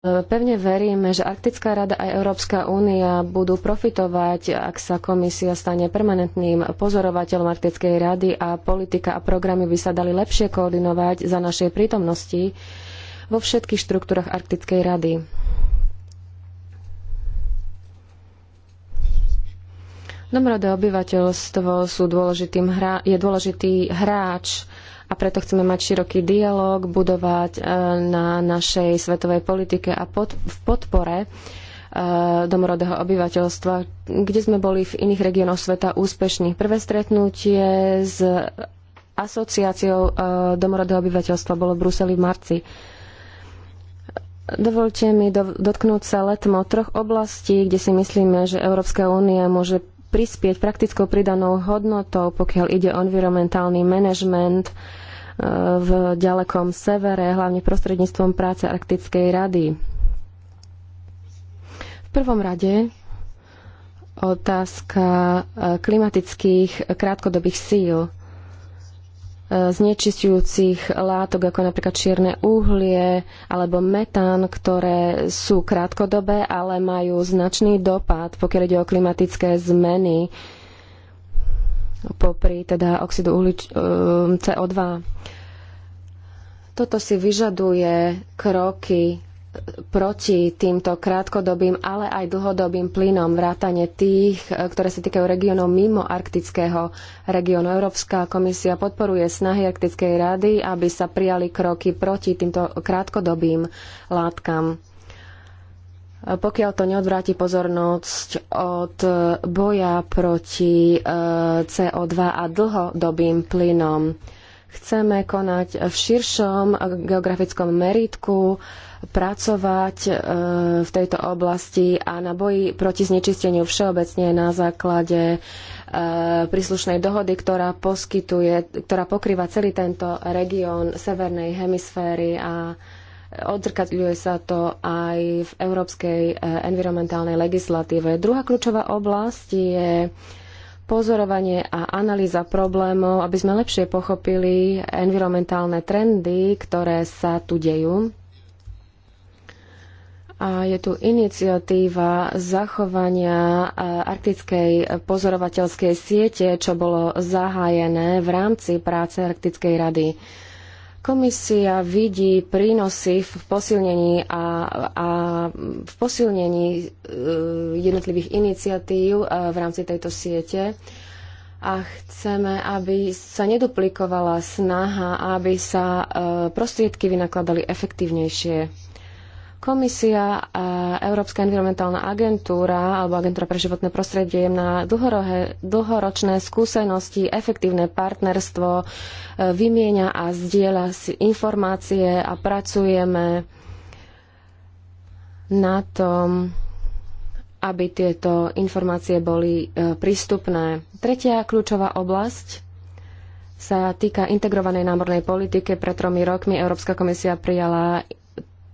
E, pevne veríme, že Arktická rada aj Európska únia budú profitovať, ak sa komisia stane permanentným pozorovateľom Arktickej rady a politika a programy by sa dali lepšie koordinovať za našej prítomnosti vo všetkých štruktúrach Arktickej rady. Domorodé obyvateľstvo sú dôležitým hra, je dôležitý hráč a preto chceme mať široký dialog, budovať e, na našej svetovej politike a pod, v podpore e, domorodého obyvateľstva, kde sme boli v iných regiónoch sveta úspešní. Prvé stretnutie s asociáciou e, domorodého obyvateľstva bolo v Bruseli v marci. Dovolte mi do, dotknúť sa letmo troch oblastí, kde si myslíme, že Európska únia môže prispieť praktickou pridanou hodnotou, pokiaľ ide o environmentálny manažment, uh, v ďalekom severe, hlavne prostredníctvom práce Arktickej rady. V prvom rade otázka e, klimatických krátkodobých síl e, znečistujúcich látok, ako napríklad čierne uhlie alebo metán, ktoré sú krátkodobé, ale majú značný dopad, pokiaľ ide o klimatické zmeny popri teda oxidu uhlič- um, CO2. Toto si vyžaduje kroky proti týmto krátkodobým, ale aj dlhodobým plynom, vrátane tých, eh, ktoré sa týkajú regiónov mimo arktického regiónu. Európska komisia podporuje snahy Arktickej rady, aby sa prijali kroky proti týmto krátkodobým látkam pokiaľ to neodvráti pozornosť od boja proti e, CO2 a dlhodobým plynom. Chceme konať v širšom geografickom meritku, pracovať e, v tejto oblasti a na boji proti znečisteniu všeobecne na základe e, príslušnej dohody, ktorá poskytuje, ktorá pokrýva celý tento región severnej hemisféry a Odzrkadľuje sa to aj v európskej e, environmentálnej legislatíve. Druhá kľúčová oblasť je pozorovanie a analýza problémov, aby sme lepšie pochopili environmentálne trendy, ktoré sa tu dejú. A je tu iniciatíva zachovania e, arktickej pozorovateľskej siete, čo bolo zahájené v rámci práce Arktickej rady. Komisia vidí prínosy v posilnení a, a v posilnení e, jednotlivých iniciatív e, v rámci tejto siete a chceme, aby sa neduplikovala snaha, aby sa e, prostriedky vynakladali efektívnejšie. Komisia a Európska environmentálna agentúra alebo agentúra pre životné prostredie na dlhoročné skúsenosti, efektívne partnerstvo, e, vymieňa a zdieľa si informácie a pracujeme na tom, aby tieto informácie boli e, prístupné. Tretia kľúčová oblasť sa týka integrovanej námornej politiky. Pred tromi rokmi Európska komisia prijala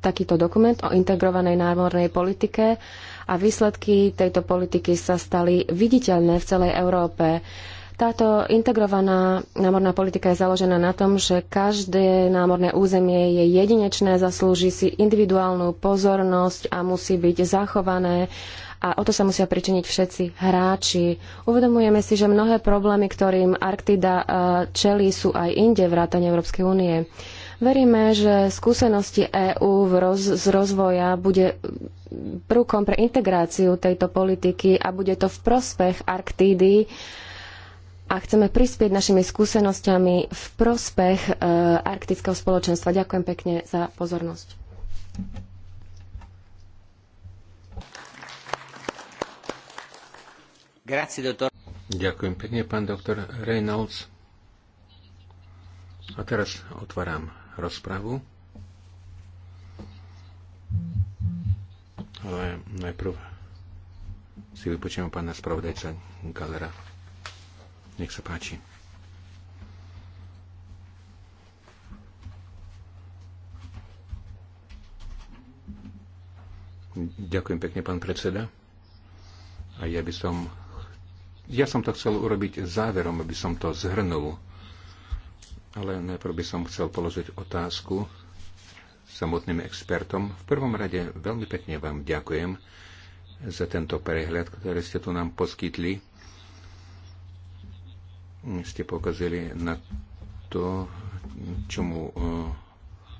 takýto dokument o integrovanej námornej politike a výsledky tejto politiky sa stali viditeľné v celej Európe. Táto integrovaná námorná politika je založená na tom, že každé námorné územie je jedinečné, zaslúži si individuálnu pozornosť a musí byť zachované a o to sa musia pričiniť všetci hráči. Uvedomujeme si, že mnohé problémy, ktorým Arktida eh, čelí, sú aj inde vrátane Európskej únie. Veríme, že skúsenosti EÚ roz, z rozvoja bude prúkom pre integráciu tejto politiky a bude to v prospech Arktídy a chceme prispieť našimi skúsenosťami v prospech e, arktického spoločenstva. Ďakujem pekne za pozornosť. Grazie, Ďakujem pekne, pán doktor Reynolds. A teraz otváram rozpravu. Ale najprv si vypočujeme pána spravodajca Galera. Nech sa páči. Ďakujem pekne, pán predseda. A ja by som... Ja som to chcel urobiť záverom, aby som to zhrnul ale najprv by som chcel položiť otázku samotným expertom. V prvom rade veľmi pekne vám ďakujem za tento prehľad, ktorý ste tu nám poskytli. Ste pokazili na to, čomu, eh,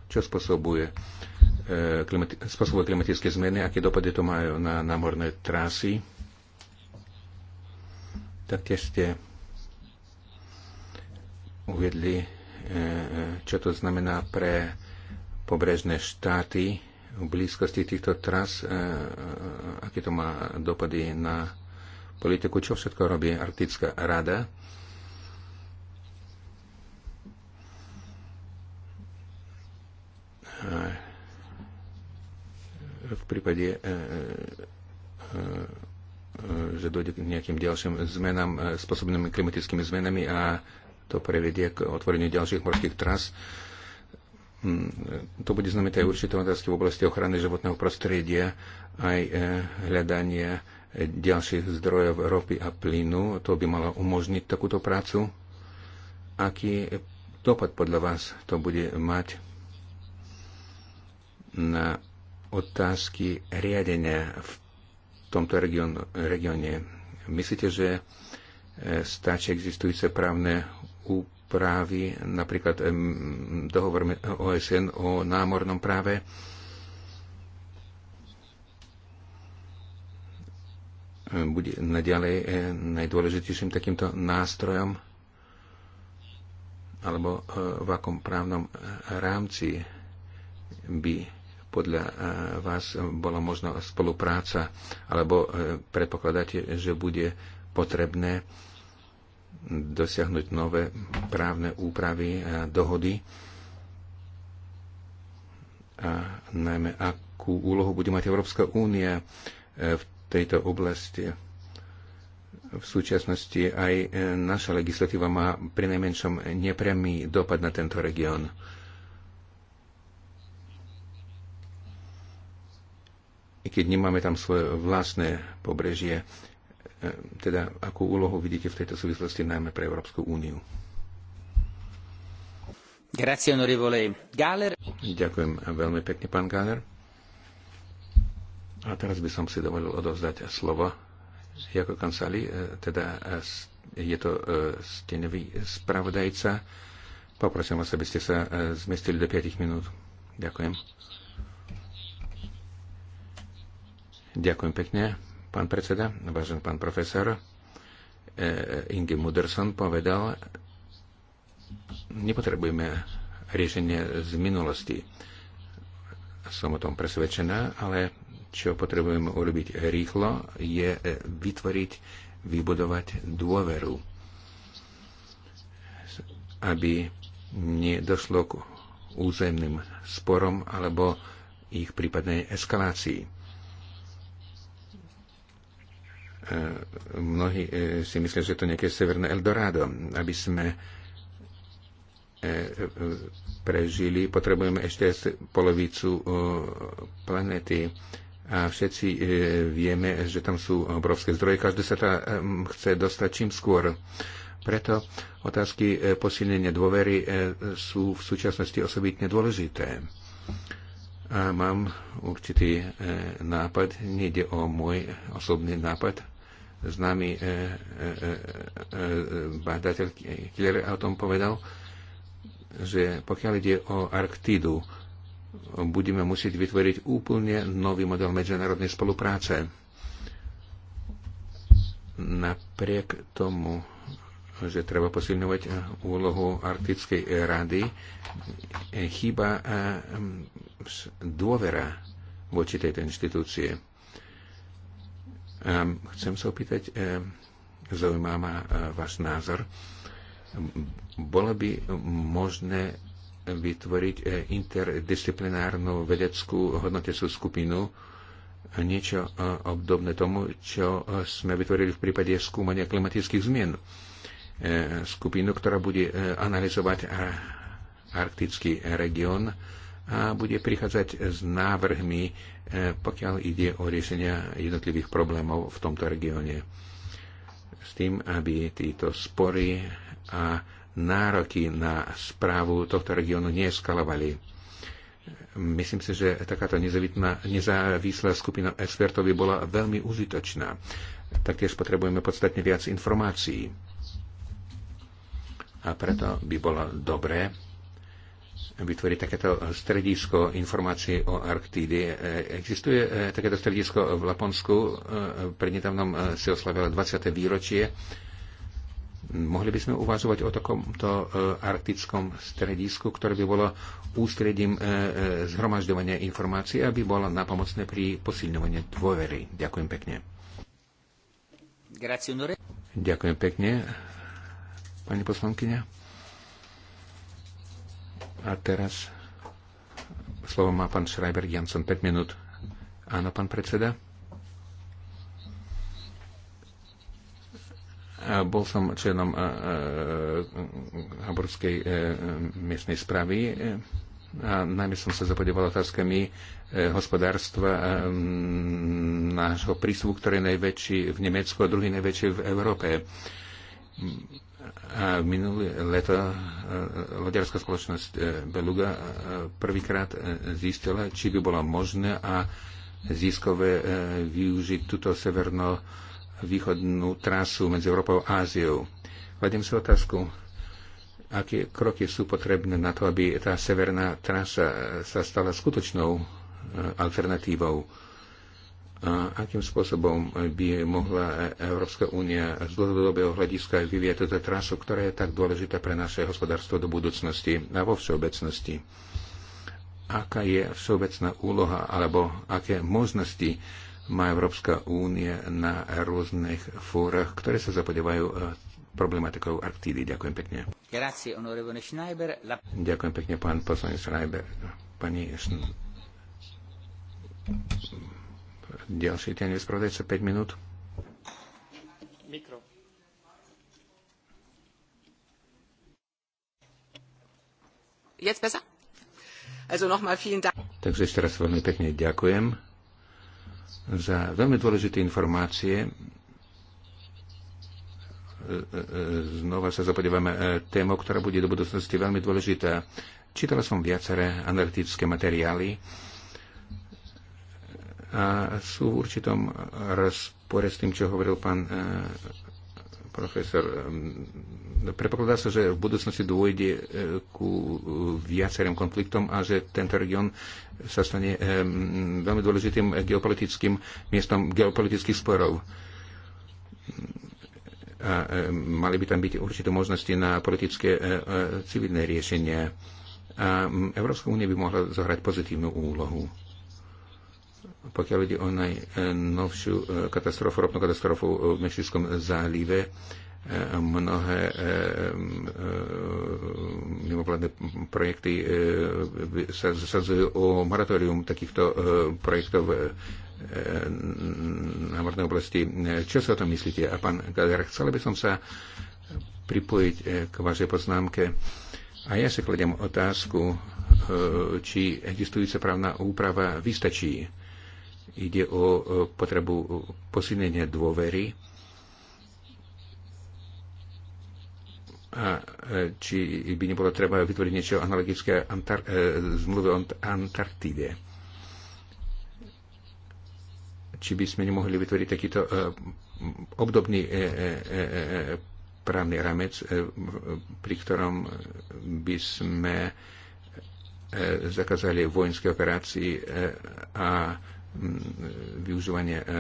čo spôsobuje eh, klimati- spôsobuje klimatické zmeny, aké dopady to majú na námorné trasy. Taktiež ste uviedli E, e, čo to znamená pre pobrežné štáty v blízkosti týchto tras, e, aké to má dopady na politiku, čo všetko robí Arktická rada. V prípade, že dojde k nejakým ďalším zmenám spôsobeným klimatickými zmenami a to prevedie k otvoreniu ďalších morských tras. Hm, to bude znamenáť aj určité otázky v oblasti ochrany životného prostredia, aj e, hľadanie ďalších zdrojov ropy a plynu. To by malo umožniť takúto prácu. Aký dopad podľa vás to bude mať na otázky riadenia v tomto regióne? Myslíte, že e, stačí existujúce právne úpravy, napríklad dohovor OSN o námornom práve. Bude naďalej eh, najdôležitejším takýmto nástrojom alebo eh, v akom právnom eh, rámci by podľa vás bola možná spolupráca, alebo predpokladáte, že bude potrebné dosiahnuť nové právne úpravy a dohody a najmä akú úlohu bude mať Európska únia e, v tejto oblasti. V súčasnosti aj e, naša legislatíva má pri najmenšom nepriamy dopad na tento región. I keď nemáme tam svoje vlastné pobrežie, E, teda akú úlohu vidíte v tejto súvislosti najmä pre Európsku úniu? Grazie, onorevole Galler. Ďakujem veľmi pekne, pán Galler. A teraz by som si dovolil odovzdať slovo Jako Kansali, e, teda e, je to stenový spravodajca. Poprosím vás, aby ste sa zmestili do 5 minút. Ďakujem. Ďakujem pekne. Pán predseda, vážený pán profesor, e, Inge Muderson povedal, nepotrebujeme riešenie z minulosti. Som o tom presvedčená, ale čo potrebujeme urobiť rýchlo, je vytvoriť, vybudovať dôveru, aby nedošlo k územným sporom alebo ich prípadnej eskalácii. Mnohí e, si myslia, že to nejaké severné Eldorado. Aby sme e, e, prežili, potrebujeme ešte polovicu planety. A všetci vieme, že tam sú obrovské zdroje. Každý sa tam chce dostať čím skôr. Preto otázky posilnenia dôvery sú v súčasnosti osobitne dôležité. A mám určitý nápad, nejde o môj osobný nápad, známy e, e, e, badateľ Killer o tom povedal, že pokiaľ ide o Arktídu, budeme musieť vytvoriť úplne nový model medzinárodnej spolupráce. Napriek tomu, že treba posilňovať úlohu Arktickej rady, chýba dôvera voči tejto inštitúcie Ehm, chcem sa opýtať, ehm, zaujímá ma eh, váš názor. Bolo by možné vytvoriť eh, interdisciplinárnu vedeckú hodnotecú skupinu, niečo eh, obdobné tomu, čo sme vytvorili v prípade skúmania klimatických zmien. Skupinu, ktorá bude analyzovať arktický región, a bude prichádzať s návrhmi, e, pokiaľ ide o riešenia jednotlivých problémov v tomto regióne. S tým, aby títo spory a nároky na správu tohto regiónu neeskalovali. Myslím si, že takáto nezávislá skupina expertov by bola veľmi užitočná. Taktiež potrebujeme podstatne viac informácií. A preto by bolo dobré, vytvoriť takéto stredisko informácií o Arktíde. E, existuje e, takéto stredisko v Laponsku, e, prednedávnom si oslavilo 20. výročie. Mohli by sme uvažovať o takomto arktickom stredisku, ktoré by bolo ústredím zhromažďovania informácií, aby bolo napomocné pri posilňovaní dôvery. Ďakujem pekne. Ďakujem pekne, pani poslankyňa. A teraz slovo má pán Schreiber Jansson. 5 minút. Áno, pán predseda. Bol som členom e, e, Haborskej e, miestnej správy a najmä som sa zapodieval otázkami hospodárstva nášho prísvu, ktorý je najväčší v Nemecku a druhý najväčší v Európe. A minulé leto e, loďarská spoločnosť e, Beluga e, prvýkrát zistila, či by bolo možné a ziskové využiť túto severno-východnú trasu medzi Európou a Áziou. Vadím si otázku, aké kroky sú potrebné na to, aby tá severná trasa sa stala skutočnou alternatívou a akým spôsobom by mohla Európska únia z dlhodobého hľadiska vyvieť túto trasu, ktorá je tak dôležitá pre naše hospodárstvo do budúcnosti a vo všeobecnosti? Aká je všeobecná úloha alebo aké možnosti má Európska únia na rôznych fórach, ktoré sa zapodievajú e, problematikou Arktídy. Ďakujem pekne. Grazie, La... Ďakujem pekne, pán poslanec Schneiber. Pani ďalší ten spravodajca 5 minút. Mikro. Jetzt besser? Also nochmal vielen Dank. Takže ešte raz veľmi pekne ďakujem za veľmi dôležité informácie e, e, e, znova sa zapodívame tému, ktorá bude do budúcnosti veľmi dôležitá. Čítala som viaceré analytické materiály a sú v určitom rozpore s tým, čo hovoril pán e, profesor. Ehm, Prepokladá sa, že v budúcnosti dôjde e, ku viacerým konfliktom a že tento región sa stane ehm, veľmi dôležitým geopolitickým miestom geopolitických sporov. A ehm, mali by tam byť určité možnosti na politické e, civilné riešenia. A Európska únia by mohla zohrať pozitívnu úlohu pokiaľ ide o najnovšiu e, katastrofu, ropnú katastrofu v Mexickom zálive, e, mnohé e, mimovládne projekty sa zasadzujú o moratórium takýchto projektov na mornej oblasti. Čo sa o tom myslíte? A pán Gader, chcel by som sa pripojiť k vašej poznámke. A ja si kladiem otázku, či existujúca právna úprava vystačí Ide o e, potrebu e, posilnenia dôvery a e, či by nebolo treba vytvoriť niečo analogické Antar- zmluvy o Antarktíde. Či by sme nemohli vytvoriť takýto obdobný právny ramec, pri ktorom by sme zakázali vojenské operácie a Mm, využívanie e, mm,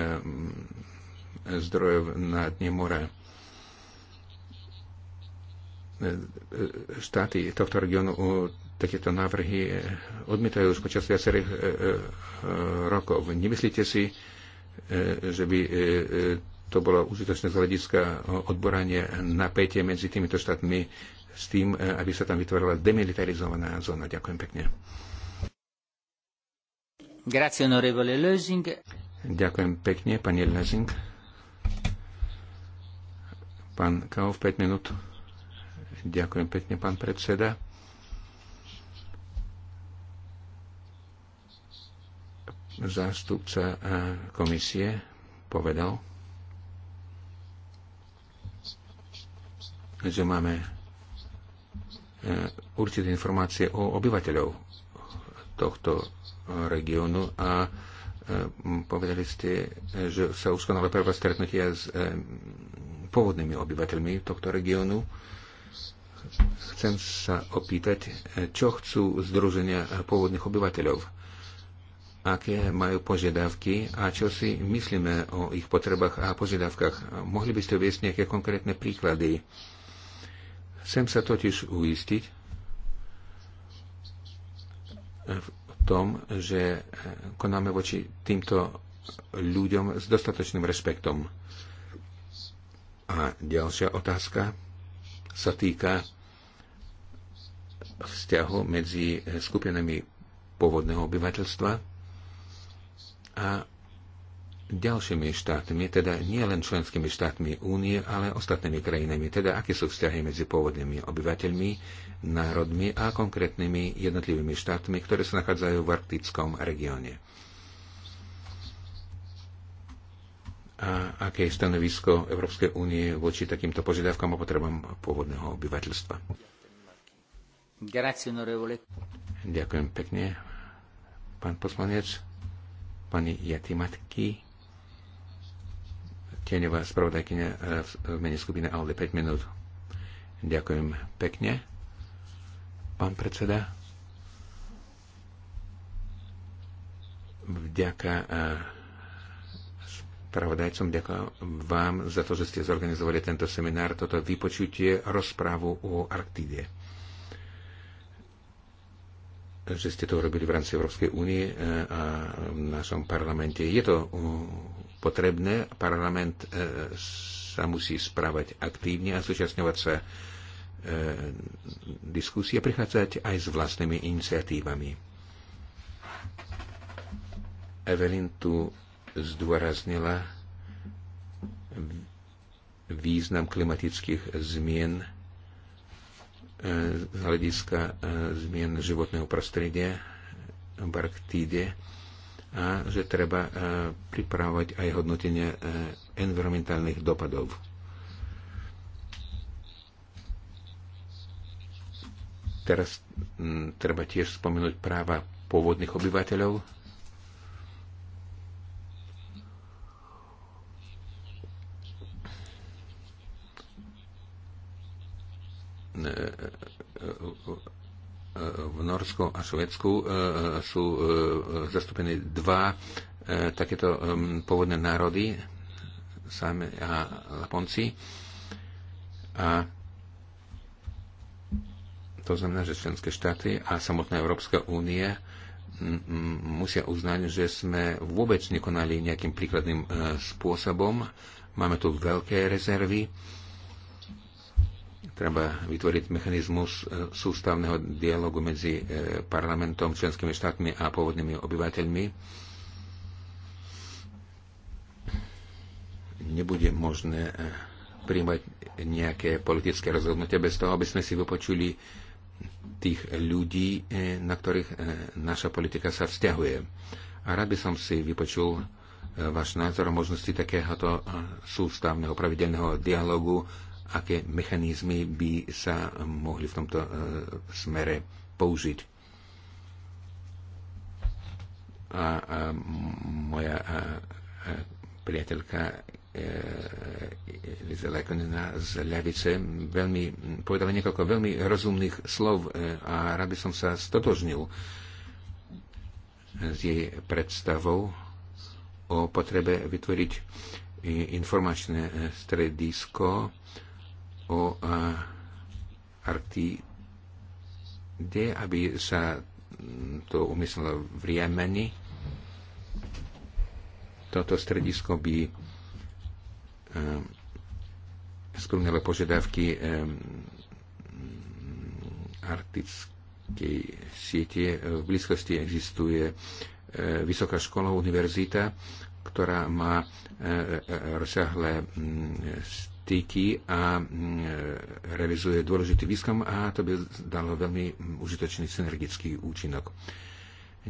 zdrojov na dne mora. E, e, štáty tohto regionu takéto návrhy odmietajú už počas viacerých rokov. Nemyslíte si, že by to bolo užitočné z hľadiska odborania napätie medzi týmito štátmi s tým, aby sa tam vytvorila demilitarizovaná zóna. Ďakujem pekne. Ďakujem pekne, pani Pán Kauf, 5 minút. Ďakujem pekne, pán predseda. Zástupca eh, komisie povedal, že máme eh, určité informácie o obyvateľov tohto regiónu a e, povedali ste, že sa uskonalo prvé stretnutie s e, pôvodnými obyvateľmi tohto regiónu. Chcem sa opýtať, čo chcú združenia pôvodných obyvateľov, aké majú požiadavky a čo si myslíme o ich potrebách a požiadavkách. Mohli by ste uviesť nejaké konkrétne príklady? Chcem sa totiž uistiť, tom, že e, konáme voči týmto ľuďom s dostatočným respektom. A ďalšia otázka sa týka vzťahu medzi skupinami pôvodného obyvateľstva a ďalšími štátmi, teda nie len členskými štátmi únie, ale ostatnými krajinami, teda aké sú vzťahy medzi pôvodnými obyvateľmi, národmi a konkrétnymi jednotlivými štátmi, ktoré sa nachádzajú v arktickom regióne. A aké je stanovisko Európskej únie voči takýmto požiadavkám a potrebám pôvodného obyvateľstva? Ďakujem pekne, pán poslanec pani Jatimatky. Tieňová spravodajkynia e, e, v mene skupiny ALDE 5 minút. Ďakujem pekne. Pán predseda. Vďaka e, spravodajcom, ďakujem vám za to, že ste zorganizovali tento seminár, toto vypočutie, rozprávu o Arktíde že ste to robili v rámci Európskej únie a v našom parlamente. Je to potrebné. Parlament e, sa musí správať aktívne a súčasňovať sa e, diskusie, prichádzať aj s vlastnými iniciatívami. Evelyn tu zdôraznila význam klimatických zmien e, z hľadiska zmien životného prostredia v Arktíde a že treba e, pripravovať aj hodnotenie e, environmentálnych dopadov. Teraz treba tiež spomenúť práva pôvodných obyvateľov. Uh, uh, uh, v Norsku a Švedsku e, e, sú e, zastúpené dva takéto pôvodné národy, Sáme a Laponci. A to znamená, že členské štáty a samotná Európska únia musia uznať, že sme vôbec nekonali nejakým príkladným spôsobom. Máme tu veľké rezervy Treba vytvoriť mechanizmus e, sústavného dialogu medzi e, parlamentom, členskými štátmi a pôvodnými obyvateľmi. Nebude možné e, príjmať nejaké politické rozhodnutie bez toho, aby sme si vypočuli tých ľudí, na ktorých naša politika sa vzťahuje. A rád by som si vypočul váš názor o možnosti takéhoto sústavného pravidelného dialogu aké mechanizmy by sa mohli v tomto e, smere použiť. A, a moja a, a priateľka e, Liza Lekonina z Ľavice veľmi, povedala niekoľko veľmi rozumných slov e, a rád by som sa stotožnil s jej predstavou o potrebe vytvoriť informačné stredisko o e, Arktíde, aby sa mm, to umyslelo v Riemeni. Toto stredisko by e, splnilo požiadavky e, mm, arktickej siete. V blízkosti existuje vysoká škola, univerzita, ktorá má rozsiahle mm, politiky a mm, e, revizuje dôležitý výskum a to by dalo veľmi mm, užitočný synergický účinok.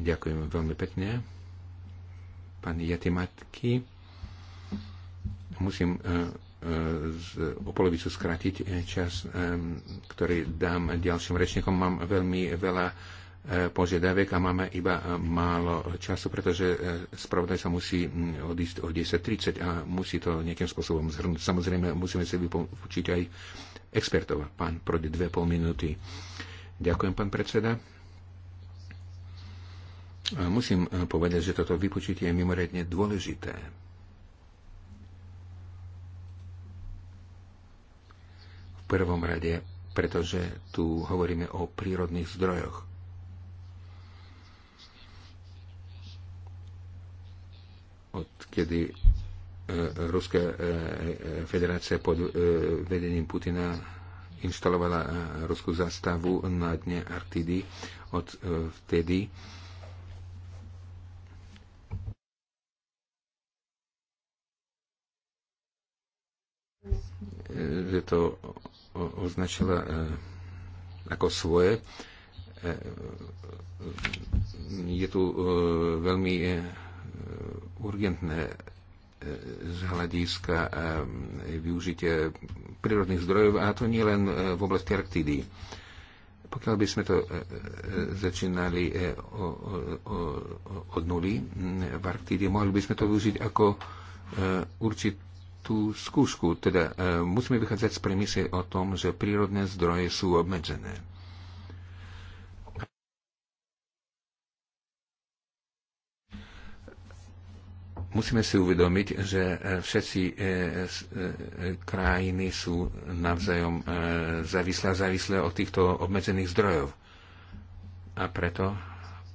Ďakujem veľmi pekne. Pani Jatimatky, musím e, e, o polovicu skrátiť čas, ktorý dám ďalším rečníkom. Mám veľmi veľa E, požiadavek a máme iba e, málo času, pretože e, spravodaj sa musí mm, odísť o 10.30 a musí to nejakým spôsobom zhrnúť. Samozrejme, musíme si vypočiť aj expertov. Pán Prodi, dve pol minúty. Ďakujem, pán predseda. Musím povedať, že toto vypočutie je mimoriadne dôležité. V prvom rade, pretože tu hovoríme o prírodných zdrojoch odkedy e, Ruská e, e, federácia pod vedením Putina inštalovala ruskú zastavu na dne Arktidy. Od vtedy že to označila ako svoje. Je tu veľmi urgentné e, z hľadiska e, využitia prírodných zdrojov, a to nie len e, v oblasti Arktidy. Pokiaľ by sme to začínali od nuly v Arktíde, mohli by sme to využiť ako určitú skúšku. Teda musíme vychádzať z premisy o tom, že prírodné zdroje sú obmedzené. Musíme si uvedomiť, že e, všetci e, e, krajiny sú navzájom závislé a závislé od týchto obmedzených zdrojov. A preto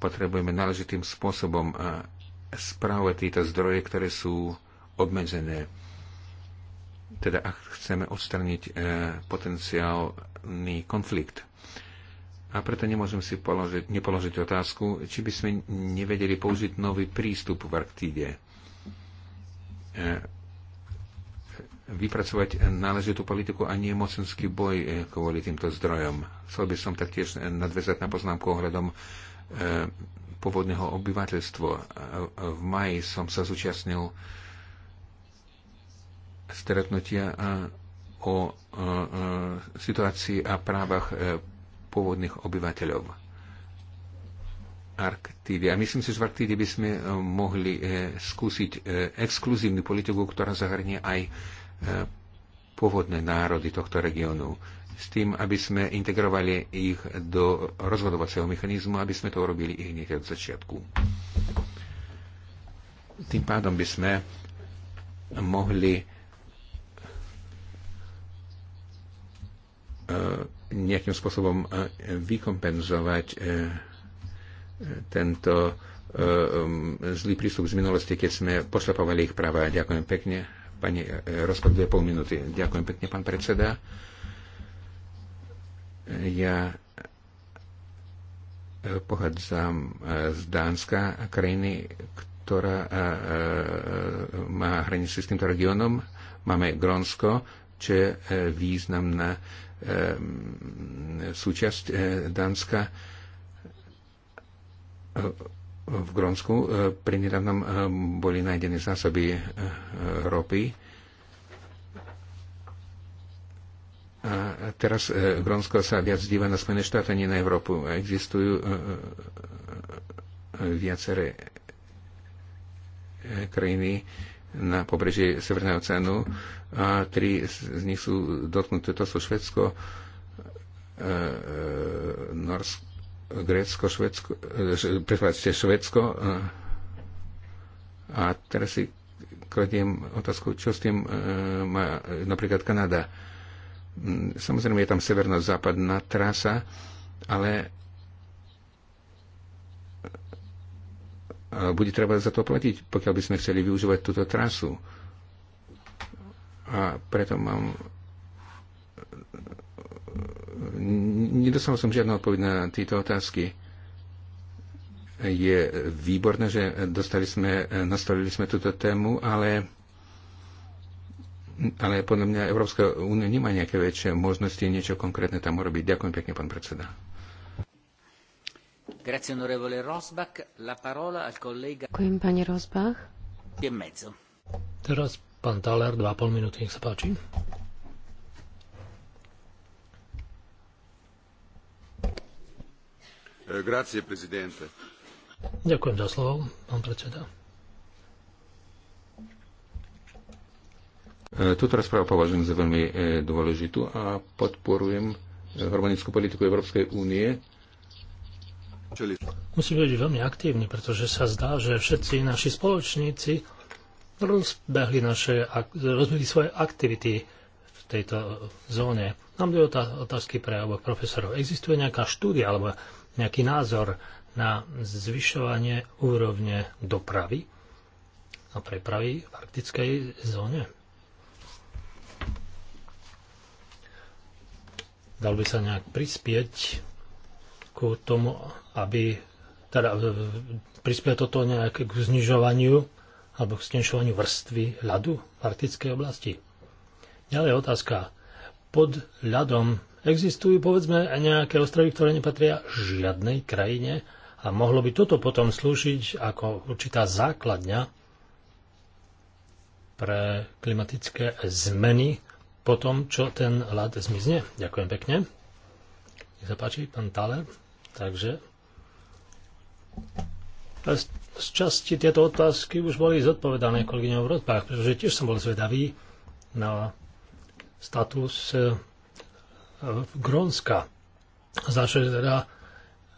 potrebujeme náležitým spôsobom správať tieto zdroje, ktoré sú obmedzené. Teda ak chceme odstraniť potenciálny konflikt. A preto nemôžem si položiť, nepoložiť otázku, či by sme nevedeli použiť nový prístup v Arktíde. E, vypracovať náležitú politiku a nie mocenský boj e, kvôli týmto zdrojom. Chcel by som taktiež nadvezať na poznámku ohľadom e, pôvodného obyvateľstva. V maji som sa zúčastnil stretnutia o situácii a právach pôvodných obyvateľov Arktíde. A myslím si, že v Arktíde by sme eh, mohli eh, skúsiť eh, exkluzívnu politiku, ktorá zahrnie aj pôvodné národy tohto regiónu s tým, aby sme integrovali ich do rozhodovacieho mechanizmu, aby sme to urobili i hneď od začiatku. Tým pádom by sme mohli nejakým spôsobom vykompenzovať tento e, um, zlý prístup z minulosti, keď sme pošlapovali ich práva. Ďakujem pekne. Pani e, rozpad dve pol minúty. Ďakujem pekne, pán predseda. Ja e, pochádzam z Dánska, krajiny, ktorá má hranice s týmto regiónom. Máme Grónsko, čo je významná súčasť Dánska v Grónsku e, pri nedávnom e, boli nájdené zásoby e, ropy. A teraz Grónsko sa viac díva na Spojené štáty, nie na Európu. Existujú viaceré krajiny na pobreží Severného oceánu a tri z nich sú dotknuté. To sú Švedsko, Norsko, Grécko, Švedsko, e, prepáčte, Švedsko. E, a teraz si kladiem otázku, čo s tým e, má napríklad Kanada. Mm, samozrejme je tam severno-západná trasa, ale bude treba za to platiť, pokiaľ by sme chceli využívať túto trasu. A preto mám nedostal som žiadnu odpoveď na tieto otázky. Je výborné, že dostali sme, nastavili sme túto tému, ale, ale podľa mňa Európska únia nemá nejaké väčšie možnosti niečo konkrétne tam urobiť. Ďakujem pekne, pán predseda. Grazie, onorevole Rosbach. La parola al collega... Ďakujem, pani Rosbach. E Teraz pán Thaler, 2,5 minúty, nech sa páči. Ďakujem za slovo, pán predseda. E, túto rozprávu považujem za veľmi e, dôležitú a podporujem e, harmonickú politiku Európskej únie. Musíme byť veľmi aktívni, pretože sa zdá, že všetci naši spoločníci rozbehli naše, rozbehli svoje aktivity v tejto zóne. Nám je otázky pre oboch profesorov. Existuje nejaká štúdia alebo nejaký názor na zvyšovanie úrovne dopravy a prepravy v arktickej zóne? Dal by sa nejak prispieť ku tomu, aby teda e, prispieť toto nejak k znižovaniu alebo k znižovaniu vrstvy ľadu v arktickej oblasti. Ďalej otázka. Pod ľadom existujú povedzme nejaké ostrovy, ktoré nepatria žiadnej krajine a mohlo by toto potom slúžiť ako určitá základňa pre klimatické zmeny po tom, čo ten ľad zmizne. Ďakujem pekne. Nech sa páči, pán Thaler. Takže z časti tieto otázky už boli zodpovedané kolegyňou v rozpách, pretože tiež som bol zvedavý na status eh, Grónska. že teda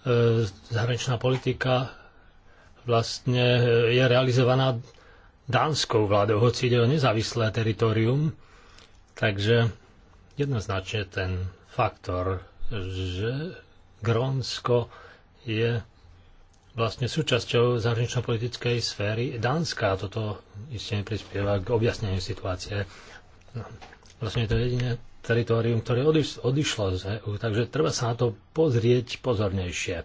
e, zahraničná politika vlastne e, je realizovaná dánskou vládou, hoci ide o nezávislé teritorium. Takže jednoznačne ten faktor, že Grónsko je vlastne súčasťou zahranično-politickej sféry Dánska. Toto isté prispieva k objasneniu situácie. No, vlastne je to jediné teritorium, ktoré odiš, odišlo z EU, takže treba sa na to pozrieť pozornejšie.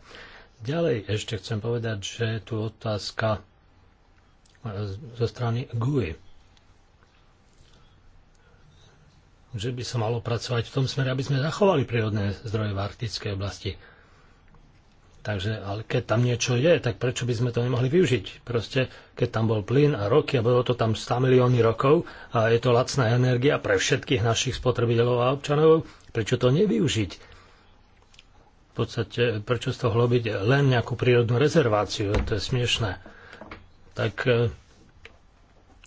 Ďalej ešte chcem povedať, že je tu otázka e, zo strany GUI. Že by sa malo pracovať v tom smere, aby sme zachovali prírodné zdroje v arktickej oblasti. Takže, ale keď tam niečo je, tak prečo by sme to nemohli využiť? Proste, keď tam bol plyn a roky a bolo to tam 100 milióny rokov a je to lacná energia pre všetkých našich spotrebiteľov a občanov, prečo to nevyužiť? V podstate, prečo z toho hlobiť len nejakú prírodnú rezerváciu? To je smiešné. Tak e,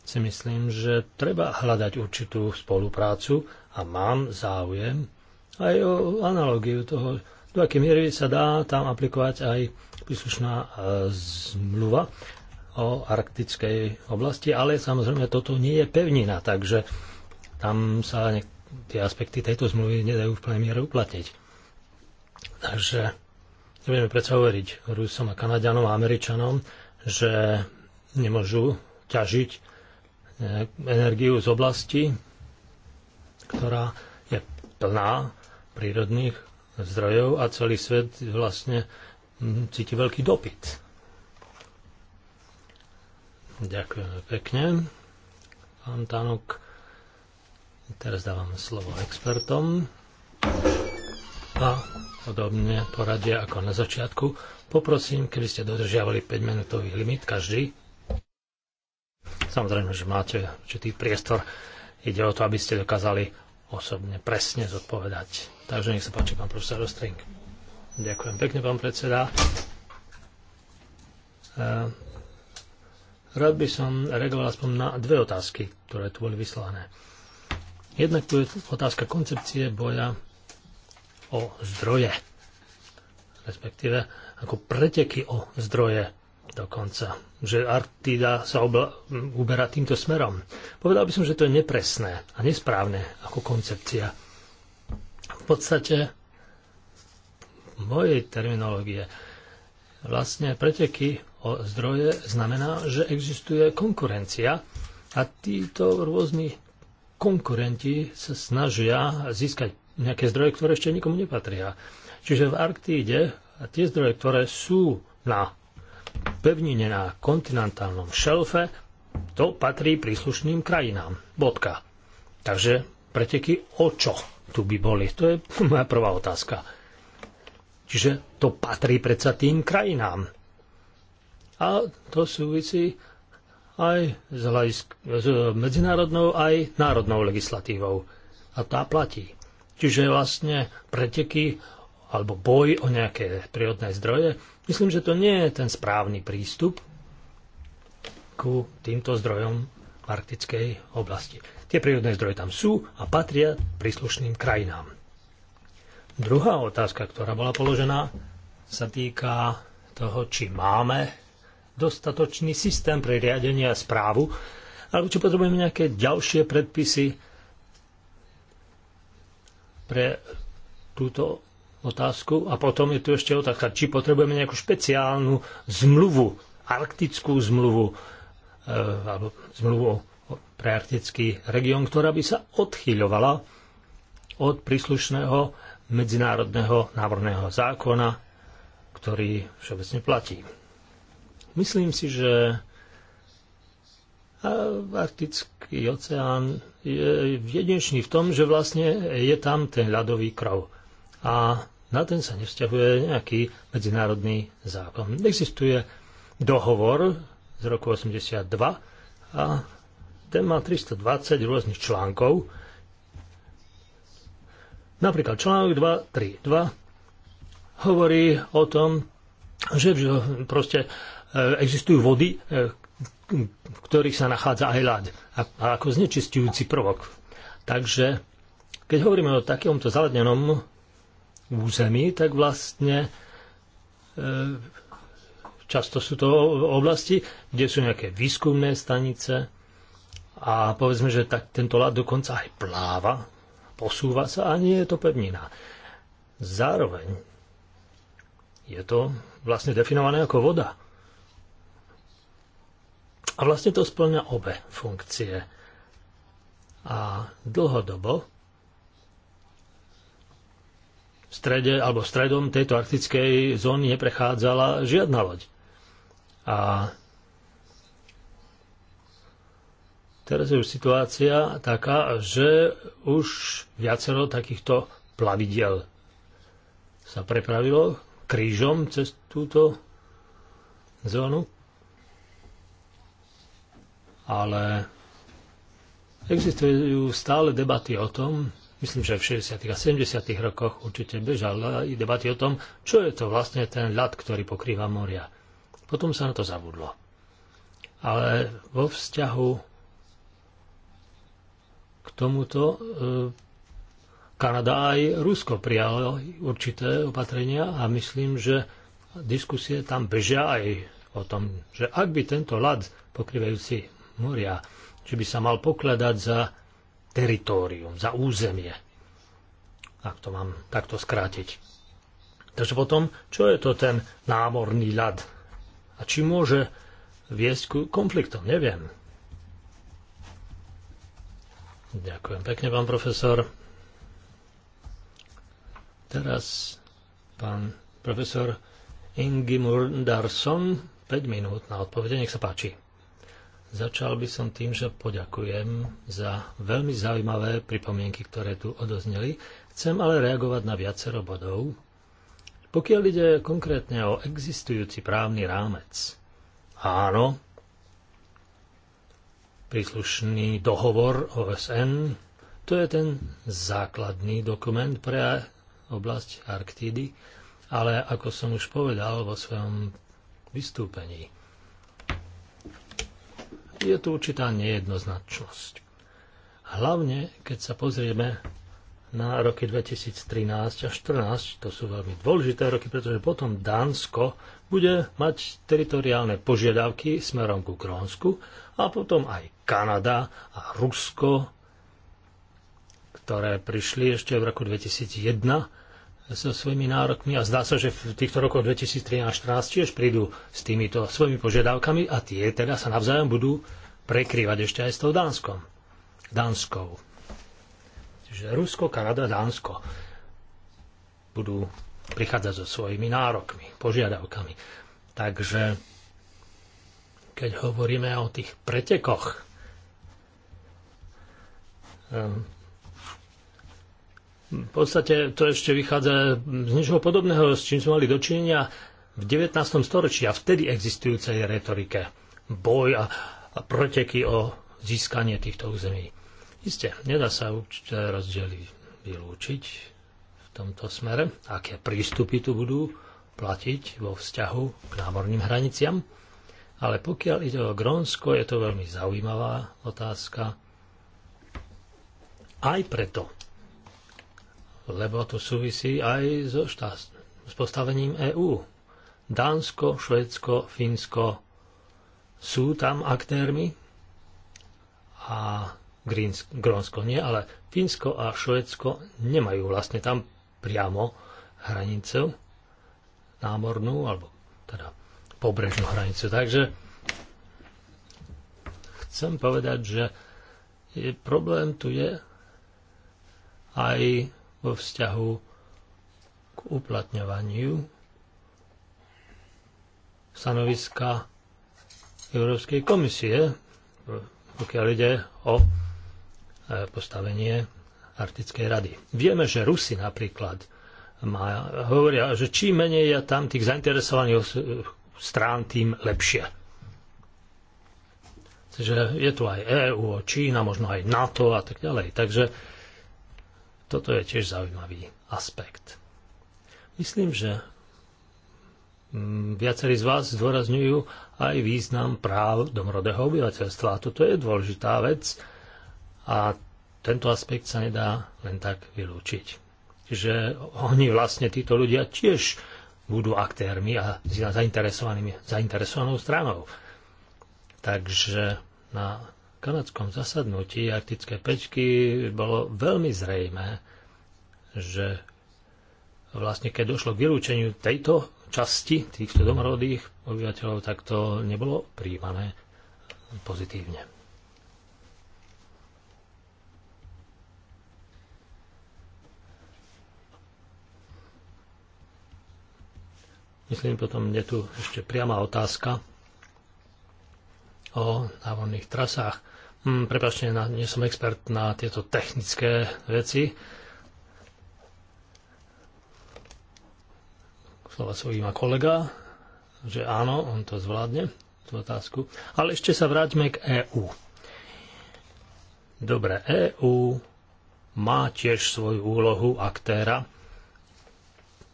si myslím, že treba hľadať určitú spoluprácu a mám záujem aj o analogiu toho, do akej miery sa dá tam aplikovať aj príslušná e, zmluva o arktickej oblasti, ale samozrejme toto nie je pevnina, takže tam sa tie aspekty tejto zmluvy nedajú v plnej miere uplatniť. Takže nebudeme predsa hovoriť Rusom a Kanadianom a Američanom, že nemôžu ťažiť e, energiu z oblasti, ktorá je plná prírodných zdrojov a celý svet vlastne cíti veľký dopyt. Ďakujem pekne. Pán Tanok, teraz dávam slovo expertom a podobne poradie ako na začiatku. Poprosím, keby ste dodržiavali 5-minútový limit každý. Samozrejme, že máte určitý priestor. Ide o to, aby ste dokázali osobne presne zodpovedať Takže nech sa páči, pán profesor Rostring. Ďakujem pekne, pán predseda. E, rád by som reagoval aspoň na dve otázky, ktoré tu boli vyslané. Jednak tu je otázka koncepcie boja o zdroje, respektíve ako preteky o zdroje dokonca, že Artida sa obla, uberá týmto smerom. Povedal by som, že to je nepresné a nesprávne ako koncepcia podstate mojej terminológie. Vlastne preteky o zdroje znamená, že existuje konkurencia a títo rôzni konkurenti sa snažia získať nejaké zdroje, ktoré ešte nikomu nepatria. Čiže v Arktíde tie zdroje, ktoré sú na pevnine na kontinentálnom šelfe, to patrí príslušným krajinám. Bodka. Takže preteky o čo? tu by boli? To je moja prvá otázka. Čiže to patrí predsa tým krajinám. A to súvisí aj s, hľadisk- s medzinárodnou, aj národnou legislatívou. A tá platí. Čiže vlastne preteky alebo boj o nejaké prírodné zdroje, myslím, že to nie je ten správny prístup ku týmto zdrojom v arktickej oblasti. Tie prírodné zdroje tam sú a patria príslušným krajinám. Druhá otázka, ktorá bola položená, sa týka toho, či máme dostatočný systém pre riadenie a správu, alebo či potrebujeme nejaké ďalšie predpisy pre túto otázku. A potom je tu ešte otázka, či potrebujeme nejakú špeciálnu zmluvu, arktickú zmluvu, Eh, alebo zmluvu o pre arktický región, ktorá by sa odchyľovala od príslušného medzinárodného návrhného zákona, ktorý všeobecne platí. Myslím si, že eh, Arktický oceán je jedinečný v tom, že vlastne je tam ten ľadový krov. A na ten sa nevzťahuje nejaký medzinárodný zákon. Existuje dohovor z roku 82 a ten má 320 rôznych článkov. Napríklad článok 2 hovorí o tom, že proste e, existujú vody, e, v ktorých sa nachádza aj ľad a ako znečistujúci prvok. Takže keď hovoríme o takomto zalednenom území, tak vlastne e, Často sú to oblasti, kde sú nejaké výskumné stanice a povedzme, že tak tento ľad dokonca aj pláva, posúva sa a nie je to pevnina. Zároveň je to vlastne definované ako voda. A vlastne to splňa obe funkcie. A dlhodobo v strede alebo v stredom tejto arktickej zóny neprechádzala žiadna loď. A teraz je už situácia taká, že už viacero takýchto plavidel sa prepravilo krížom cez túto zónu. Ale existujú stále debaty o tom, myslím, že v 60. a 70. rokoch určite bežali debaty o tom, čo je to vlastne ten ľad, ktorý pokrýva moria. Potom sa na to zabudlo. Ale vo vzťahu k tomuto e, Kanada aj Rusko prijalo určité opatrenia a myslím, že diskusie tam bežia aj o tom, že ak by tento ľad pokrývajúci moria, či by sa mal pokladať za teritorium, za územie. Ak to mám takto skrátiť. Takže potom, čo je to ten námorný ľad? a či môže viesť ku konfliktom. Neviem. Ďakujem pekne, pán profesor. Teraz pán profesor Ingimur Darson, 5 minút na odpovede, nech sa páči. Začal by som tým, že poďakujem za veľmi zaujímavé pripomienky, ktoré tu odozneli. Chcem ale reagovať na viacero bodov, pokiaľ ide konkrétne o existujúci právny rámec, áno, príslušný dohovor OSN, to je ten základný dokument pre oblasť Arktídy, ale ako som už povedal vo svojom vystúpení, je tu určitá nejednoznačnosť. Hlavne, keď sa pozrieme na roky 2013 až 2014. To sú veľmi dôležité roky, pretože potom Dánsko bude mať teritoriálne požiadavky smerom ku Grónsku a potom aj Kanada a Rusko, ktoré prišli ešte v roku 2001 so svojimi nárokmi a zdá sa, že v týchto rokoch 2013 2014 tiež prídu s týmito svojimi požiadavkami a tie teda sa navzájom budú prekrývať ešte aj s tou Dánskom. Dánskou. Čiže Rusko, Kanada, Dánsko budú prichádzať so svojimi nárokmi, požiadavkami. Takže keď hovoríme o tých pretekoch, ehm, v podstate to ešte vychádza z niečoho podobného, s čím sme mali dočinenia v 19. storočí a vtedy existujúcej retorike. Boj a, a proteky o získanie týchto území. Isté, nedá sa určite rozdiely vylúčiť v tomto smere, aké prístupy tu budú platiť vo vzťahu k námorným hraniciam. Ale pokiaľ ide o Grónsko, je to veľmi zaujímavá otázka. Aj preto, lebo to súvisí aj so štát, s postavením EÚ. Dánsko, Švédsko, Fínsko sú tam aktérmi a Grónsko nie, ale Fínsko a Švedsko nemajú vlastne tam priamo hranicu námornú, alebo teda pobrežnú hranicu. Takže chcem povedať, že je, problém tu je aj vo vzťahu k uplatňovaniu stanoviska Európskej komisie, pokiaľ ide o E, postavenie Arktickej rady. Vieme, že Rusi napríklad má, hovoria, že čím menej je tam tých zainteresovaných strán, tým lepšie. Takže je tu aj EU, Čína, možno aj NATO a tak ďalej. Takže toto je tiež zaujímavý aspekt. Myslím, že mm, viacerí z vás zdôrazňujú aj význam práv domorodého obyvateľstva. A toto je dôležitá vec, a tento aspekt sa nedá len tak vylúčiť. Že oni vlastne, títo ľudia tiež budú aktérmi a zainteresovanými, zainteresovanou stranou. Takže na kanadskom zasadnutí arktické pečky bolo veľmi zrejme, že vlastne keď došlo k vylúčeniu tejto časti týchto domorodých obyvateľov, tak to nebolo príjmané pozitívne. Myslím, potom je tu ešte priama otázka o návodných trasách. Mm, prepačte, nie som expert na tieto technické veci. Slova svojí má kolega, že áno, on to zvládne, tú otázku. Ale ešte sa vráťme k EÚ. Dobre, EÚ má tiež svoju úlohu aktéra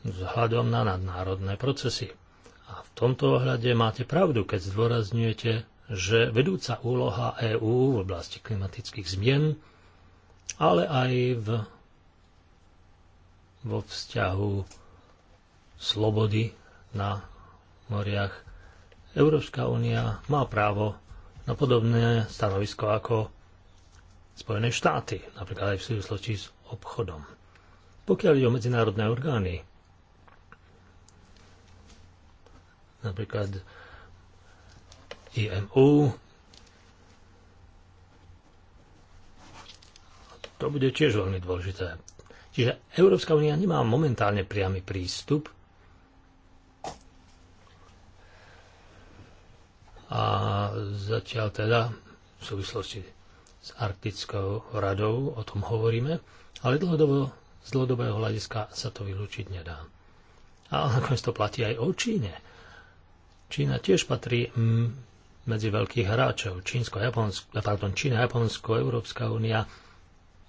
vzhľadom na nadnárodné procesy. A v tomto ohľade máte pravdu, keď zdôrazňujete, že vedúca úloha EÚ v oblasti klimatických zmien, ale aj v, vo vzťahu slobody na moriach, Európska únia má právo na podobné stanovisko ako Spojené štáty, napríklad aj v súvislosti s obchodom. Pokiaľ ide o medzinárodné orgány, napríklad IMU. To bude tiež veľmi dôležité. Čiže Európska únia nemá momentálne priamy prístup a zatiaľ teda v súvislosti s Arktickou radou o tom hovoríme, ale dlhodobo, z dlhodobého hľadiska sa to vylúčiť nedá. A nakoniec to platí aj o Číne. Čína tiež patrí mm, medzi veľkých hráčov. Čínsko, Japonsko, pardon, Čína, Japonsko, Európska únia.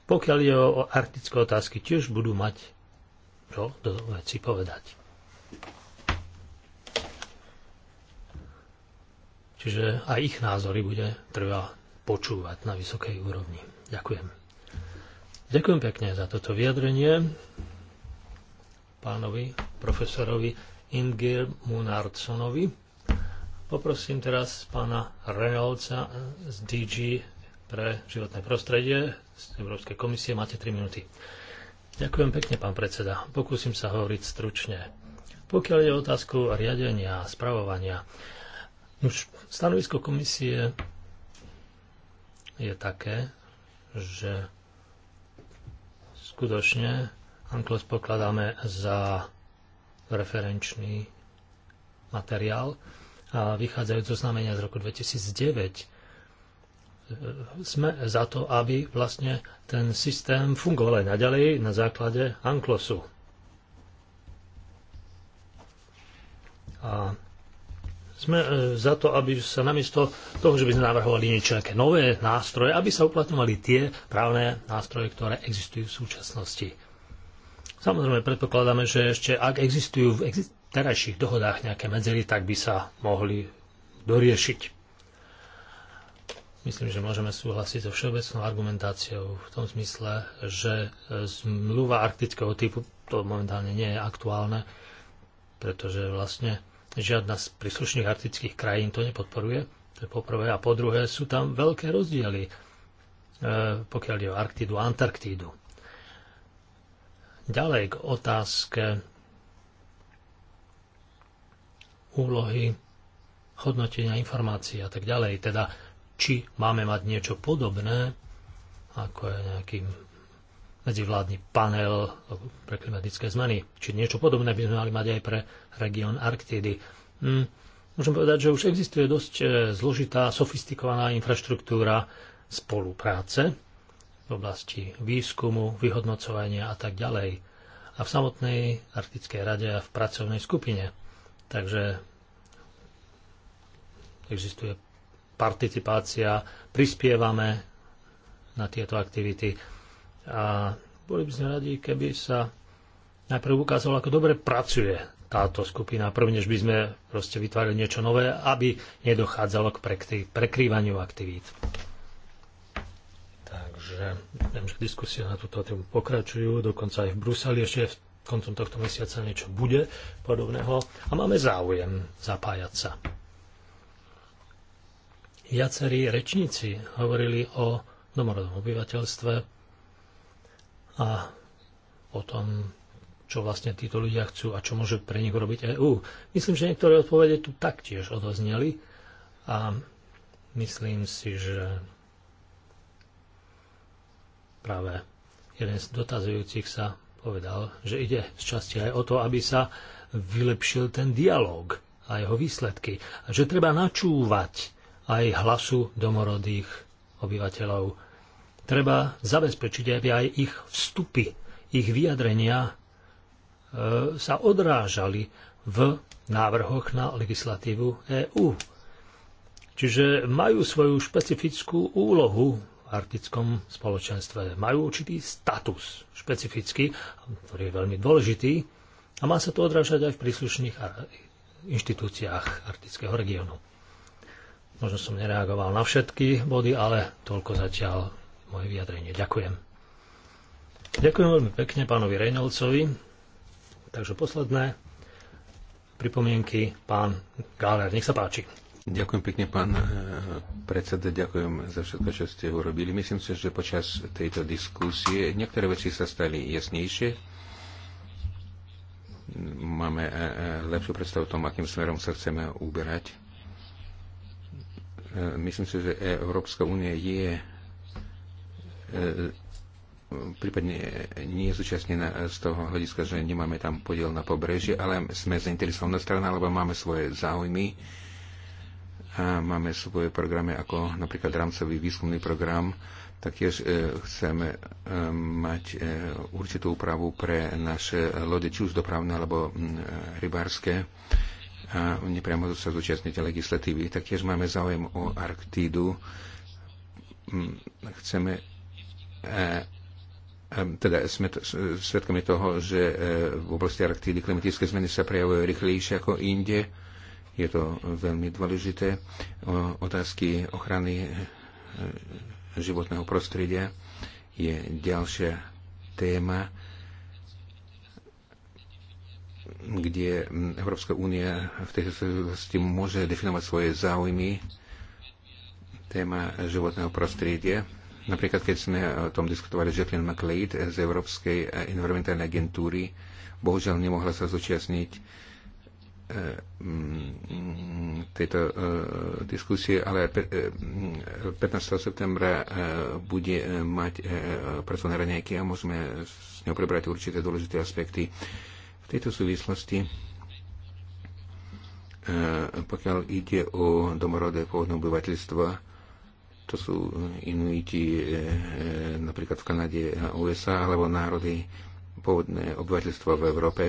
Pokiaľ je o arktické otázky, tiež budú mať čo do veci povedať. Čiže aj ich názory bude treba počúvať na vysokej úrovni. Ďakujem. Ďakujem pekne za toto vyjadrenie pánovi profesorovi Inger Munardsonovi. Poprosím teraz pána Renovca z DG pre životné prostredie z Európskej komisie. Máte 3 minúty. Ďakujem pekne, pán predseda. Pokúsim sa hovoriť stručne. Pokiaľ je otázku riadenia a spravovania, už stanovisko komisie je také, že skutočne Anklos pokladáme za referenčný materiál a vychádzajú zo znamenia z roku 2009. Sme za to, aby vlastne ten systém fungoval aj naďalej na základe Anklosu. A sme e, za to, aby sa namiesto toho, že by sme navrhovali niečo nejaké nové nástroje, aby sa uplatňovali tie právne nástroje, ktoré existujú v súčasnosti. Samozrejme, predpokladáme, že ešte ak existujú v, terajších dohodách nejaké medzery, tak by sa mohli doriešiť. Myslím, že môžeme súhlasiť so všeobecnou argumentáciou v tom zmysle, že zmluva arktického typu to momentálne nie je aktuálne, pretože vlastne žiadna z príslušných arktických krajín to nepodporuje. To je poprvé. A po druhé sú tam veľké rozdiely, e, pokiaľ je o Arktidu a Antarktídu. Ďalej k otázke úlohy hodnotenia informácií a tak ďalej. Teda, či máme mať niečo podobné, ako je nejaký medzivládny panel pre klimatické zmeny, či niečo podobné by sme mali mať aj pre región Arktidy. Hm, môžem povedať, že už existuje dosť e, zložitá, sofistikovaná infraštruktúra spolupráce v oblasti výskumu, vyhodnocovania a tak ďalej. A v samotnej Arktickej rade a v pracovnej skupine. Takže existuje participácia, prispievame na tieto aktivity. A boli by sme radi, keby sa najprv ukázalo, ako dobre pracuje táto skupina, prvnež by sme proste vytvárali niečo nové, aby nedochádzalo k prekrývaniu aktivít. Takže viem, že diskusie na túto tému pokračujú, dokonca aj v Bruseli ešte v koncom tohto mesiaca niečo bude podobného a máme záujem zapájať sa viacerí rečníci hovorili o domorodom obyvateľstve a o tom, čo vlastne títo ľudia chcú a čo môže pre nich urobiť EÚ. Myslím, že niektoré odpovede tu taktiež odozneli a myslím si, že práve jeden z dotazujúcich sa povedal, že ide z časti aj o to, aby sa vylepšil ten dialog a jeho výsledky. A že treba načúvať aj hlasu domorodých obyvateľov. Treba zabezpečiť, aby aj ich vstupy, ich vyjadrenia e, sa odrážali v návrhoch na legislatívu EÚ. Čiže majú svoju špecifickú úlohu v arktickom spoločenstve. Majú určitý status špecifický, ktorý je veľmi dôležitý a má sa to odrážať aj v príslušných inštitúciách arktického regiónu. Možno som nereagoval na všetky body, ale toľko zatiaľ moje vyjadrenie. Ďakujem. Ďakujem veľmi pekne pánovi Reynoldsovi. Takže posledné pripomienky pán Gáler. Nech sa páči. Ďakujem pekne, pán eh, predseda, ďakujem za všetko, čo ste urobili. Myslím si, že počas tejto diskusie niektoré veci sa stali jasnejšie. Máme eh, eh, lepšiu predstavu o tom, akým smerom sa chceme uberať E, myslím si, že Európska únia je e, prípadne nie je zúčastnená z toho hľadiska, že nemáme tam podiel na pobreží, ale sme zainteresovaná strana, lebo máme svoje záujmy a máme svoje programy ako napríklad rámcový výskumný program. Taktiež e, chceme mať určitú úpravu pre naše lode, či už dopravné alebo rybárske a nepriamo sa zúčastnite legislatívy. Taktiež máme záujem o Arktídu. Mm, chceme eh, teda sme svedkami toho, že eh, v oblasti Arktídy klimatické zmeny sa prejavujú rýchlejšie ako inde. Je to veľmi dôležité. Otázky ochrany eh, životného prostredia je ďalšia téma kde Európska únia v tej súvislosti môže definovať svoje záujmy, téma životného prostredia. Napríklad, keď sme o tom diskutovali Jacqueline McLeod z Európskej environmentálnej agentúry, bohužiaľ nemohla sa zúčastniť e, mm, tejto e, diskusie, ale 15. E, mm, septembra bude mať pracovné ranejky a môžeme s ňou prebrať určité dôležité aspekty v tejto súvislosti, e, pokiaľ ide o domorodé pôvodné obyvateľstvo, to sú inuiti e, e, napríklad v Kanade a USA, alebo národy pôvodné obyvateľstvo v Európe,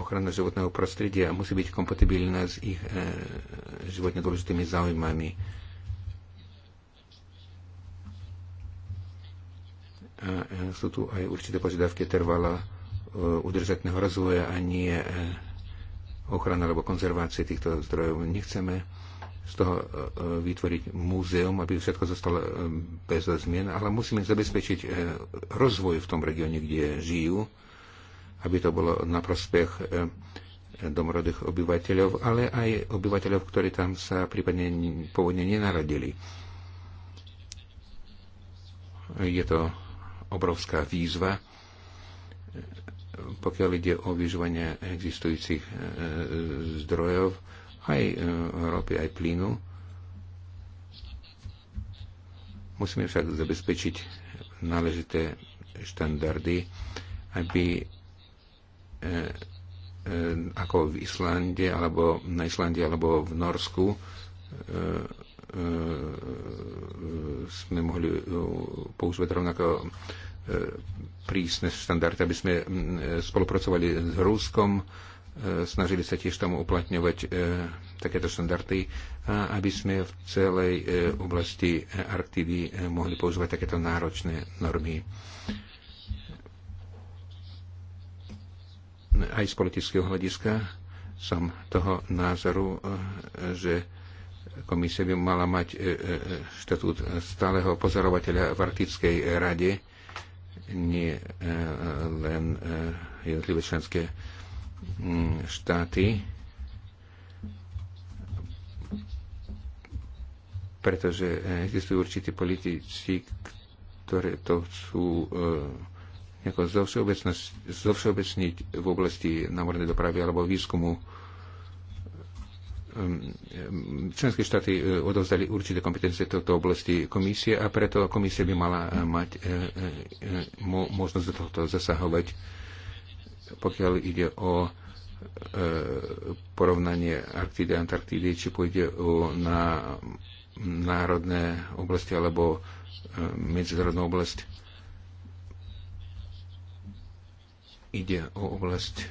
ochrana životného prostredia musí byť kompatibilná s ich životne dôležitými záujmami E, sú tu aj určité požiadavky trvala e, udržateľného rozvoja a nie e, ochrana alebo konzervácie týchto zdrojov. Nechceme z toho vytvoriť múzeum, aby všetko zostalo bez zmien, ale musíme zabezpečiť rozvoj v tom regióne, kde žijú, aby to bolo na prospech domorodých obyvateľov, ale aj obyvateľov, ktorí tam sa prípadne pôvodne nenarodili. Je to obrovská výzva, pokiaľ ide o vyžovanie existujúcich e, e, zdrojov, aj e, ropy, aj plynu. Musíme však zabezpečiť náležité štandardy, aby ako v Islande alebo na Islande alebo v Norsku E, e, sme mohli e, používať rovnako prísne štandardy, aby sme spolupracovali s Ruskom, snažili sa tiež tam uplatňovať takéto štandardy, a aby sme v celej oblasti Arktidy mohli používať takéto náročné normy. Aj z politického hľadiska som toho názoru, že Komisia by mala mať e, e, e, štatút stáleho pozorovateľa v Arktickej rade, nie len jednotlivé členské mm, štáty, pretože existujú určití politici, ktoré to chcú zovšeobecniť v oblasti námornej dopravy alebo výskumu Ehm, ehm, členské štáty e, odovzdali určité kompetencie tohto oblasti komisie a preto komisia by mala e, mať e, možnosť do tohto zasahovať, pokiaľ ide o porovnanie Arktidy a Antarktidy, či pôjde o na národné oblasti alebo medzinárodnú oblasť. Ide o oblasť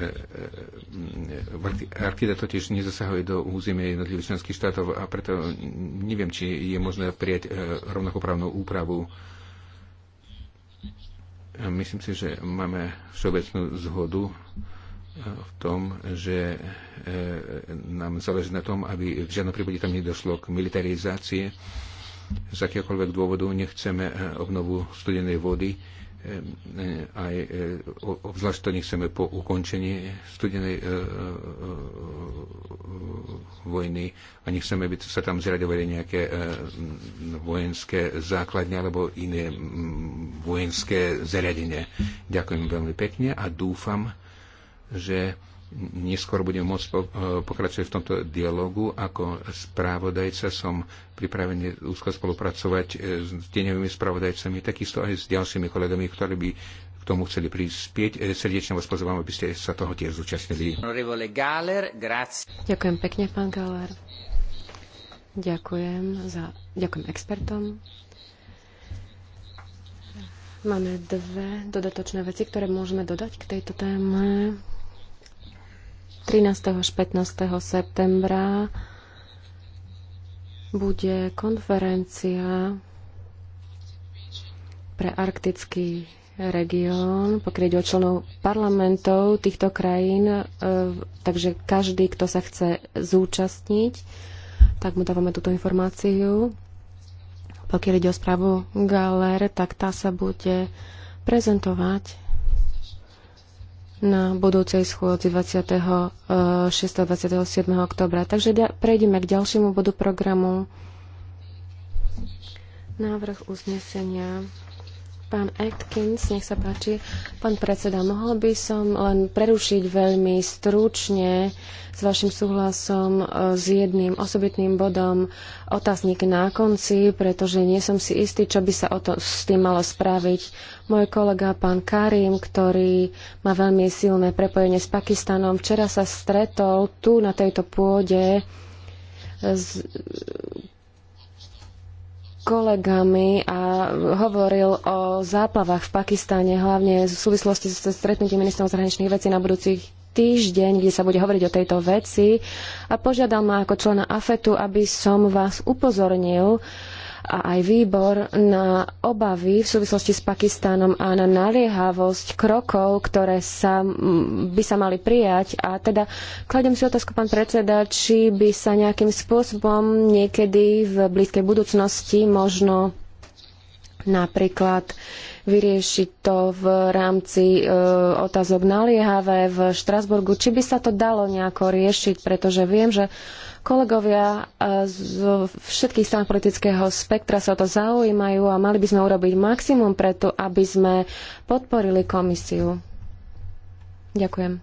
E, e, e, Arktida totiž nezasahuje do územia jednotlivých členských štátov a preto neviem, či je možné prijať rovnakoprávnu úpravu. Myslím si, že máme všeobecnú zhodu v tom, že nám záleží na tom, aby v žiadnom prípade tam nedošlo k militarizácii. Z akéhokoľvek dôvodu nechceme obnovu studenej vody aj e, obzvlášť to nechceme po ukončení studenej e, e, vojny a nechceme, aby sa tam zraďovali nejaké vojenské základne alebo iné vojenské zariadenie. Ďakujem veľmi pekne a dúfam, že neskôr budem môcť e, pokračovať v tomto dialogu. Ako správodajca som pripravený úzko spolupracovať e, s deňovými správodajcami, takisto aj s ďalšími kolegami, ktorí by k tomu chceli prispieť. E, srdečne vás pozývam, aby ste sa toho tiež zúčastnili. Ďakujem pekne, pán Galer. Ďakujem, za, ďakujem expertom. Máme dve dodatočné veci, ktoré môžeme dodať k tejto téme. 13. až 15. septembra bude konferencia pre arktický región, pokiaľ o členov parlamentov týchto krajín, e, takže každý, kto sa chce zúčastniť, tak mu dávame túto informáciu. Pokiaľ ide o správu Galer, tak tá sa bude prezentovať na budúcej schôdzi 26. Eh, a 27. oktobra. Takže prejdeme k ďalšiemu bodu programu. Návrh uznesenia Pán Atkins, nech sa páči. Pán predseda, mohol by som len prerušiť veľmi stručne s vašim súhlasom e, s jedným osobitným bodom otáznik na konci, pretože nie som si istý, čo by sa o to, s tým malo spraviť. Môj kolega pán Karim, ktorý má veľmi silné prepojenie s Pakistanom, včera sa stretol tu na tejto pôde s kolegami a hovoril o záplavách v Pakistane, hlavne v súvislosti so stretnutím ministrov zahraničných vecí na budúcich týždeň, kde sa bude hovoriť o tejto veci a požiadal ma ako člena AFETu, aby som vás upozornil a aj výbor na obavy v súvislosti s Pakistanom a na naliehavosť krokov, ktoré sa, by sa mali prijať. A teda kladem si otázku, pán predseda, či by sa nejakým spôsobom niekedy v blízkej budúcnosti možno napríklad vyriešiť to v rámci e, otázok naliehavé v Štrasburgu, či by sa to dalo nejako riešiť, pretože viem, že Kolegovia e, z všetkých strán politického spektra sa o to zaujímajú a mali by sme urobiť maximum preto, aby sme podporili komisiu. Ďakujem.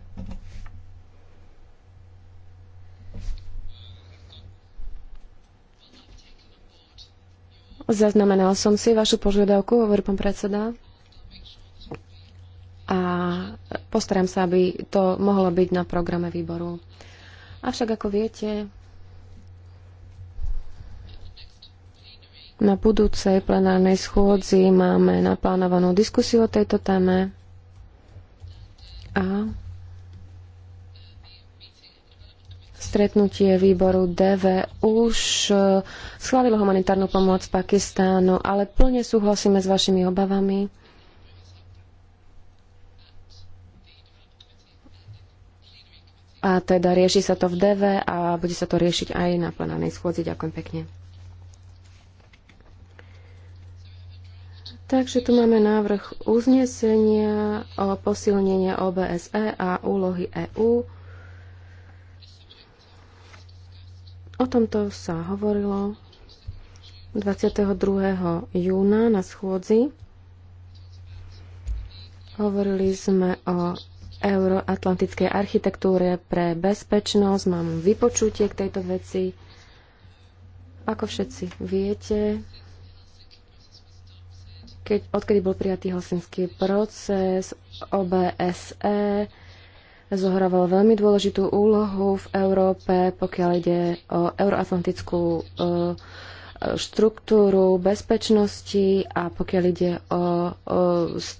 Zaznamenal som si vašu požiadavku, hovorí pán predseda. A postaram sa, aby to mohlo byť na programe výboru. Avšak, ako viete, Na budúcej plenárnej schôdzi máme naplánovanú diskusiu o tejto téme a stretnutie výboru DV už e, schválilo humanitárnu pomoc Pakistánu, ale plne súhlasíme s vašimi obavami. A teda rieši sa to v DV a bude sa to riešiť aj na plenárnej schôdzi. Ďakujem pekne. Takže tu máme návrh uznesenia o posilnenie OBSE a úlohy EÚ. O tomto sa hovorilo 22. júna na schôdzi. Hovorili sme o euroatlantickej architektúre pre bezpečnosť. Mám vypočutie k tejto veci. Ako všetci viete, keď, odkedy bol prijatý helsinský proces, OBSE zohrával veľmi dôležitú úlohu v Európe, pokiaľ ide o euroatlantickú e, štruktúru bezpečnosti a pokiaľ ide o, o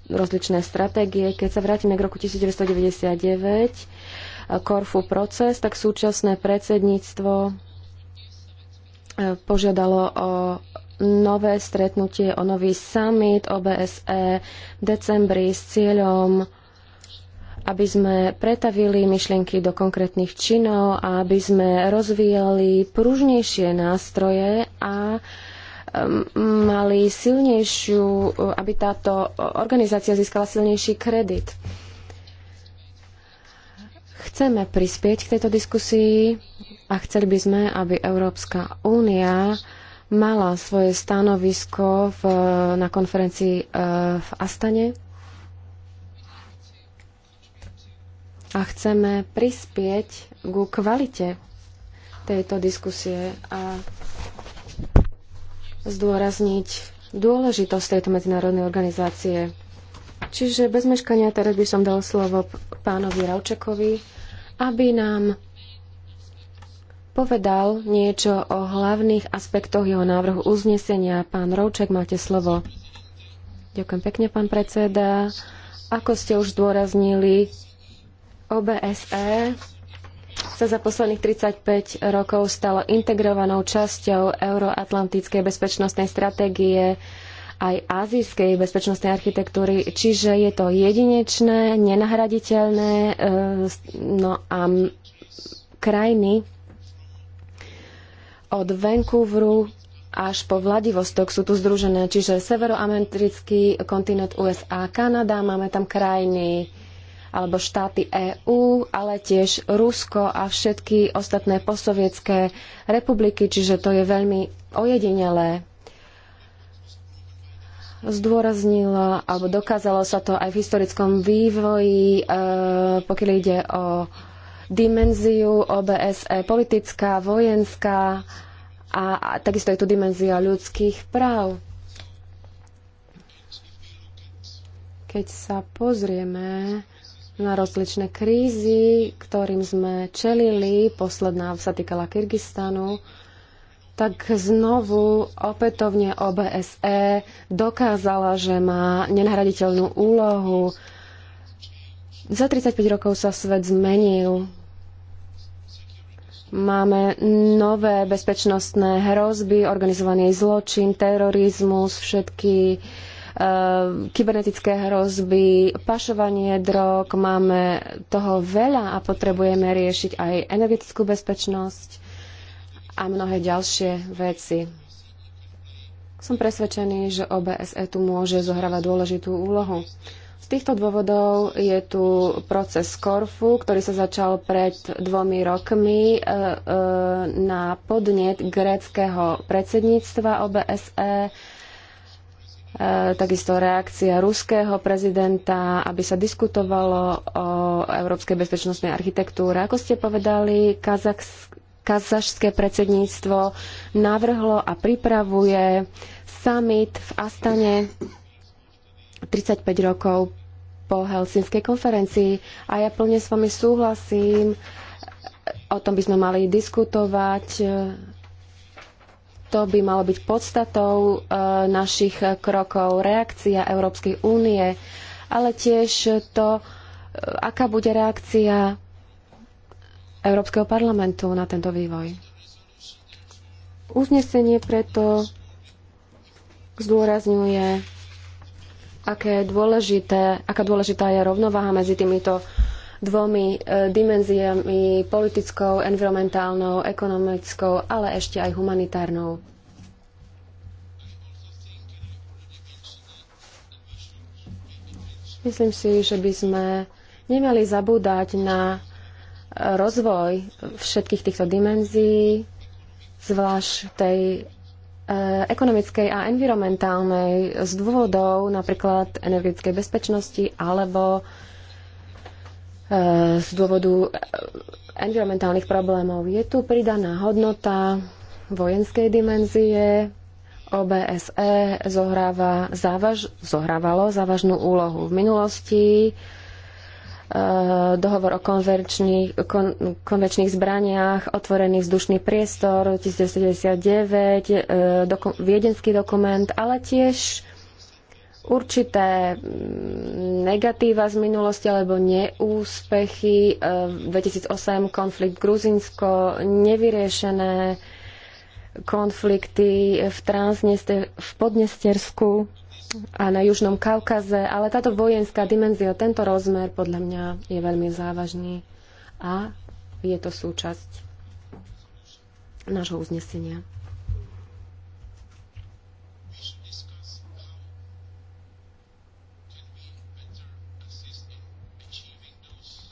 rozličné stratégie. Keď sa vrátime k roku 1999, Korfu e, proces, tak súčasné predsedníctvo e, požiadalo o nové stretnutie, o nový summit OBSE v decembri s cieľom, aby sme pretavili myšlienky do konkrétnych činov a aby sme rozvíjali pružnejšie nástroje a mali silnejšiu, aby táto organizácia získala silnejší kredit chceme prispieť k tejto diskusii a chceli by sme, aby Európska únia mala svoje stanovisko v, na konferencii e, v Astane a chceme prispieť ku kvalite tejto diskusie a zdôrazniť dôležitosť tejto medzinárodnej organizácie. Čiže bez meškania teraz by som dal slovo pánovi Raučekovi, aby nám povedal niečo o hlavných aspektoch jeho návrhu uznesenia. Pán Rouček, máte slovo. Ďakujem pekne, pán predseda. Ako ste už zdôraznili, OBSE sa za posledných 35 rokov stalo integrovanou časťou euroatlantickej bezpečnostnej stratégie aj azijskej bezpečnostnej architektúry, čiže je to jedinečné, nenahraditeľné, e, no a krajiny od Vancouveru až po Vladivostok sú tu združené, čiže severoamerický kontinent USA, Kanada, máme tam krajiny alebo štáty EÚ, ale tiež Rusko a všetky ostatné posovietské republiky, čiže to je veľmi ojedinelé. zdôraznilo, alebo dokázalo sa to aj v historickom vývoji, e, pokiaľ ide o dimenziu OBSE politická, vojenská a, a takisto je tu dimenzia ľudských práv. Keď sa pozrieme na rozličné krízy, ktorým sme čelili, posledná sa týkala Kyrgyzstanu, tak znovu opätovne OBSE dokázala, že má nenahraditeľnú úlohu za 35 rokov sa svet zmenil. Máme nové bezpečnostné hrozby, organizovaný zločin, terorizmus, všetky eh, kybernetické hrozby, pašovanie drog, máme toho veľa a potrebujeme riešiť aj energetickú bezpečnosť a mnohé ďalšie veci. Som presvedčený, že OBSE tu môže zohrávať dôležitú úlohu. Z týchto dôvodov je tu proces Korfu, ktorý sa začal pred dvomi rokmi e, e, na podnet gréckého predsedníctva OBSE, e, takisto reakcia ruského prezidenta, aby sa diskutovalo o európskej bezpečnostnej architektúre. Ako ste povedali, kazašské predsedníctvo navrhlo a pripravuje summit v Astane 35 rokov po Helsinskej konferencii a ja plne s vami súhlasím. O tom by sme mali diskutovať. To by malo byť podstatou e, našich krokov, reakcia Európskej únie, ale tiež to, e, aká bude reakcia Európskeho parlamentu na tento vývoj. Uznesenie preto zdôrazňuje aké dôležité, aká dôležitá je rovnováha medzi týmito dvomi e, dimenziami politickou, environmentálnou, ekonomickou, ale ešte aj humanitárnou. Myslím si, že by sme nemali zabúdať na rozvoj všetkých týchto dimenzií, zvlášť tej Eh, ekonomickej a environmentálnej z dôvodov napríklad energetickej bezpečnosti alebo eh, z dôvodu eh, environmentálnych problémov. Je tu pridaná hodnota vojenskej dimenzie, OBSE zohráva závaž, zohrávalo závažnú úlohu v minulosti Eh, dohovor o konverčných, kon, konvenčných zbraniach, otvorený vzdušný priestor 1999, eh, doku, viedenský dokument, ale tiež určité mm, negatíva z minulosti alebo neúspechy. 2008 eh, konflikt Gruzinsko, nevyriešené konflikty v Transneste, v Podnestersku a na Južnom Kaukaze, ale táto vojenská dimenzia, tento rozmer podľa mňa je veľmi závažný a je to súčasť nášho uznesenia.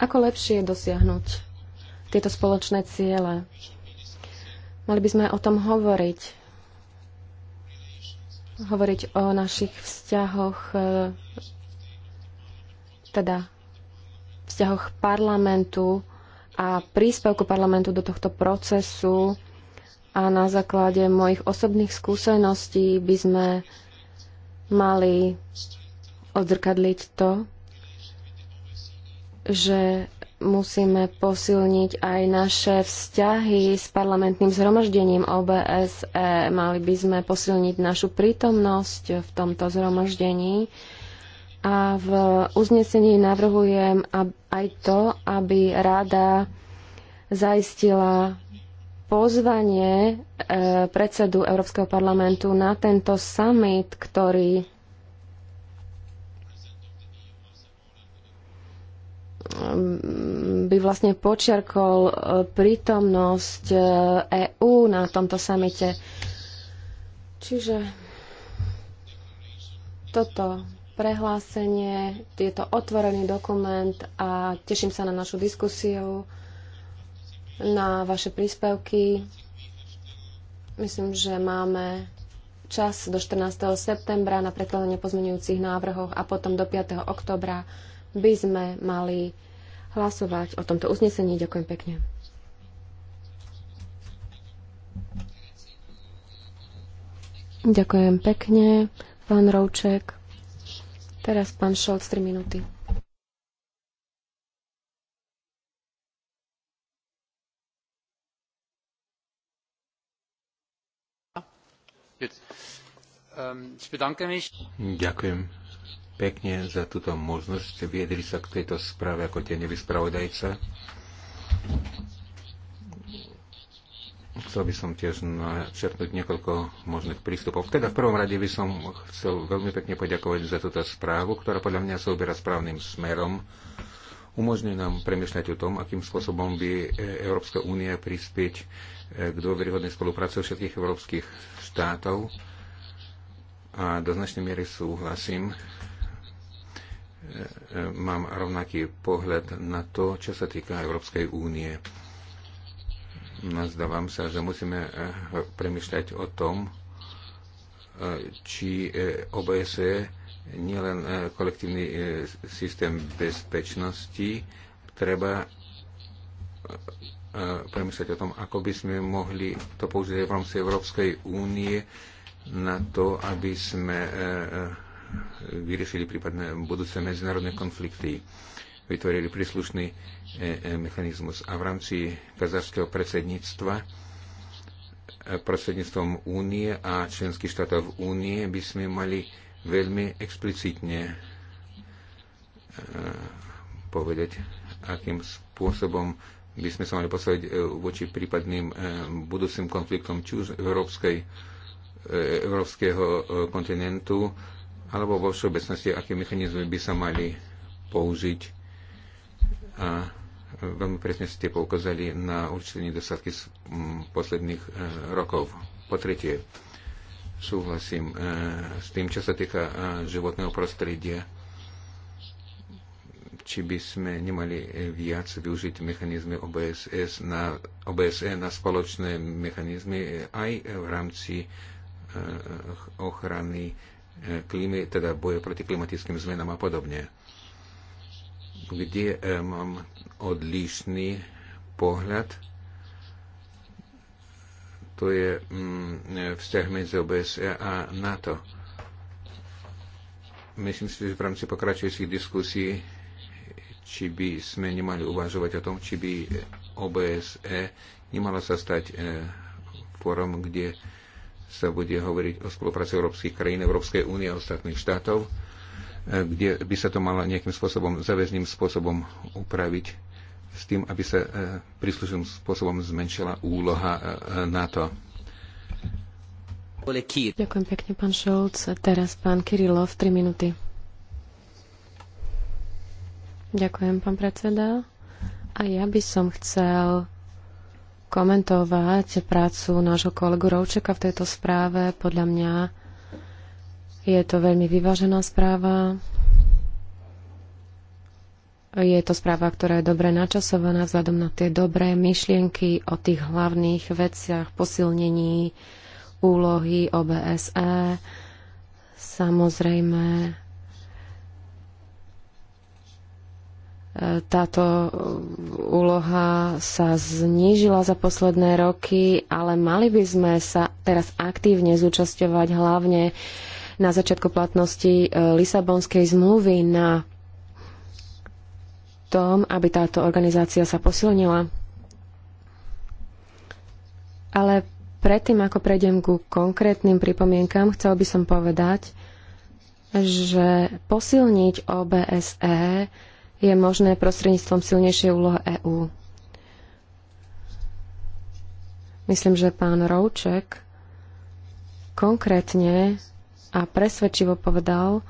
Ako lepšie dosiahnuť tieto spoločné ciele? Mali by sme o tom hovoriť hovoriť o našich vzťahoch, e, teda vzťahoch parlamentu a príspevku parlamentu do tohto procesu a na základe mojich osobných skúseností by sme mali odzrkadliť to, že musíme posilniť aj naše vzťahy s parlamentným zhromaždením OBSE. Mali by sme posilniť našu prítomnosť v tomto zhromaždení. A v uznesení navrhujem aj to, aby rada zaistila pozvanie e, predsedu Európskeho parlamentu na tento summit, ktorý by vlastne počiarkol e, prítomnosť EÚ e na tomto samite. Čiže toto prehlásenie, je to otvorený dokument a teším sa na našu diskusiu, na vaše príspevky. Myslím, že máme čas do 14. septembra na prekladanie pozmenujúcich návrhov a potom do 5. oktobra by sme mali hlasovať o tomto uznesení. Ďakujem pekne. Ďakujem pekne, pán Rouček. Teraz pán Šolc, 3 minúty. Um, Ďakujem pekne za túto možnosť, že sa k tejto správe ako tie nevyspravodajca. Chcel by som tiež načrtnúť niekoľko možných prístupov. Teda v prvom rade by som chcel veľmi pekne poďakovať za túto správu, ktorá podľa mňa sa uberá správnym smerom. Umožňuje nám premyšľať o tom, akým spôsobom by Európska únia prispieť eh, k dôveryhodnej spolupráci všetkých európskych štátov. A do značnej miery súhlasím mám rovnaký pohľad na to, čo sa týka Európskej únie. Nazdávam sa, že musíme eh, premyšľať o tom, eh, či eh, OBSE nielen kolektívny systém bezpečnosti, treba premyšľať o tom, ako by sme mohli to použiť v rámci Európskej únie na to, aby sme vyriešili prípadne budúce medzinárodné konflikty, vytvorili príslušný e, e, mechanizmus. A v rámci kazárskeho predsedníctva e, prostredníctvom únie a členských štátov únie by sme mali veľmi explicitne povedať, akým spôsobom by sme sa mali postaviť voči prípadným budúcim konfliktom či už európskej, európskeho kontinentu alebo vo všeobecnosti, aké mechanizmy by sa mali použiť. A veľmi presne ste poukázali na určité nedostatky z mm, posledných e, rokov. Po tretie, súhlasím e, s tým, čo sa týka e, životného prostredia či by sme nemali viac využiť mechanizmy OBSS na, OBSE na spoločné mechanizmy aj v rámci ochrany E, klímy, teda boje proti klimatickým zmenám a podobne, kde e, mám odlišný pohľad. To je mm, e, vzťah medzi OBSE a NATO. Myslím si, že v rámci pokračujúcich diskusí, či by sme nemali uvažovať o tom, či by OBSE nemala sa stať fórum, kde sa bude hovoriť o spolupráci európskych krajín, Európskej únie a ostatných štátov, eh, kde by sa to malo nejakým spôsobom, záväzným spôsobom upraviť s tým, aby sa eh, príslušným spôsobom zmenšila úloha eh, NATO. Ďakujem pekne, pán Šolc. Teraz pán Kirilov, 3 minúty. Ďakujem, pán predseda. A ja by som chcel komentovať prácu nášho kolegu Rovčeka v tejto správe. Podľa mňa je to veľmi vyvážená správa. Je to správa, ktorá je dobre načasovaná vzhľadom na tie dobré myšlienky o tých hlavných veciach, posilnení úlohy OBSE, samozrejme táto uh, úloha sa znížila za posledné roky, ale mali by sme sa teraz aktívne zúčastňovať hlavne na začiatku platnosti uh, Lisabonskej zmluvy na tom, aby táto organizácia sa posilnila. Ale predtým, ako prejdem ku konkrétnym pripomienkam, chcel by som povedať, že posilniť OBSE je možné prostredníctvom silnejšej úlohy EÚ. Myslím, že pán Rouček konkrétne a presvedčivo povedal,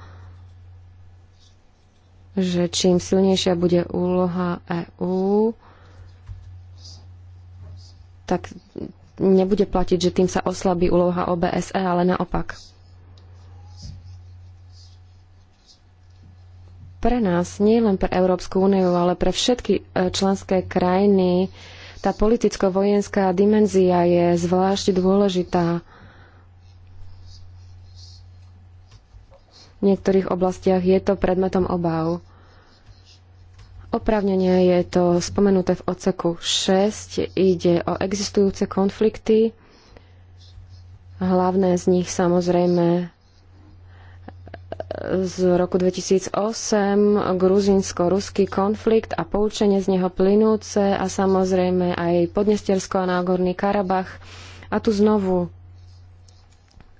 že čím silnejšia bude úloha EÚ, tak nebude platiť, že tým sa oslabí úloha OBSE, ale naopak. pre nás, nie len pre Európsku úniu, ale pre všetky e, členské krajiny, tá politicko-vojenská dimenzia je zvlášť dôležitá. V niektorých oblastiach je to predmetom obav. Opravnenie je to spomenuté v odseku 6. Ide o existujúce konflikty. Hlavné z nich samozrejme z roku 2008, gruzinsko-ruský konflikt a poučenie z neho plynúce a samozrejme aj Podnestersko a Nágorný Karabach. A tu znovu,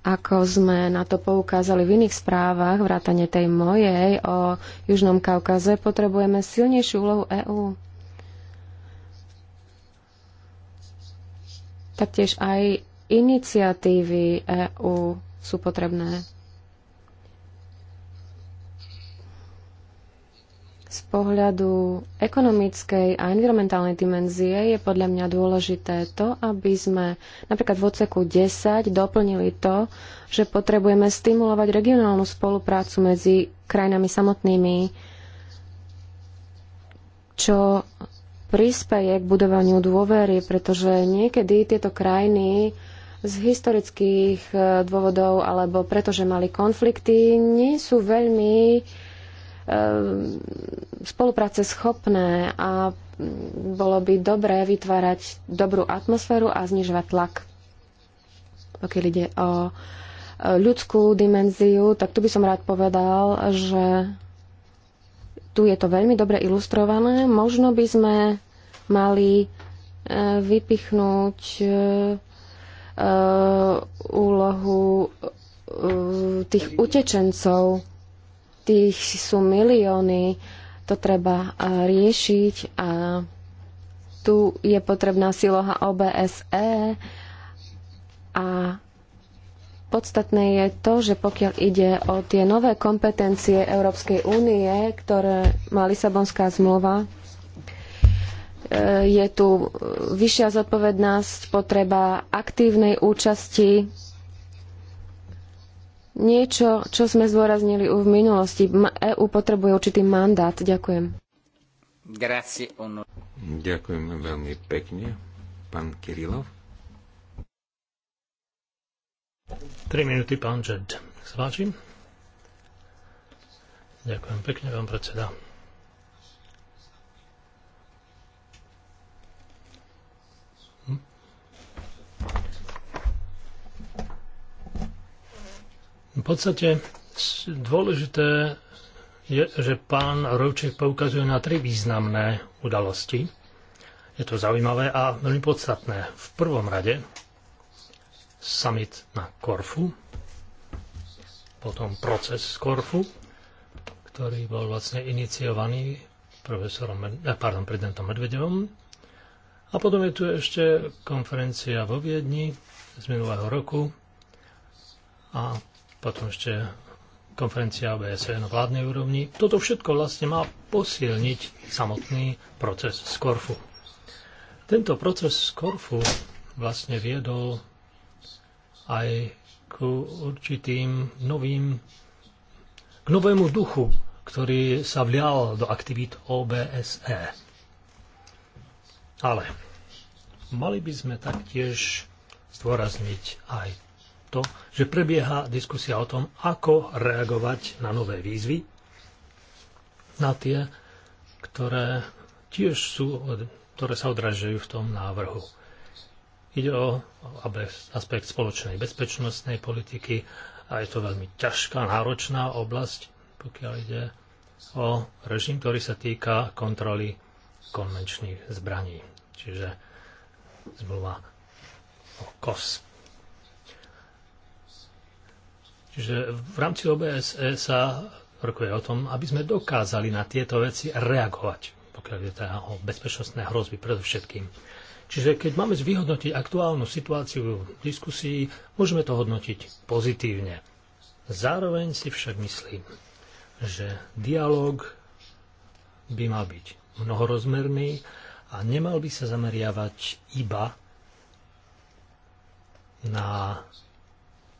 ako sme na to poukázali v iných správach, vrátane tej mojej o Južnom Kaukaze, potrebujeme silnejšiu úlohu EÚ. Taktiež aj iniciatívy EÚ sú potrebné. Z pohľadu ekonomickej a environmentálnej dimenzie je podľa mňa dôležité to, aby sme napríklad v odseku 10 doplnili to, že potrebujeme stimulovať regionálnu spoluprácu medzi krajinami samotnými, čo prispeje k budovaniu dôvery, pretože niekedy tieto krajiny z historických eh, dôvodov alebo pretože mali konflikty nie sú veľmi uh, Ehm, spolupráce schopné a bolo by dobré vytvárať dobrú atmosféru a znižovať tlak. Pokiaľ ide o e, ľudskú dimenziu, tak tu by som rád povedal, že tu je to veľmi dobre ilustrované. Možno by sme mali e, vypichnúť e, úlohu tých utečencov tých sú milióny, to treba riešiť a tu je potrebná siloha OBSE a podstatné je to, že pokiaľ ide o tie nové kompetencie Európskej únie, ktoré má Lisabonská zmluva, e, je tu vyššia zodpovednosť, potreba aktívnej účasti niečo, čo sme zdôraznili v minulosti. EÚ potrebuje určitý mandát. Ďakujem. Ďakujem veľmi pekne. Pán Kirilov. 3 minúty, pán Ďakujem pekne, pán predseda. V podstate dôležité je, že pán Rovček poukazuje na tri významné udalosti. Je to zaujímavé a veľmi podstatné. V prvom rade summit na Korfu, potom proces z Korfu, ktorý bol vlastne iniciovaný profesorom, eh, pardon, prezidentom Medvedevom. A potom je tu ešte konferencia vo Viedni z minulého roku a potom ešte konferencia OBSE na vládnej úrovni. Toto všetko vlastne má posilniť samotný proces z Korfu. Tento proces z Korfu vlastne viedol aj k určitým novým, k novému duchu, ktorý sa vlial do aktivít OBSE. Ale mali by sme taktiež zdôrazniť aj to, že prebieha diskusia o tom, ako reagovať na nové výzvy, na tie, ktoré tiež sú, ktoré sa odražujú v tom návrhu. Ide o aspekt spoločnej bezpečnostnej politiky a je to veľmi ťažká, náročná oblasť, pokiaľ ide o režim, ktorý sa týka kontroly konvenčných zbraní, čiže zmluva o COSP. Čiže v rámci OBSE sa rokuje o tom, aby sme dokázali na tieto veci reagovať, pokiaľ je teda o bezpečnostné hrozby predovšetkým. Čiže keď máme vyhodnotiť aktuálnu situáciu v diskusii, môžeme to hodnotiť pozitívne. Zároveň si však myslím, že dialog by mal byť mnohorozmerný a nemal by sa zameriavať iba na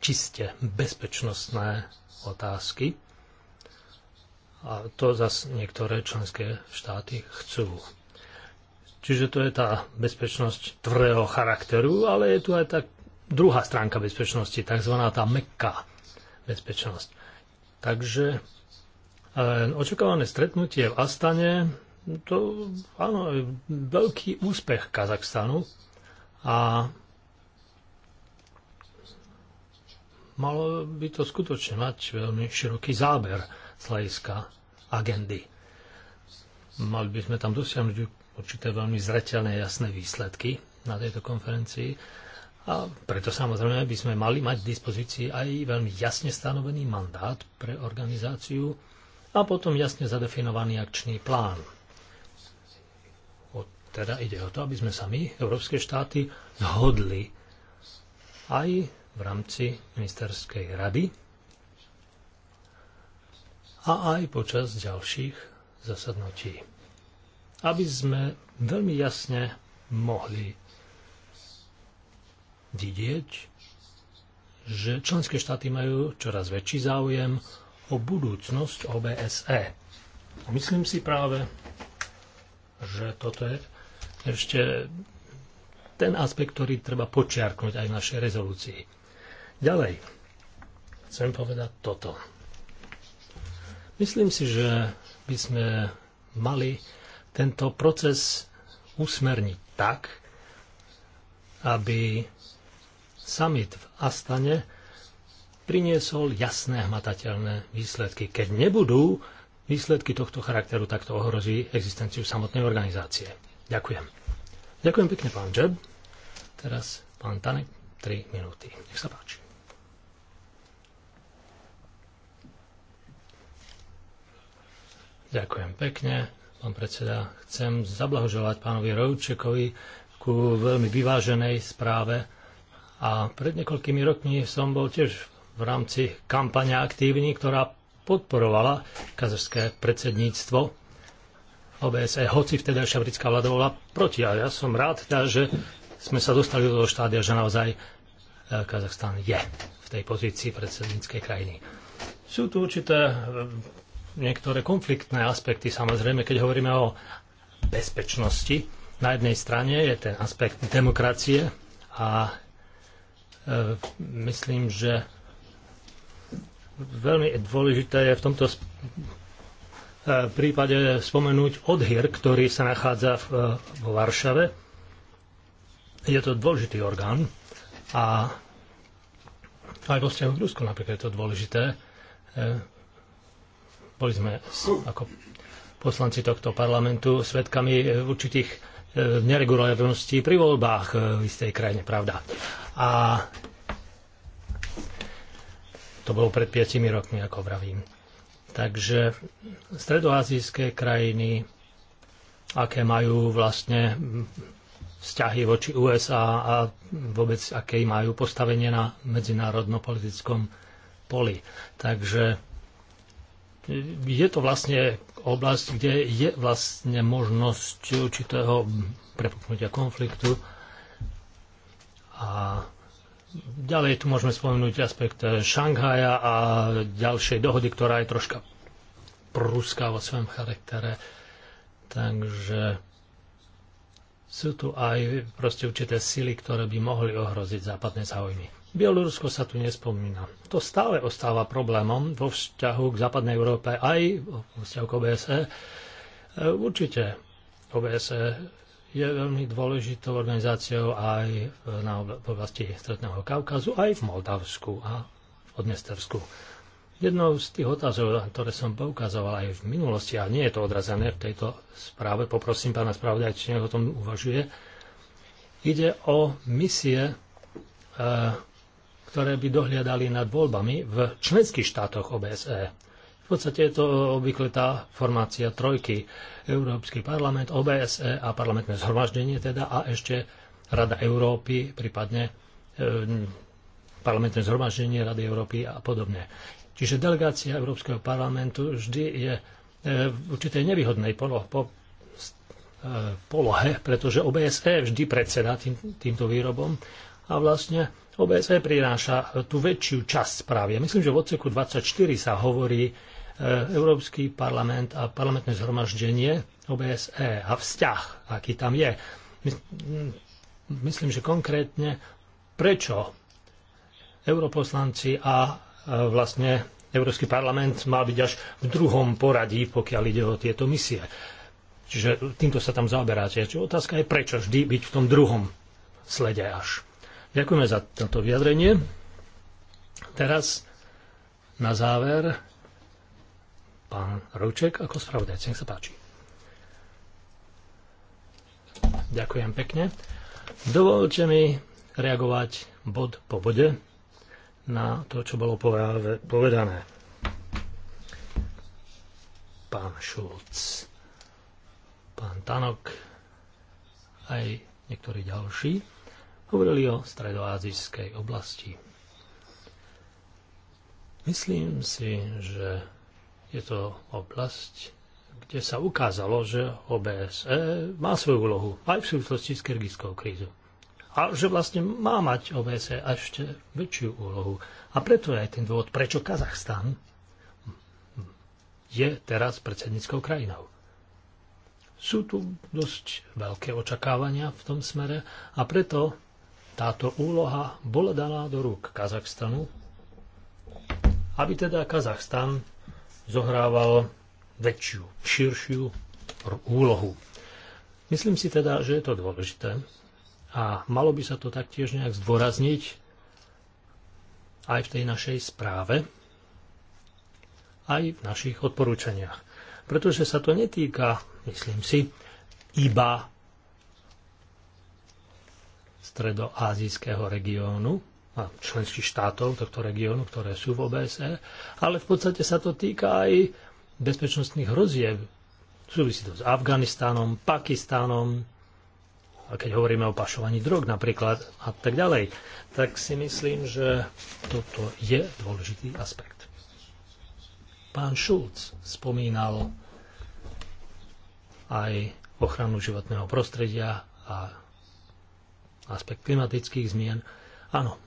čiste bezpečnostné otázky. A to zase niektoré členské štáty chcú. Čiže to je tá bezpečnosť tvrdého charakteru, ale je tu aj tá druhá stránka bezpečnosti, tzv. tá mekká bezpečnosť. Takže eh, očakávané stretnutie v Astane, to áno, je veľký úspech Kazachstanu a malo by to skutočne mať veľmi široký záber z hľadiska agendy. Mali by sme tam dosiahnuť určité veľmi zreteľné, jasné výsledky na tejto konferencii. A preto samozrejme by sme mali mať v dispozícii aj veľmi jasne stanovený mandát pre organizáciu a potom jasne zadefinovaný akčný plán. O, teda ide o to, aby sme sami, európske štáty, zhodli aj v rámci ministerskej rady a aj počas ďalších zasadnutí. Aby sme veľmi jasne mohli vidieť, že členské štáty majú čoraz väčší záujem o budúcnosť OBSE. myslím si práve, že toto je ešte ten aspekt, ktorý treba počiarknúť aj v našej rezolúcii. Ďalej, chcem povedať toto. Myslím si, že by sme mali tento proces usmerniť tak, aby summit v Astane priniesol jasné hmatateľné výsledky. Keď nebudú, výsledky tohto charakteru takto ohrozí existenciu samotnej organizácie. Ďakujem. Ďakujem pekne, pán Džeb. Teraz pán Tanek, 3 minúty. Nech sa páči. Ďakujem pekne, pán predseda. Chcem zablahoželať pánovi Rovčekovi ku veľmi vyváženej správe. A pred niekoľkými rokmi som bol tiež v rámci kampania aktívny, ktorá podporovala kazašské predsedníctvo OBSE, hoci vtedajšia britská vláda bola proti. A ja som rád, teda, že sme sa dostali do toho štádia, že naozaj e, Kazachstan je v tej pozícii predsedníckej krajiny. Sú tu určité e, niektoré konfliktné aspekty. Samozrejme, keď hovoríme o bezpečnosti, na jednej strane je ten aspekt demokracie a e, myslím, že veľmi dôležité je v tomto e, prípade spomenúť odhier, ktorý sa nachádza v, e, v Varšave. Je to dôležitý orgán a aj vo vzťahu k Rusku napríklad je to dôležité. E, boli sme ako poslanci tohto parlamentu svedkami e, určitých e, neregulárností pri voľbách e, v istej krajine, pravda. A to bolo pred 5 rokmi, ako vravím. Takže stredoazijské krajiny, aké majú vlastne vzťahy voči USA a vôbec aké majú postavenie na medzinárodno-politickom poli. Takže je to vlastne oblasť, kde je vlastne možnosť určitého prepuknutia konfliktu. A ďalej tu môžeme spomenúť aspekt Šanghaja a ďalšej dohody, ktorá je troška prúská vo svojom charaktere. Takže sú tu aj proste určité sily, ktoré by mohli ohroziť západné záujmy. Bielorusko sa tu nespomína. To stále ostáva problémom vo vzťahu k západnej Európe aj vo vzťahu k OBSE. E, určite OBSE je veľmi dôležitou organizáciou aj na oblasti Stredného Kaukazu, aj v Moldavsku a v Odnestersku. Jednou z tých otázov, ktoré som poukazoval aj v minulosti, a nie je to odrazené v tejto správe, poprosím pána spravodajčného o tom uvažuje, ide o misie e, ktoré by dohliadali nad voľbami v členských štátoch OBSE. V podstate je to obvykle tá formácia trojky. Európsky parlament, OBSE a parlamentné zhromaždenie teda a ešte Rada Európy, prípadne e, parlamentné zhromaždenie Rady Európy a podobne. Čiže delegácia Európskeho parlamentu vždy je e, v určitej nevýhodnej polo, po, e, polohe, pretože OBSE vždy predseda tým, týmto výrobom a vlastne OBSE prináša e, tú väčšiu časť správy. Ja myslím, že v odseku 24 sa hovorí e, Európsky parlament a parlamentné zhromaždenie OBSE a vzťah, aký tam je. Myslím, že konkrétne prečo europoslanci a e, vlastne Európsky parlament má byť až v druhom poradí, pokiaľ ide o tieto misie. Čiže týmto sa tam zaoberáte. Čiže otázka je, prečo vždy byť v tom druhom slede až. Ďakujeme za toto vyjadrenie. Teraz na záver pán Rouček ako spravodajca. Nech sa páči. Ďakujem pekne. Dovolte mi reagovať bod po bode na to, čo bolo povedané. Pán Šulc, pán Tanok, aj niektorí ďalší hovorili o stredoázijskej oblasti. Myslím si, že je to oblasť, kde sa ukázalo, že OBSE má svoju úlohu aj v súvislosti s kyrgyzskou krízou. A že vlastne má mať OBSE ešte väčšiu úlohu. A preto je aj ten dôvod, prečo Kazachstan je teraz predsedníckou krajinou. Sú tu dosť veľké očakávania v tom smere a preto táto úloha bola daná do rúk Kazachstanu, aby teda Kazachstan zohrával väčšiu, širšiu úlohu. Myslím si teda, že je to dôležité a malo by sa to taktiež nejak zdôrazniť aj v tej našej správe, aj v našich odporúčaniach. Pretože sa to netýka, myslím si, iba stredoázijského regiónu a členských štátov tohto regiónu, ktoré sú v OBSE, ale v podstate sa to týka aj bezpečnostných hrozieb. Súvisí to s Afganistánom, Pakistánom, a keď hovoríme o pašovaní drog napríklad a tak ďalej, tak si myslím, že toto je dôležitý aspekt. Pán Šulc spomínal aj ochranu životného prostredia a aspekt klimatických zmien. Áno,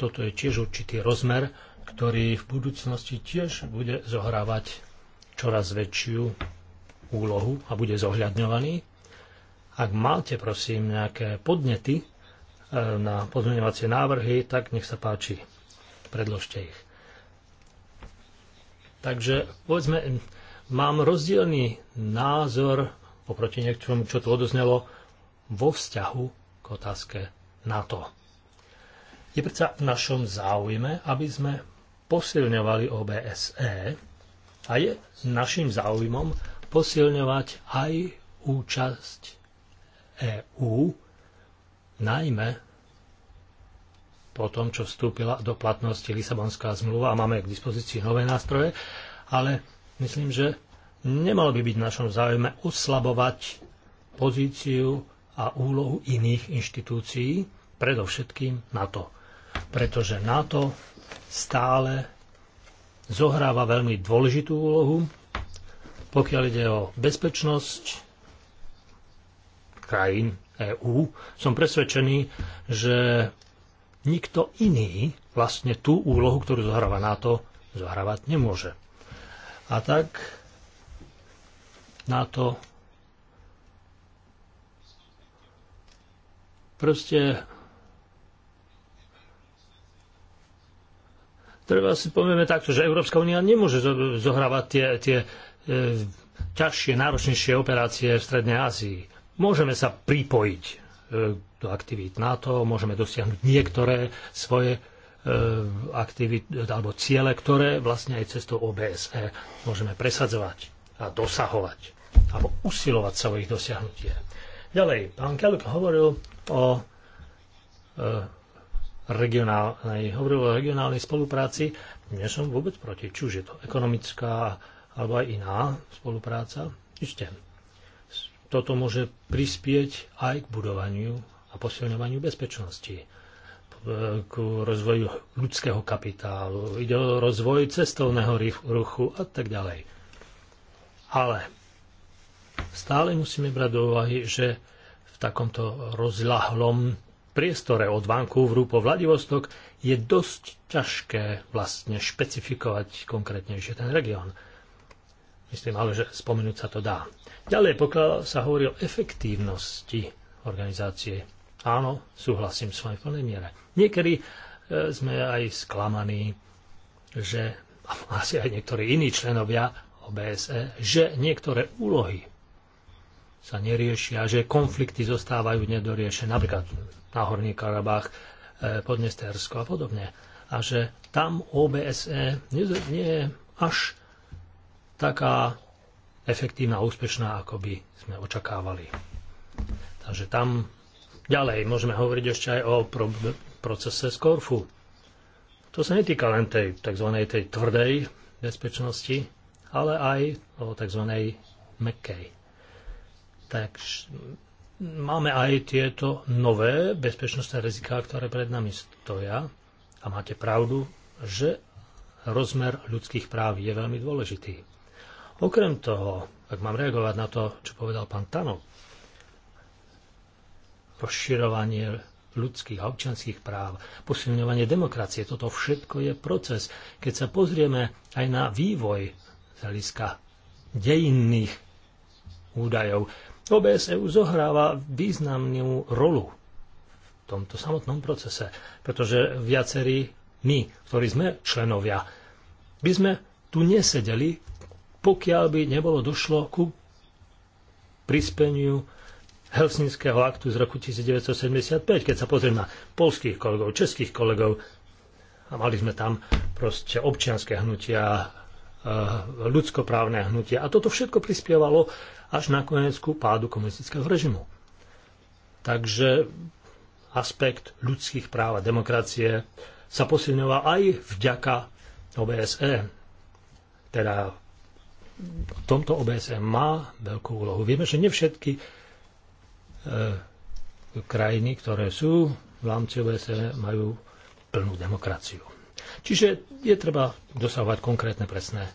toto je tiež určitý rozmer, ktorý v budúcnosti tiež bude zohrávať čoraz väčšiu úlohu a bude zohľadňovaný. Ak máte, prosím, nejaké podnety e, na pozmeňovacie návrhy, tak nech sa páči, predložte ich. Takže, povedzme, mám rozdielný názor oproti niektorom, čo tu odoznelo, vo vzťahu otázke NATO. Je predsa v našom záujme, aby sme posilňovali OBSE a je našim záujmom posilňovať aj účasť EÚ, najmä po tom, čo vstúpila do platnosti Lisabonská zmluva a máme k dispozícii nové nástroje, ale myslím, že nemalo by byť v našom záujme oslabovať pozíciu a úlohu iných inštitúcií, predovšetkým NATO. Pretože NATO stále zohráva veľmi dôležitú úlohu, pokiaľ ide o bezpečnosť krajín EÚ. Som presvedčený, že nikto iný vlastne tú úlohu, ktorú zohráva NATO, zohrávať nemôže. A tak NATO Proste treba si povieme takto, že Európska únia nemôže zohrávať tie, tie e, ťažšie, náročnejšie operácie v Strednej Ázii. Môžeme sa pripojiť e, do aktivít NATO, môžeme dosiahnuť niektoré svoje e, alebo ciele, ktoré vlastne aj cestou OBSE môžeme presadzovať a dosahovať alebo usilovať sa o ich dosiahnutie. Ďalej, pán Keluk hovoril o e, regionálnej, hovoril o regionálnej spolupráci. Nie som vôbec proti, či už je to ekonomická alebo aj iná spolupráca. Ište, toto môže prispieť aj k budovaniu a posilňovaniu bezpečnosti, k rozvoju ľudského kapitálu, ide o rozvoj cestovného ruchu a tak ďalej. Ale stále musíme brať do úvahy, že v takomto rozľahlom priestore od Vancouveru po Vladivostok je dosť ťažké vlastne špecifikovať konkrétnejšie ten región. Myslím ale, že spomenúť sa to dá. Ďalej, pokiaľ sa hovorí o efektívnosti organizácie, áno, súhlasím s vami v plnej miere. Niekedy e, sme aj sklamaní, že asi aj niektorí iní členovia OBSE, že niektoré úlohy sa neriešia, že konflikty zostávajú nedoriešené, napríklad na Horný Karabách, e, Podnestersko a podobne. A že tam OBSE nie, nie je až taká efektívna a úspešná, ako by sme očakávali. Takže tam ďalej môžeme hovoriť ešte aj o pro, procese z Korfu. To sa netýka len tej tzv. tej tvrdej bezpečnosti, ale aj o tzv. mekej tak máme aj tieto nové bezpečnostné riziká, ktoré pred nami stoja. A máte pravdu, že rozmer ľudských práv je veľmi dôležitý. Okrem toho, ak mám reagovať na to, čo povedal pán Tano. rozširovanie ľudských a občanských práv, posilňovanie demokracie, toto všetko je proces. Keď sa pozrieme aj na vývoj z hľadiska dejinných údajov, OBSE zohráva významnú rolu v tomto samotnom procese, pretože viacerí my, ktorí sme členovia, by sme tu nesedeli, pokiaľ by nebolo došlo ku prispeniu Helsinského aktu z roku 1975, keď sa pozrieme na polských kolegov, českých kolegov, a mali sme tam proste občianské hnutia, eh, ľudskoprávne hnutia. A toto všetko prispievalo až nakoniec ku pádu komunistického režimu. Takže aspekt ľudských práv a demokracie sa posilňoval aj vďaka OBSE. Teda v tomto OBSE má veľkú úlohu. Vieme, že nevšetky e, krajiny, ktoré sú v rámci OBSE, majú plnú demokraciu. Čiže je treba dosahovať konkrétne presné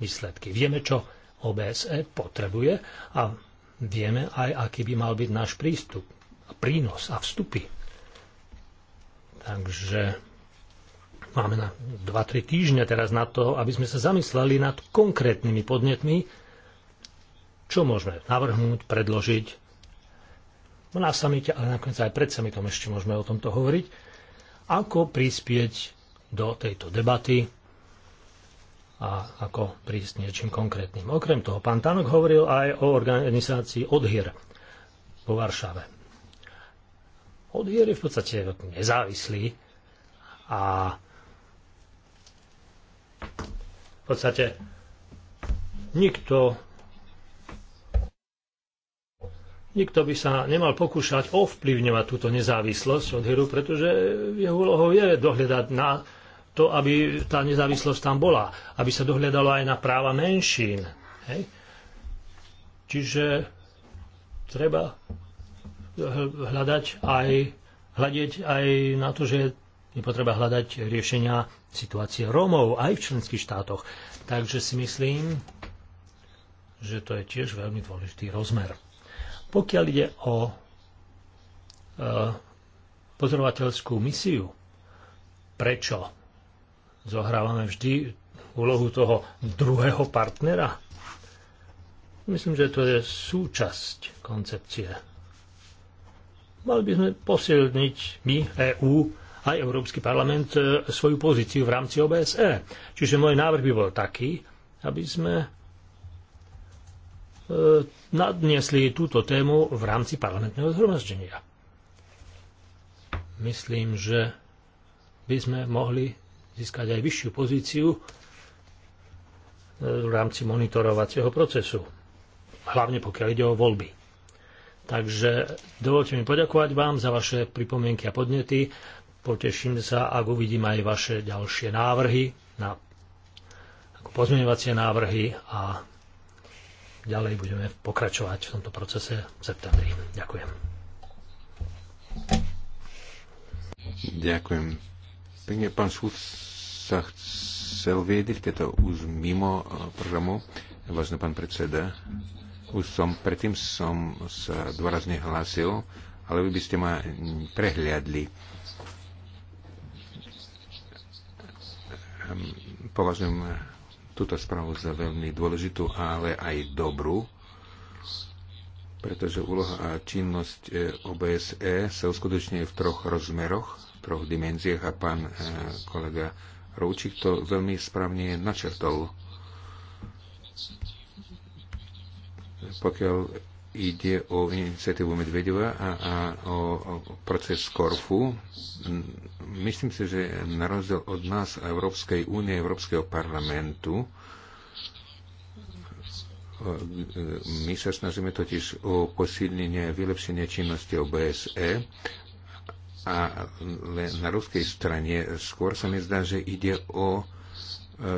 výsledky. Vieme, čo OBSE potrebuje a vieme aj, aký by mal byť náš prístup, prínos a vstupy. Takže máme na 2-3 týždne teraz na to, aby sme sa zamysleli nad konkrétnymi podnetmi, čo môžeme navrhnúť, predložiť. No, na samite, ale nakoniec aj pred samitom ešte môžeme o tomto hovoriť. Ako prispieť do tejto debaty, a ako prísť niečím konkrétnym. Okrem toho, pán Tanok hovoril aj o organizácii Odhir vo Varšave. Odhier je v podstate nezávislý a v podstate nikto Nikto by sa nemal pokúšať ovplyvňovať túto nezávislosť od hieru, pretože jeho úlohou je dohľadať na to, aby tá nezávislosť tam bola, aby sa dohľadalo aj na práva menšín. Hej? Čiže treba hľadať aj, hľadiť aj na to, že je potreba hľadať riešenia situácie Rómov aj v členských štátoch. Takže si myslím, že to je tiež veľmi dôležitý rozmer. Pokiaľ ide o e, pozorovateľskú misiu, prečo zohrávame vždy úlohu toho druhého partnera? Myslím, že to je súčasť koncepcie. Mali by sme posilniť my, EÚ, aj Európsky parlament e, svoju pozíciu v rámci OBSE. Čiže môj návrh by bol taký, aby sme e, nadniesli túto tému v rámci parlamentného zhromaždenia. Myslím, že by sme mohli získať aj vyššiu pozíciu e, v rámci monitorovacieho procesu. Hlavne pokiaľ ide o voľby. Takže dovolte mi poďakovať vám za vaše pripomienky a podnety. Poteším sa, ak uvidím aj vaše ďalšie návrhy na ako pozmeňovacie návrhy a ďalej budeme pokračovať v tomto procese v septembri. Ďakujem. Ďakujem pekne. Pán Šulc sa chcel viediť, keď to už mimo eh, programu. Vážne pán predseda, už som, predtým som sa dôrazne hlásil, ale vy by ste ma prehliadli. Ehm, považujem eh, túto správu za veľmi dôležitú, ale aj dobrú pretože úloha a činnosť eh, OBSE sa uskutočňuje v troch rozmeroch troch dimenziách a pán eh, kolega Roučík to veľmi správne načrtol. Pokiaľ ide o iniciatívu Medvedeva a, a o, o proces Korfu. Myslím si, že na rozdiel od nás a Európskej únie, Európskeho parlamentu, eh, my sa snažíme totiž o posilnenie a vylepšenie činnosti OBSE a na ruskej strane. Skôr sa mi zdá, že ide o e,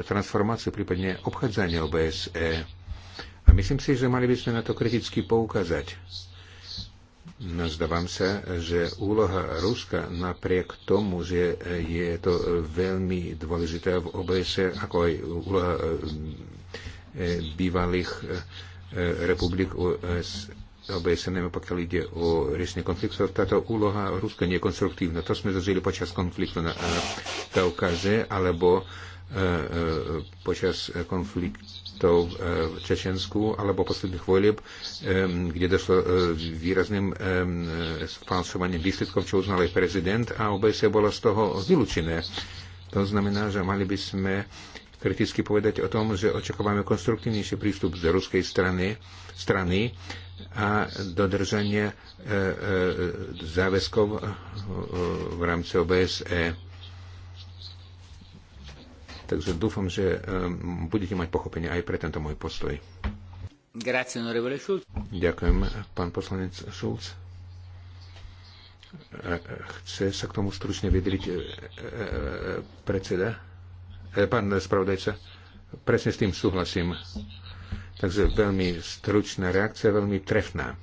transformáciu, prípadne obchádzanie OBSE. A myslím si, že mali by sme na to kriticky poukázať. No, zdávam sa, že úloha Ruska napriek tomu, že je to veľmi dôležité v OBSE, ako aj úloha e, bývalých e, republik OSN, OBSN, pokiaľ ide o riešenie konfliktu, táto úloha Ruska nie je konstruktívna. To sme zažili počas konfliktu na eh, Kaukaze alebo eh, eh, počas konfliktov v Čečensku alebo posledných volieb, kde došlo výrazným falšovaním výsledkov, čo uznal aj prezident a OBS bolo z toho vylúčené. To znamená, že mali by sme kriticky povedať o tom, že očakávame konstruktívnejší prístup z ruskej strany, strany a dodržania e, e, záväzkov e, v rámci OBSE. Takže dúfam, že budete mať pochopenie aj pre tento môj postoj. Ďakujem, pán poslanec Šulc. Chce sa k tomu stručne vydriť predseda? Pán spravodajca? Presne s tým súhlasím. Takže veľmi stručná reakcia, veľmi trefná.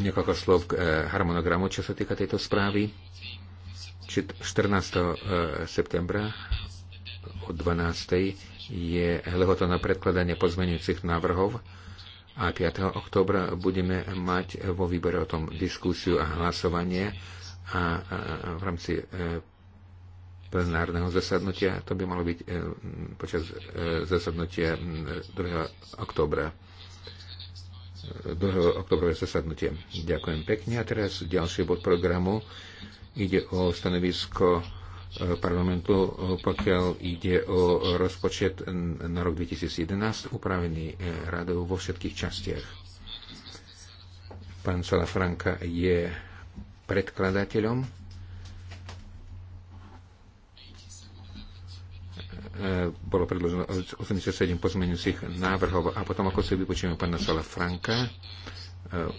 Niekoľko slov k e, harmonogramu, čo sa týka tejto správy. 14. E, septembra o 12. je lehota na predkladanie pozmenujúcich návrhov a 5. oktobra budeme mať vo výbore o tom diskusiu a hlasovanie a v rámci e, plenárneho zasadnutia. To by malo byť eh, počas eh, zasadnutia 2. Mm, oktobra. 2. Eh, oktobrové zasadnutie. Ďakujem pekne. A teraz ďalší bod programu. Ide o stanovisko parlamentu, pokiaľ ide o rozpočet na rok 2011, upravený radou vo všetkých častiach. Pán Salafranka je predkladateľom E, bolo predloženo 87 pozmeňujúcich návrhov a potom, ako si vypočujeme pána Sala Franka, e,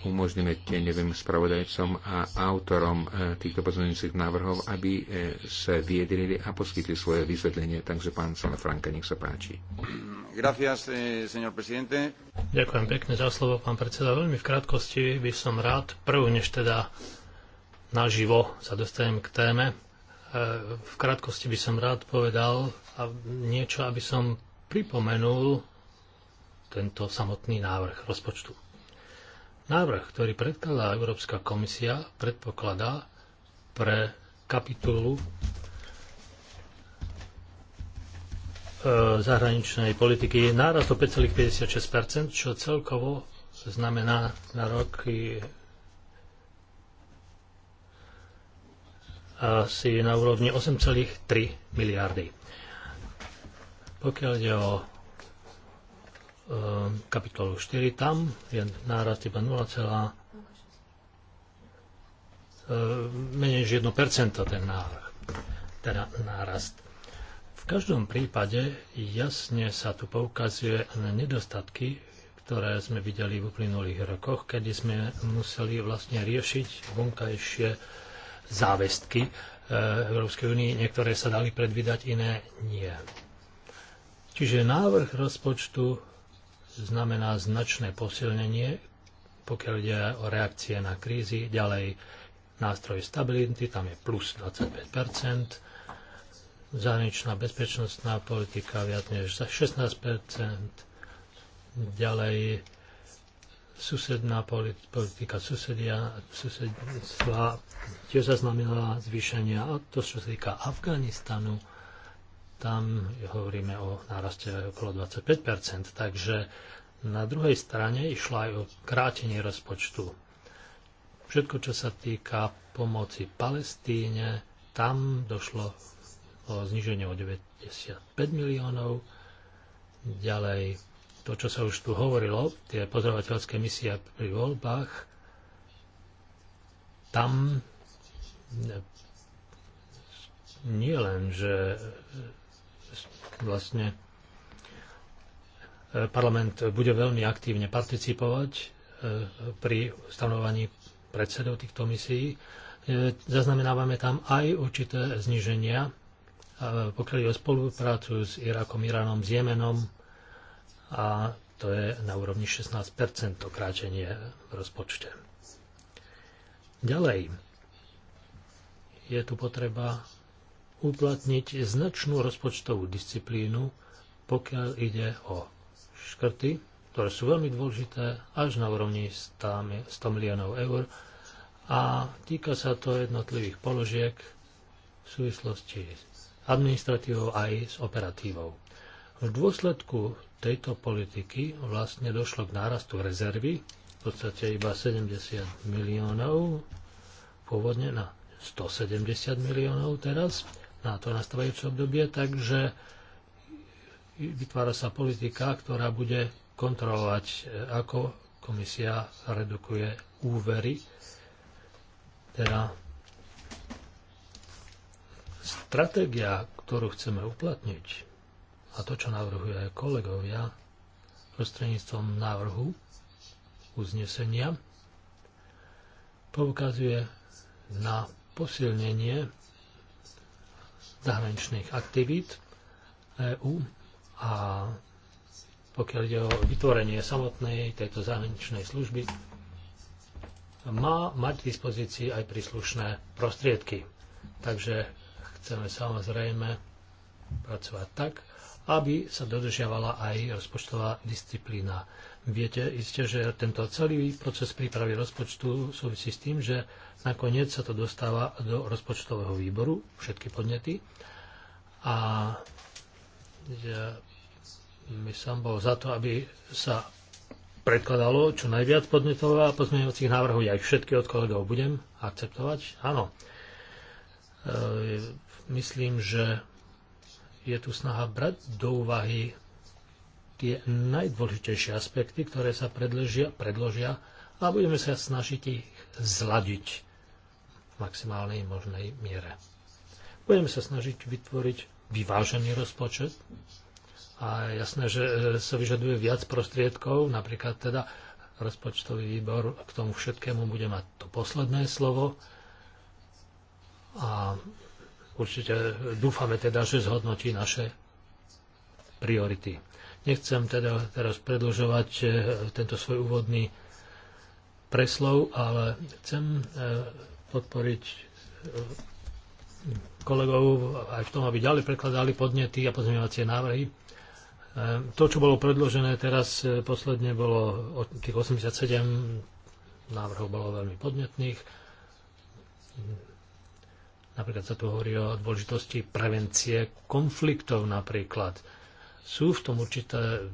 umožníme neviem, spravodajcom a autorom e, týchto pozmeňujúcich návrhov, aby sa viedrili a poskytli svoje vysvetlenie. Takže pán Sala Franka, nech sa páči. Gracias, eh, señor presidente. Ďakujem pekne za slovo, pán predseda. Veľmi v krátkosti by som rád, prv než teda naživo sa dostanem k téme, v krátkosti by som rád povedal, a niečo, aby som pripomenul tento samotný návrh rozpočtu. Návrh, ktorý predkladá Európska komisia, predpokladá pre kapitulu e, zahraničnej politiky náraz o 5,56%, čo celkovo znamená na rok e, asi na úrovni 8,3 miliardy. Pokiaľ ide o ehm, kapitolu 4, tam je nárast iba 0, ehm, menej než 1% ten návrh, teda nárast. V každom prípade jasne sa tu poukazuje na nedostatky, ktoré sme videli v uplynulých rokoch, kedy sme museli vlastne riešiť vonkajšie závestky eh, Európskej únie. Niektoré sa dali predvídať, iné nie. Čiže návrh rozpočtu znamená značné posilnenie, pokiaľ ide o reakcie na krízy. Ďalej nástroj stability, tam je plus 25 zahraničná bezpečnostná politika viac než za 16 ďalej susedná politika susedia, susedstva tiež zaznamenala zvýšenia a to, čo sa týka Afganistanu, tam hovoríme o náraste okolo 25 takže na druhej strane išlo aj o krátenie rozpočtu. Všetko, čo sa týka pomoci Palestíne, tam došlo o zniženie o 95 miliónov. Ďalej, to, čo sa už tu hovorilo, tie pozorovateľské misie pri voľbách, tam nie len, že vlastne e, parlament bude veľmi aktívne participovať e, pri stanovaní predsedov týchto misií. E, zaznamenávame tam aj určité zniženia, pokiaľ je o spoluprácu s Irakom, Iránom, s Jemenom a to je na úrovni 16 to kráčenie v rozpočte. Ďalej je tu potreba uplatniť značnú rozpočtovú disciplínu, pokiaľ ide o škrty, ktoré sú veľmi dôležité až na úrovni 100 miliónov eur a týka sa to jednotlivých položiek v súvislosti s administratívou aj s operatívou. V dôsledku tejto politiky vlastne došlo k nárastu rezervy, v podstate iba 70 miliónov, pôvodne na 170 miliónov teraz na to nastávajúce obdobie, takže vytvára sa politika, ktorá bude kontrolovať, e, ako komisia redukuje úvery, teda stratégia, ktorú chceme uplatniť a to, čo navrhuje aj kolegovia prostredníctvom návrhu uznesenia, poukazuje na posilnenie zahraničných aktivít EÚ a pokiaľ ide o vytvorenie samotnej tejto zahraničnej služby, má mať k dispozícii aj príslušné prostriedky. Takže chceme samozrejme pracovať tak, aby sa dodržiavala aj rozpočtová disciplína. Viete iste, že tento celý proces prípravy rozpočtu súvisí s tým, že Nakoniec sa to dostáva do rozpočtového výboru, všetky podnety. A ja by som bol za to, aby sa predkladalo čo najviac podnetov a pozmeňovacích návrhov. Ja ich všetky od kolegov budem akceptovať. Áno. E, myslím, že je tu snaha brať do úvahy tie najdôležitejšie aspekty, ktoré sa predložia, predložia a budeme sa snažiť ich zladiť maximálnej možnej miere. Budeme sa snažiť vytvoriť vyvážený rozpočet a jasné, že e, sa vyžaduje viac prostriedkov, napríklad teda rozpočtový výbor k tomu všetkému bude mať to posledné slovo a určite dúfame teda, že zhodnotí naše priority. Nechcem teda teraz predlžovať e, tento svoj úvodný preslov, ale chcem e, podporiť e, kolegov aj v tom, aby ďalej prekladali podnety a pozmeňovacie návrhy. E, to, čo bolo predložené teraz e, posledne, bolo od tých 87 návrhov bolo veľmi podnetných. Napríklad sa tu hovorí o dôležitosti prevencie konfliktov napríklad. Sú v tom určité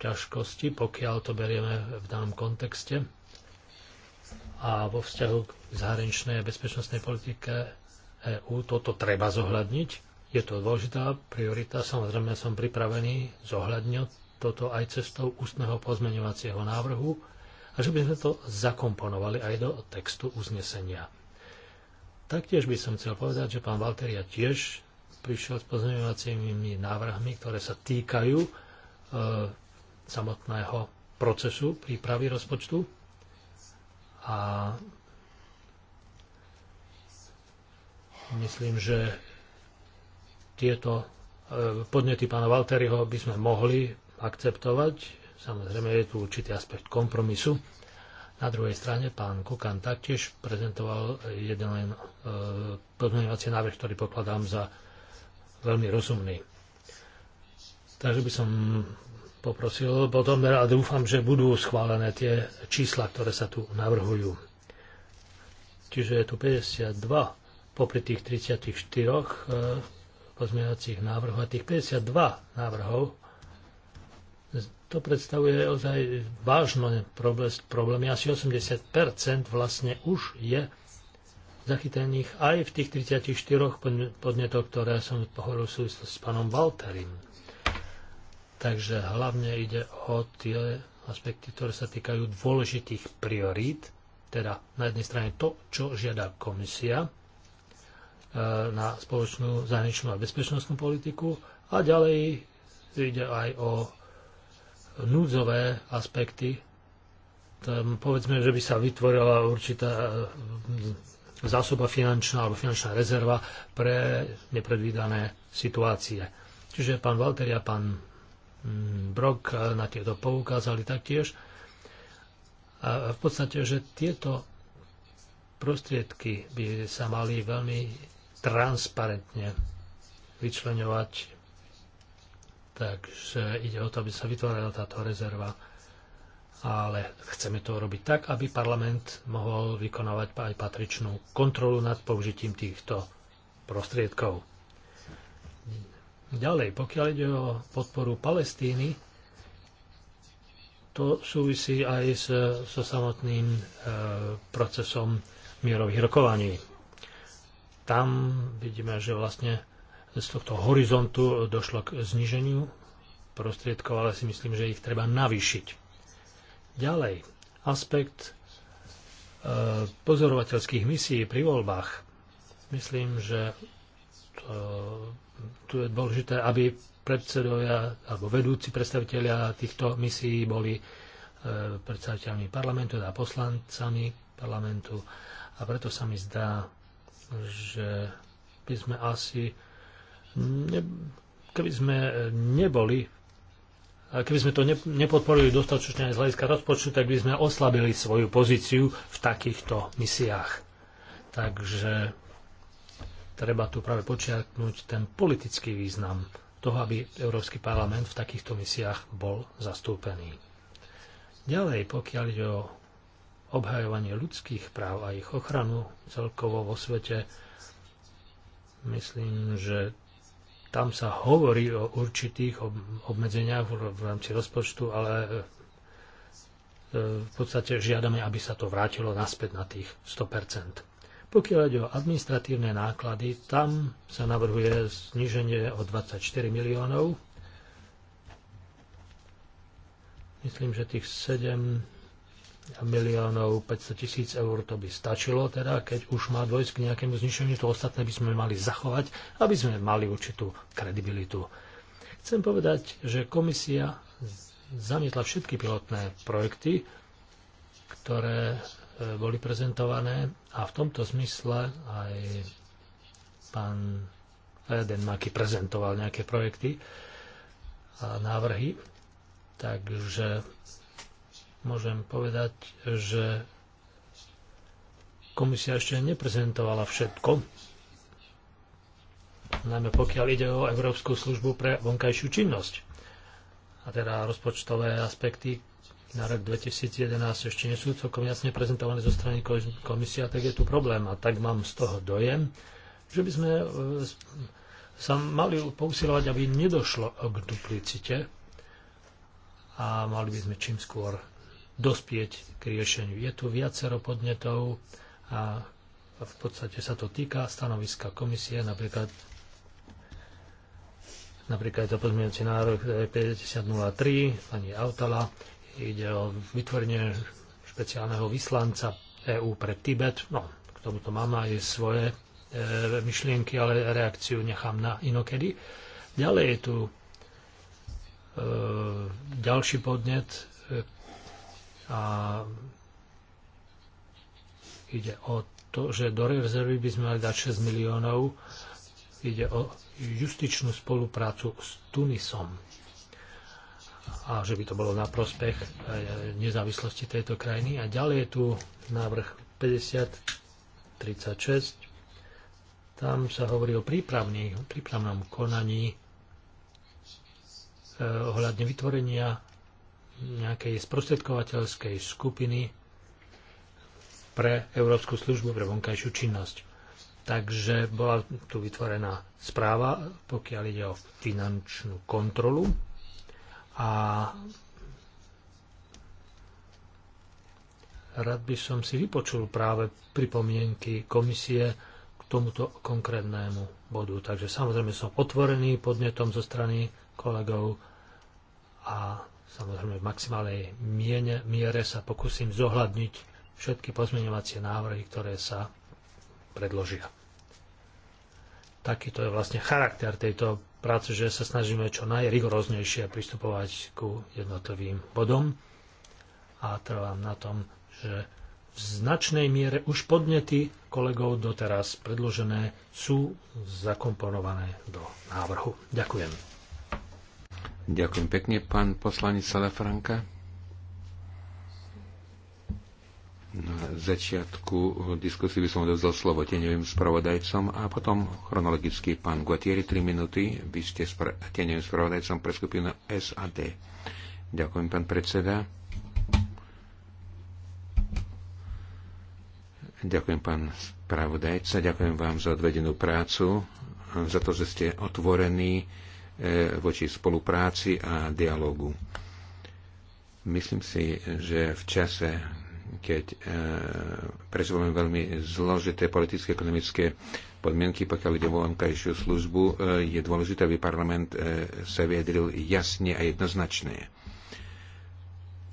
ťažkosti, pokiaľ to berieme v danom kontexte a vo vzťahu k zahraničnej a bezpečnostnej politike EÚ toto treba zohľadniť. Je to dôležitá priorita, samozrejme som pripravený zohľadniť toto aj cestou ústneho pozmeňovacieho návrhu a že by sme to zakomponovali aj do textu uznesenia. Taktiež by som chcel povedať, že pán Valteria tiež prišiel s pozmeňovacími návrhmi, ktoré sa týkajú e, samotného procesu prípravy rozpočtu a myslím, že tieto e, podnety pána Valteriho by sme mohli akceptovať. Samozrejme, je tu určitý aspekt kompromisu. Na druhej strane pán Kukan taktiež prezentoval jeden len e, pozmeňovací návrh, ktorý pokladám za veľmi rozumný. Takže by som poprosil potom a dúfam, že budú schválené tie čísla, ktoré sa tu navrhujú. Čiže je tu 52 popri tých 34 eh, pozmeňovacích návrhov a tých 52 návrhov to predstavuje ozaj vážne problémy. Asi 80% vlastne už je zachytených aj v tých 34 podnetoch, ktoré som hovoril v súvislosti s pánom Walterim. Takže hlavne ide o tie aspekty, ktoré sa týkajú dôležitých priorít, teda na jednej strane to, čo žiada komisia e, na spoločnú zahraničnú a bezpečnostnú politiku a ďalej ide aj o núdzové aspekty. Tam povedzme, že by sa vytvorila určitá e, zásoba finančná alebo finančná rezerva pre nepredvídané situácie. Čiže pán Valteri a pán Mm, Brok eh, na tieto poukázali taktiež. A v podstate, že tieto prostriedky by sa mali veľmi transparentne vyčlenovať. Takže ide o to, aby sa vytvorila táto rezerva. Ale chceme to robiť tak, aby parlament mohol vykonávať aj patričnú kontrolu nad použitím týchto prostriedkov. Ďalej, pokiaľ ide o podporu Palestíny, to súvisí aj so, so samotným e, procesom mierových rokovaní. Tam vidíme, že vlastne z tohto horizontu došlo k zniženiu prostriedkov, ale si myslím, že ich treba navýšiť. Ďalej, aspekt e, pozorovateľských misií pri voľbách. Myslím, že to tu je dôležité, aby predsedovia alebo vedúci predstavitelia týchto misií boli e, predstaviteľmi parlamentu, teda poslancami parlamentu. A preto sa mi zdá, že by sme asi, ne, keby sme neboli, keby sme to nepodporili dostatočne aj z hľadiska rozpočtu, tak by sme oslabili svoju pozíciu v takýchto misiách. Takže treba tu práve počiarknúť ten politický význam toho, aby Európsky parlament v takýchto misiách bol zastúpený. Ďalej, pokiaľ ide o obhajovanie ľudských práv a ich ochranu celkovo vo svete, myslím, že tam sa hovorí o určitých obmedzeniach v rámci rozpočtu, ale e, e, v podstate žiadame, aby sa to vrátilo naspäť na tých 100%. Pokiaľ ide o administratívne náklady, tam sa navrhuje zniženie o 24 miliónov. Myslím, že tých 7 miliónov 500 tisíc eur to by stačilo, teda keď už má dôjsť k nejakému znišeniu, to ostatné by sme mali zachovať, aby sme mali určitú kredibilitu. Chcem povedať, že komisia zamietla všetky pilotné projekty, ktoré E, boli prezentované a v tomto zmysle aj pán Eden Maki prezentoval nejaké projekty a návrhy. Takže môžem povedať, že komisia ešte neprezentovala všetko, najmä pokiaľ ide o Európsku službu pre vonkajšiu činnosť a teda rozpočtové aspekty, na rok 2011 ešte nie sú celkom jasne prezentované zo strany komisia, tak je tu problém. A tak mám z toho dojem, že by sme e, sa mali pousilovať, aby nedošlo k duplicite a mali by sme čím skôr dospieť k riešeniu. Je tu viacero podnetov a v podstate sa to týka stanoviska komisie, napríklad napríklad je to pozmeňujúci návrh 5003 e pani Autala, Ide o vytvorenie špeciálneho vyslanca EÚ pre Tibet. No, k tomuto mám aj svoje e, myšlienky, ale reakciu nechám na inokedy. Ďalej je tu e, ďalší podnet e, a ide o to, že do rezervy by sme mali dať 6 miliónov. Ide o justičnú spoluprácu s Tunisom a že by to bolo na prospech eh, nezávislosti tejto krajiny. A ďalej je tu návrh 5036. Tam sa hovorí o prípravnom konaní eh, ohľadne vytvorenia nejakej sprostredkovateľskej skupiny pre Európsku službu pre vonkajšiu činnosť. Takže bola tu vytvorená správa, pokiaľ ide o finančnú kontrolu a rád by som si vypočul práve pripomienky komisie k tomuto konkrétnemu bodu. Takže samozrejme som otvorený podnetom zo strany kolegov a samozrejme v maximálnej miene, miere sa pokúsim zohľadniť všetky pozmeňovacie návrhy, ktoré sa predložia. Takýto je vlastne charakter tejto práce, že sa snažíme čo najrigoróznejšie pristupovať ku jednotlivým bodom a trvám na tom, že v značnej miere už podnety kolegov doteraz predložené sú zakomponované do návrhu. Ďakujem. Ďakujem pekne, pán poslanec Salafranka. Na začiatku diskusie by som odovzdal slovo teňovým spravodajcom a potom chronologicky pán Guatieri 3 minúty. Vy ste spra- teňovým spravodajcom pre skupinu SAD. Ďakujem, pán predseda. Ďakujem, pán spravodajca. Ďakujem vám za odvedenú prácu, za to, že ste otvorení e, voči spolupráci a dialogu. Myslím si, že v čase keď e, prežívame veľmi zložité politické, ekonomické podmienky, pokiaľ ide o vonkajšiu službu, e, je dôležité, aby parlament e, sa vyjadril jasne a jednoznačne.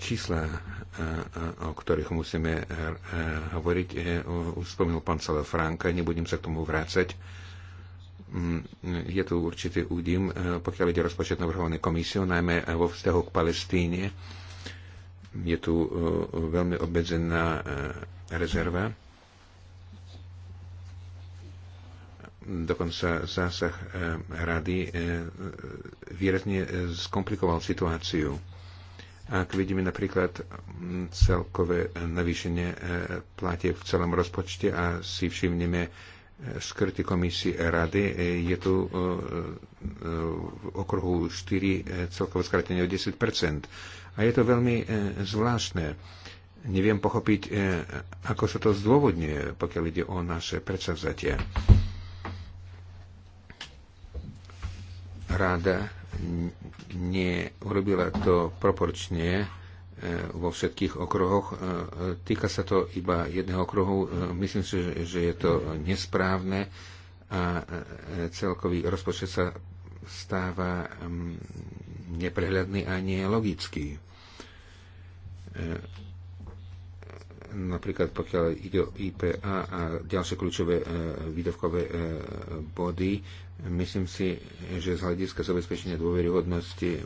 Čísla, e, e o ktorých musíme e, hovoriť, e, už spomenul pán Sala Franka, nebudem sa k tomu vrácať. Mm, je tu určitý údim, e, pokiaľ ide rozpočet navrhovaný komisiou, najmä vo vzťahu k Palestíne je tu e, veľmi obmedzená e, rezerva. Dokonca zásah e, rady výrazne skomplikoval situáciu. Ak vidíme napríklad celkové navýšenie platie v celom rozpočte a si všimneme skrty komisie rady, je tu v okruhu 4 celkové skratenie o 10 a je to veľmi e, zvláštne. Neviem pochopiť, e, ako sa to zdôvodňuje, pokiaľ ide o naše predsavzatie. Rada neurobila to proporčne e, vo všetkých okruhoch. Týka sa to iba jedného okruhu. Myslím si, že je to nesprávne a celkový rozpočet sa stáva neprehľadný a logický. E, napríklad pokiaľ ide o IPA a ďalšie kľúčové e, výdavkové e, body, myslím si, že z hľadiska zabezpečenia dôveryhodnosti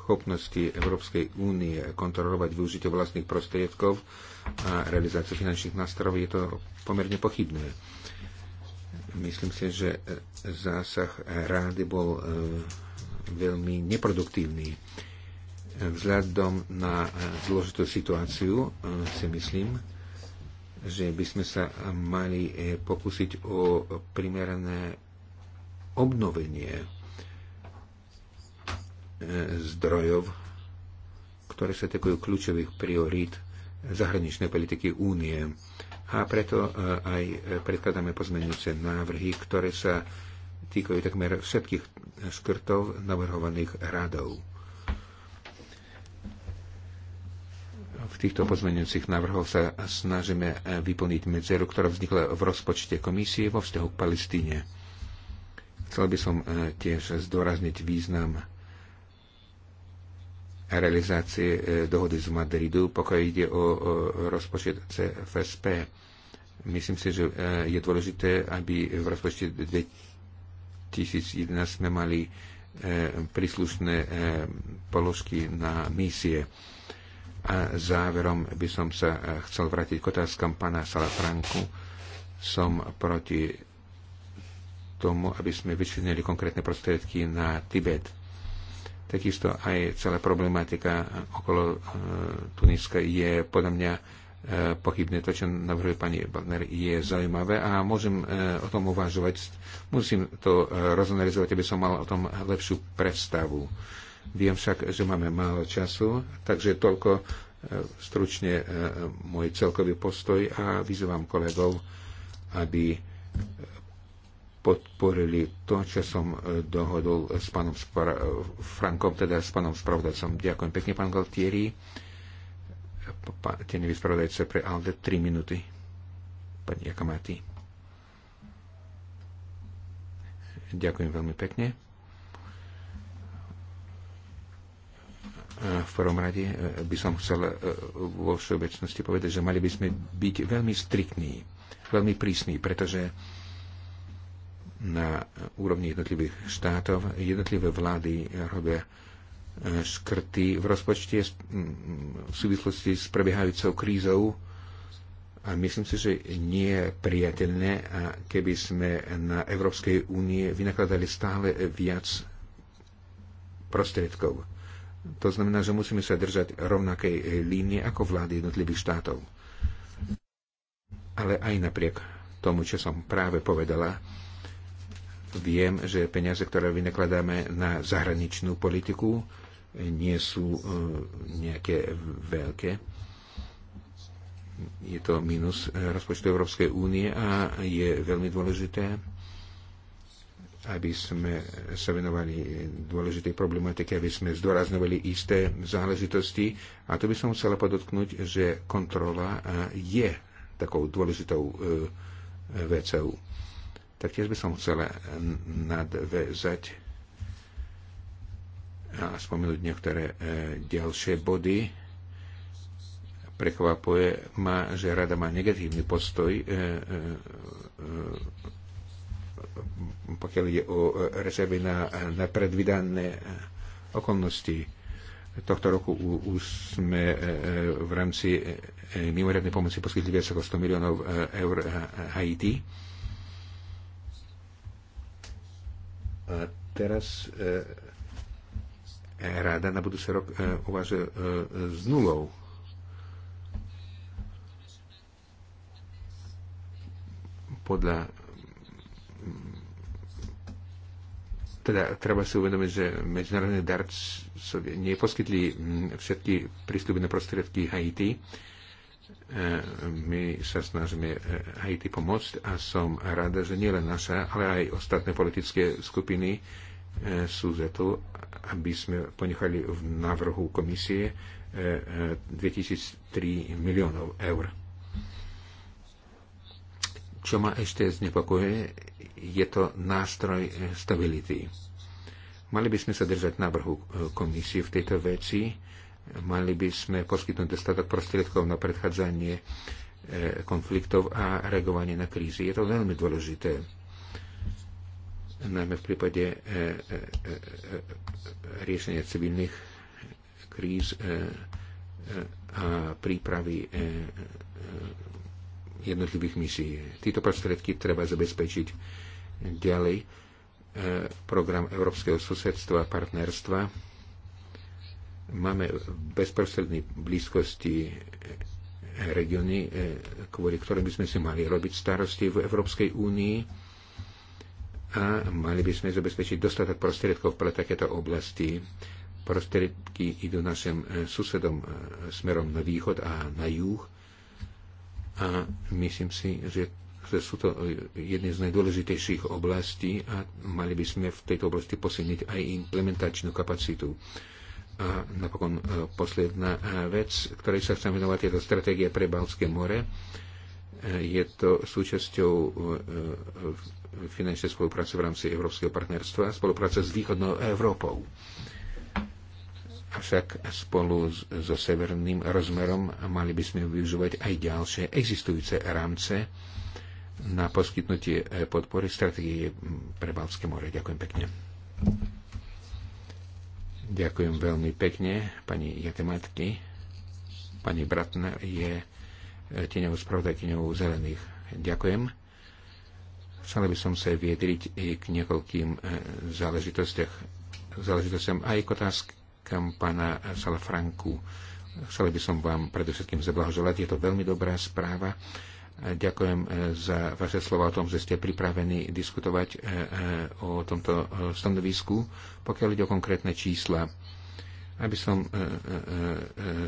schopnosti Európskej únie kontrolovať využitie vlastných prostriedkov a realizáciu finančných nástrojov je to pomerne pochybné. Myslím si, že zásah rády bol veľmi neproduktívny. Vzhľadom na zložitú situáciu eh, si myslím, že by sme sa mali eh, pokúsiť o primerané obnovenie eh, zdrojov, ktoré sa týkajú kľúčových priorít zahraničnej politiky únie. A preto aj predkladáme pozmenujúce návrhy, ktoré sa týkajú takmer všetkých škrtov navrhovaných radov. V týchto pozmeňujúcich návrhoch sa snažíme vyplniť medzeru, ktorá vznikla v rozpočte komisie vo vzťahu k Palestíne. Chcel by som eh, tiež zdôrazniť význam realizácie eh, dohody z Madridu, pokiaľ ide o rozpočet CFSP. Myslím si, že eh, je dôležité, aby v rozpočte 2011 sme mali e, príslušné e, položky na misie. A záverom by som sa e, chcel vrátiť k otázkam pána Salafranku. Som proti tomu, aby sme vyčlenili konkrétne prostriedky na Tibet. Takisto aj celá problematika okolo Tuniska je podľa mňa E, pochybné to, čo navrhuje pani Balner, je zaujímavé a môžem e, o tom uvažovať. Musím to e, rozanalizovať, aby som mal o tom lepšiu predstavu. Viem však, že máme málo času, takže toľko stručne môj celkový postoj a vyzývam kolegov, aby podporili to, čo som dohodol s pánom Frankom, teda s pánom spravodajcom. Ďakujem pekne, pán Galtieri tieni vyspravodajca pre ALDE 3 minúty. Pani Akamati. Ďakujem veľmi pekne. E, v prvom rade e, by som chcel e, vo všeobecnosti povedať, že mali by sme byť veľmi striktní, veľmi prísní, pretože na úrovni jednotlivých štátov jednotlivé vlády robia E, škrty v rozpočte v súvislosti s prebiehajúcou krízou a myslím si, že nie je priateľné, keby sme na Európskej únie vynakladali stále viac prostriedkov. To znamená, že musíme sa držať rovnakej línie ako vlády jednotlivých štátov. Ale aj napriek tomu, čo som práve povedala, Viem, že peniaze, ktoré vynakladáme na zahraničnú politiku, nie sú e, nejaké veľké. Je to minus e, rozpočtu Európskej únie a je veľmi dôležité, aby sme sa venovali dôležitej problematike, aby sme zdôrazňovali isté záležitosti. A to by som chcela podotknúť, že kontrola e, je takou dôležitou vecou. Tak tiež by som chcela nadvezať a spomenúť niektoré e, ďalšie body. Prekvapuje ma, že rada má negatívny postoj, e, e, pokiaľ ide o rezervy na, na predvydané okolnosti. Tohto roku už sme v rámci mimoriadnej pomoci poskytli viac ako 100 miliónov eur Haiti A teraz e, e rada na budúci rok e, uvažuje e, s nulou. Podľa teda treba si uvedomiť, že medzinárodné darcovia neposkytli všetky prísľubené prostriedky Haiti. E, my sa snažíme Haiti pomôcť a som rada, že nielen naša, ale aj ostatné politické skupiny e, sú za to, aby sme ponechali v návrhu komisie 2003 e, e, miliónov eur. Čo ma ešte znepokojuje, je to nástroj stability. Mali by sme sa držať návrhu komisie v tejto veci Mali by sme poskytnúť dostatok prostriedkov na predchádzanie eh, konfliktov a reagovanie na krízy. Je to veľmi dôležité, najmä v prípade eh, eh, riešenia civilných kríz a prípravy jednotlivých misií. Títo prostriedky treba zabezpečiť ďalej program Európskeho susedstva a partnerstva Máme v bezprostrednej blízkosti regióny, e, kvôli ktorým by sme si mali robiť starosti v Európskej únii a mali by sme zabezpečiť dostatok prostriedkov pre takéto oblasti. Prostriedky idú našim e, susedom e, smerom na východ a na juh a myslím si, že sú to jedne z najdôležitejších oblastí a mali by sme v tejto oblasti posilniť aj implementačnú kapacitu. A napokon e, posledná e, vec, ktorej sa chcem venovať, je to stratégia pre Balské more. E, je to súčasťou finančnej spolupráce v rámci Európskeho partnerstva a spolupráce s východnou Európou. Avšak spolu so severným rozmerom mali by sme využívať aj ďalšie existujúce rámce na poskytnutie podpory stratégie pre Balské more. Ďakujem pekne. Ďakujem veľmi pekne pani Jatematky. Pani Bratner je e, tieňou spravodajkyňou zelených. Ďakujem. Chcela by som sa viedriť i k niekoľkým e, záležitostiach, záležitostiam aj k otázkam pána Salafranku. Chcel by som vám predovšetkým zablahoželať. Je to veľmi dobrá správa. Ďakujem e, za vaše slova o tom, že ste pripravení diskutovať e, e, o tomto stanovisku, pokiaľ ide o konkrétne čísla. Aby som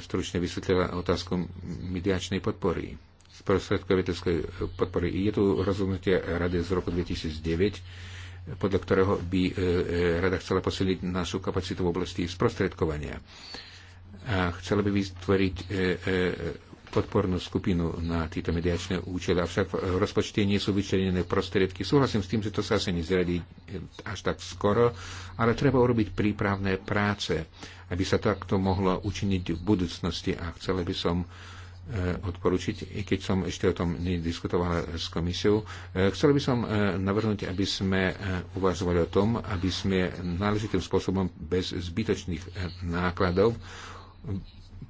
stručne vysvetlila otázku mediačnej podpory, sprostredkovateľskej podpory. Je tu rozhodnutie Rady z roku 2009, podľa ktorého by Rada chcela posiliť našu kapacitu v oblasti sprostredkovania a chcela by vytvoriť podpornú skupinu na tieto mediačné účely, avšak v rozpočte nie sú vyčlenené prostriedky. Súhlasím s tým, že to sa asi nezradí až tak skoro, ale treba urobiť prípravné práce, aby sa takto mohlo učiniť v budúcnosti a chcela by som e, odporučiť, i keď som ešte o tom nediskutoval s komisiou. E, chcel by som e, navrhnúť, aby sme uvažovali o tom, aby sme náležitým spôsobom bez zbytočných nákladov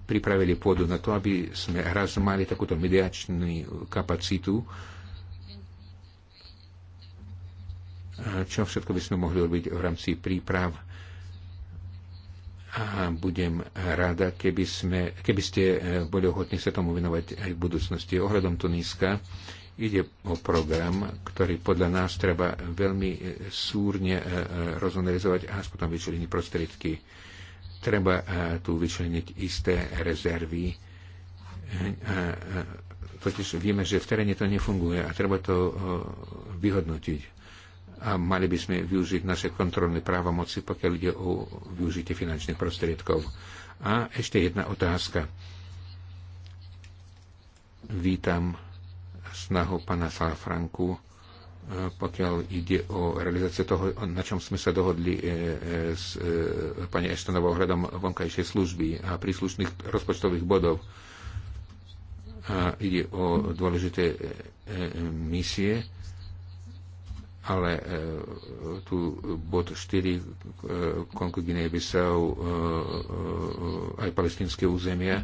pripravili pôdu na to, aby sme raz mali takúto mediačnú kapacitu, čo všetko by sme mohli robiť v rámci príprav. A budem rada, keby, sme, keby ste eh, boli ochotní sa tomu venovať aj v budúcnosti. Ohľadom Tuniska ide o program, ktorý podľa nás treba veľmi eh, súrne eh, rozanalizovať a tam vyčleniť prostriedky Treba eh, tu vyčleniť isté rezervy. Eh, eh, totiž vieme, že v teréne to nefunguje a treba to vyhodnotiť. A mali by sme využiť naše kontrolné právomoci, pokiaľ ide o využitie finančných prostriedkov. A ešte jedna otázka. Vítam snahu pana Salafranku E, pokiaľ ide o realizáciu toho, na čom sme sa dohodli e, e, s pani Eštanovou hľadom vonkajšej služby a príslušných rozpočtových bodov. A ide o dôležité misie, ale tu bod 4 Konko Guinea-Bissau aj palestinské územia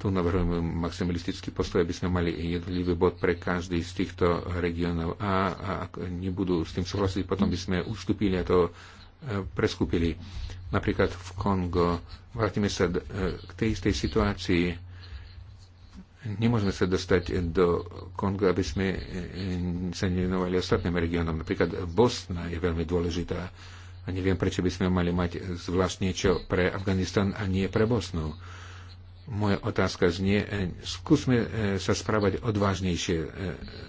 tu navrhujeme maximalistický postoj, aby sme mali jednotlivý bod pre každý z týchto regiónov. A, a ak nebudú s tým súhlasiť, potom by sme ustúpili a to e, preskúpili. Napríklad v Kongo. Vrátime sa e, k tej istej situácii. Nemôžeme sa dostať do Konga, aby sme e, sa nevenovali ostatným regiónom. Napríklad Bosna je veľmi dôležitá. A neviem, prečo by sme mali mať zvlášť niečo pre Afganistan a nie pre Bosnu moja otázka znie, e, skúsme e, sa správať odvážnejšie. E,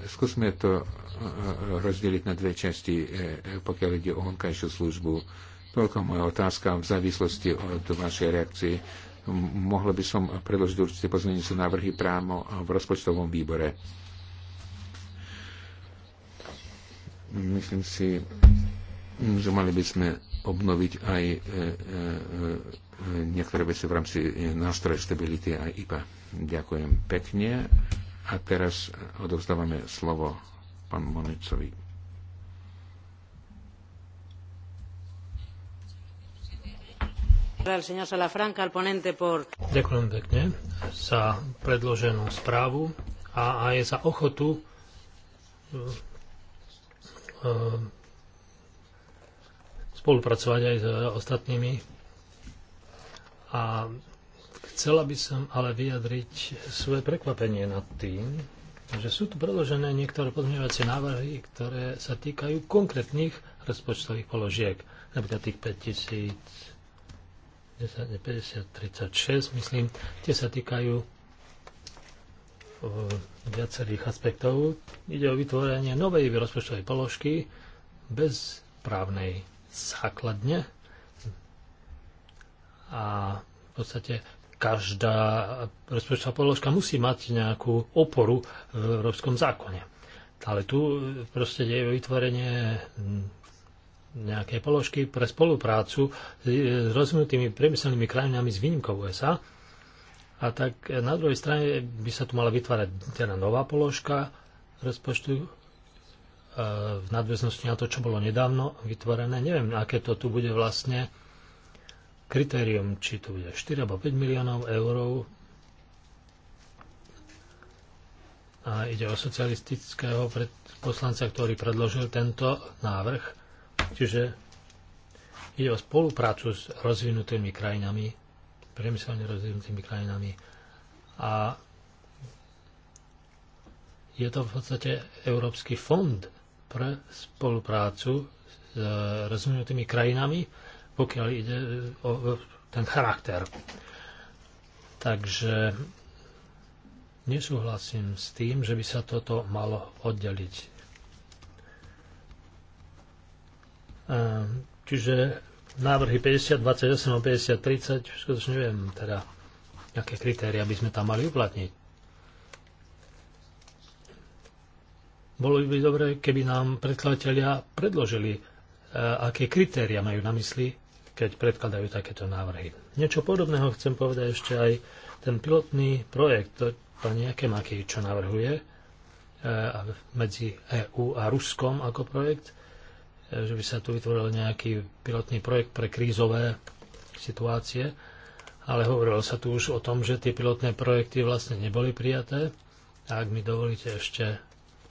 skúsme to rozdeliť na dve časti, pokiaľ ide o vonkajšiu službu. Toľko moja otázka v závislosti od vašej reakcie. Mohla by som predložiť určite pozmeňujúce návrhy právo v rozpočtovom výbore. Myslím si, že mali by sme obnoviť aj e, e, e, niektoré veci v rámci nástroje stability aj IPA. Ďakujem pekne. A teraz odovzdávame slovo pán Monicovi. Ďakujem pekne za predloženú správu a aj za ochotu spolupracovať aj s ostatnými. A chcela by som ale vyjadriť svoje prekvapenie nad tým, že sú tu predložené niektoré pozmeňovacie návrhy, ktoré sa týkajú konkrétnych rozpočtových položiek, napríklad tých 5000, 10, 50, 36, myslím, tie sa týkajú viacerých aspektov. Ide o vytvorenie novej rozpočtovej položky bez právnej základne a v podstate každá rozpočtová položka musí mať nejakú oporu v európskom zákone. Ale tu proste je vytvorenie nejakej položky pre spoluprácu s rozvinutými priemyselnými krajinami s výnimkou USA. A tak na druhej strane by sa tu mala vytvárať teda nová položka rozpočtu v nadväznosti na to, čo bolo nedávno vytvorené. Neviem, aké to tu bude vlastne kritérium, či to bude 4 alebo 5 miliónov eur. A ide o socialistického poslanca, ktorý predložil tento návrh. Čiže ide o spoluprácu s rozvinutými krajinami, priemyselne rozvinutými krajinami. A je to v podstate Európsky fond pre spoluprácu s e, rozvinutými krajinami, pokiaľ ide e, o ten charakter. Takže nesúhlasím s tým, že by sa toto malo oddeliť. E, čiže návrhy 50, 28 a 50, 30, skutočne neviem teda, aké kritéria by sme tam mali uplatniť. Bolo by dobre, keby nám predkladateľia predložili, eh, aké kritéria majú na mysli, keď predkladajú takéto návrhy. Niečo podobného chcem povedať ešte aj ten pilotný projekt pani Akemaky, čo navrhuje eh, medzi EÚ a Ruskom ako projekt, eh, že by sa tu vytvoril nejaký pilotný projekt pre krízové situácie, ale hovorilo sa tu už o tom, že tie pilotné projekty vlastne neboli prijaté. A ak mi dovolíte ešte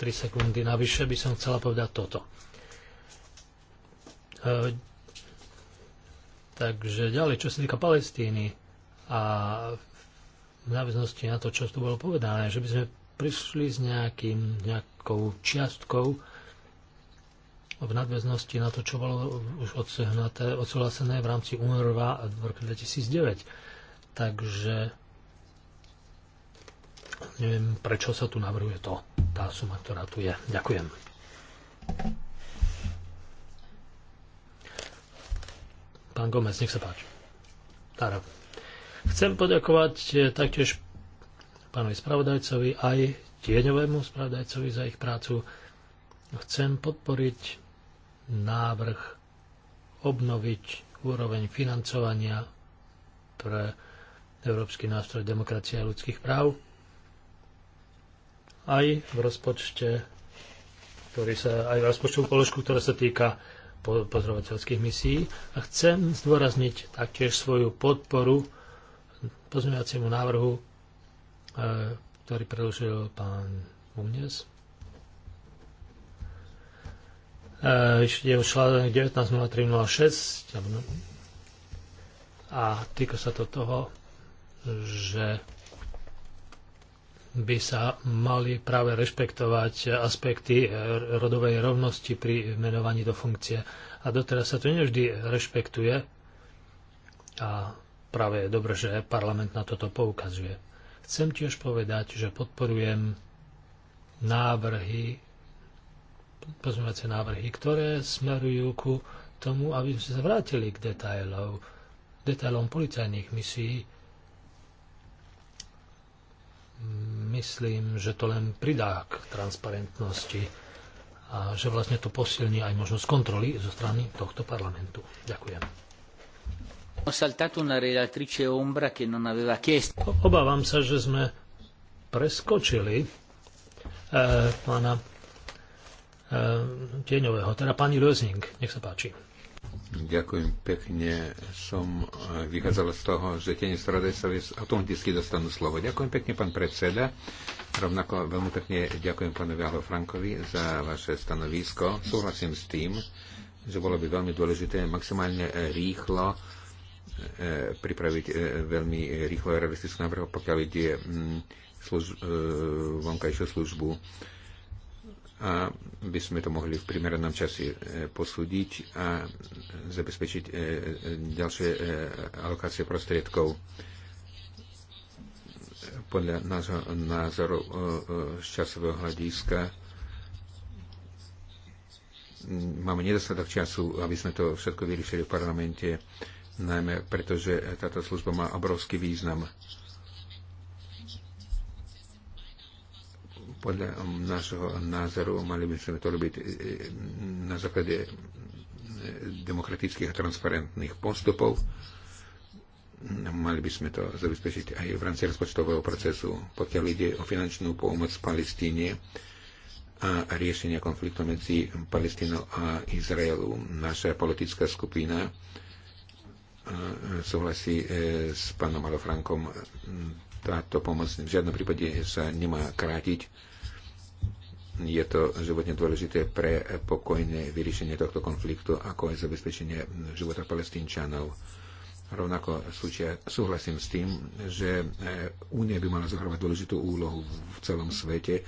3 sekundy navyše by som chcela povedať toto. E, takže ďalej, čo sa týka Palestíny a v náväznosti na to, čo tu bolo povedané, že by sme prišli s nejakým, nejakou čiastkou v nadväznosti na to, čo bolo už odsúhlasené v rámci UNRWA v roku 2009. Takže Neviem, prečo sa tu navrhuje to, tá suma, ktorá tu je. Ďakujem. Pán Gomez, nech sa páči. Tára. Chcem poďakovať eh, taktiež pánovi spravodajcovi aj tieňovému spravodajcovi za ich prácu. Chcem podporiť návrh obnoviť úroveň financovania pre Európsky nástroj demokracie a ľudských práv aj v rozpočte, ktorý sa, aj v rozpočtovú položku, ktorá sa týka pozorovateľských misií. A chcem zdôrazniť taktiež svoju podporu pozmeňovaciemu návrhu, e, ktorý predložil pán Umnes. E, je už článok 19.03.06 no- a týka sa to toho, že by sa mali práve rešpektovať aspekty rodovej rovnosti pri menovaní do funkcie. A doteraz sa to nevždy rešpektuje a práve je dobré, že parlament na toto poukazuje. Chcem tiež povedať, že podporujem návrhy, pozmeňovacie návrhy, ktoré smerujú ku tomu, aby sme sa vrátili k detailov, detailom policajných misií, myslím, že to len pridá k transparentnosti a že vlastne to posilní aj možnosť kontroly zo strany tohto parlamentu. Ďakujem. Obávam sa, že sme preskočili eh, pána e, tieňového, teda pani Rözing. Nech sa páči. Ďakujem pekne. Som eh, vychádzala z toho, že tie nestradajcovi automaticky dostanú slovo. Ďakujem pekne, pán predseda. Rovnako veľmi pekne ďakujem pánovi Alo Frankovi za vaše stanovisko. Súhlasím s tým, že bolo by veľmi dôležité maximálne rýchlo eh, pripraviť eh, veľmi rýchlo realistickú návrh, pokiaľ ide mm, služ- vonkajšiu službu a by sme to mohli v primeranom čase e, posúdiť a zabezpečiť e, e, ďalšie alokácie prostriedkov. Podľa názoru z časového hľadiska máme nedostatok času, aby sme to všetko vyriešili v parlamente, najmä pretože táto služba má obrovský význam Podľa um, nášho názoru mali by sme to robiť e, e, na základe e, demokratických a transparentných postupov. Mali by sme to zabezpečiť aj v rámci rozpočtového procesu, pokiaľ ide o finančnú pomoc Palestíne a riešenia konfliktu medzi Palestínou a Izraelu. Naša politická skupina súhlasí s pánom Alofrankom. Táto pomoc v žiadnom prípade sa nemá krátiť je to životne dôležité pre pokojné vyriešenie tohto konfliktu, ako aj zabezpečenie života palestínčanov. Rovnako súčia, súhlasím s tým, že eh, Únia by mala zohrávať dôležitú úlohu v celom svete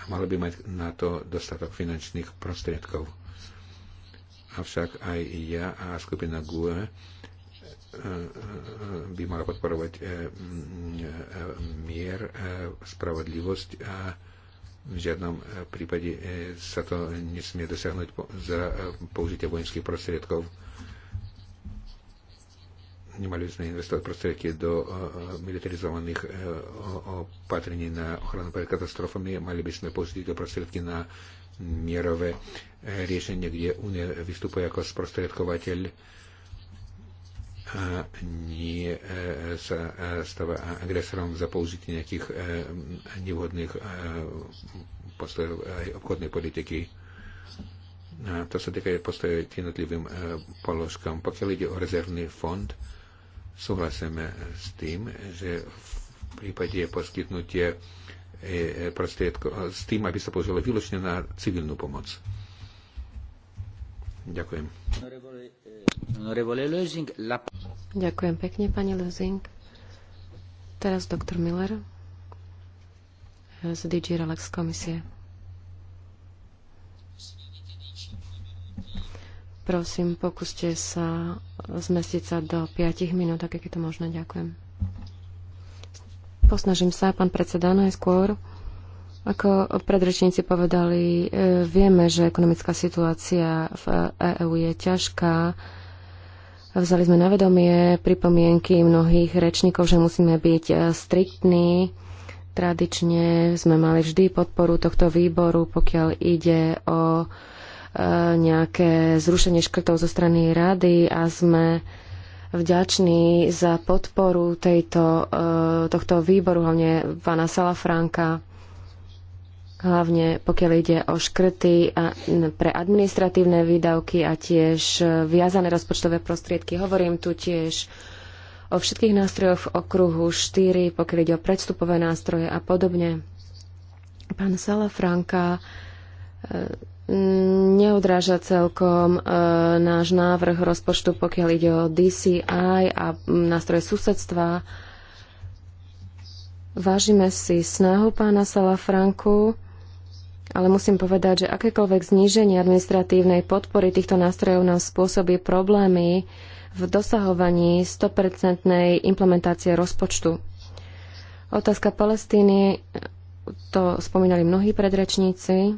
a mala by mať na to dostatok finančných prostriedkov. Avšak aj ja a skupina GUE eh, eh, by mala podporovať mier, spravodlivosť a v žiadnom e, prípade e, sa to nesmie dosiahnuť za e, použitie vojenských prostriedkov. Nemali sme investovať prostriedky do militarizovaných opatrení na ochranu pred katastrofami. Mali by sme použiť tieto prostriedky na mierové riešenie, kde Únia vystupuje ako sprostredkovateľ a nie e, sa e, stáva agresorom za použitie nejakých e, nevhodných postojov aj obchodnej politiky. A to sa týka postoje k jednotlivým položkám. Pokiaľ ide o rezervný fond, súhlasíme s tým, že v prípade poskytnutie prostriedko s tým, aby sa použilo výlučne na civilnú pomoc. Ďakujem. Ďakujem pekne, pani Lezing. Teraz doktor Miller z DG Relax komisie. Prosím, pokúste sa zmestiť sa do 5 minút, ak je to možné. Ďakujem. Posnažím sa, pán predseda, najskôr. Ako predrečníci povedali, e, vieme, že ekonomická situácia v EÚ je ťažká Vzali sme na vedomie pripomienky mnohých rečníkov, že musíme byť e, striktní. Tradične sme mali vždy podporu tohto výboru, pokiaľ ide o e, nejaké zrušenie škrtov zo strany rady a sme vďační za podporu tejto, e, tohto výboru, hlavne pána Salafranka hlavne pokiaľ ide o škrty a pre administratívne výdavky a tiež viazané rozpočtové prostriedky. Hovorím tu tiež o všetkých nástrojoch v okruhu 4, pokiaľ ide o predstupové nástroje a podobne. Pán Franka e, neodráža celkom e, náš návrh rozpočtu, pokiaľ ide o DCI a nástroje susedstva. Vážime si snahu pána Salafranku Franku ale musím povedať, že akékoľvek zníženie administratívnej podpory týchto nástrojov nám spôsobí problémy v dosahovaní 100% implementácie rozpočtu. Otázka Palestíny, to spomínali mnohí predrečníci.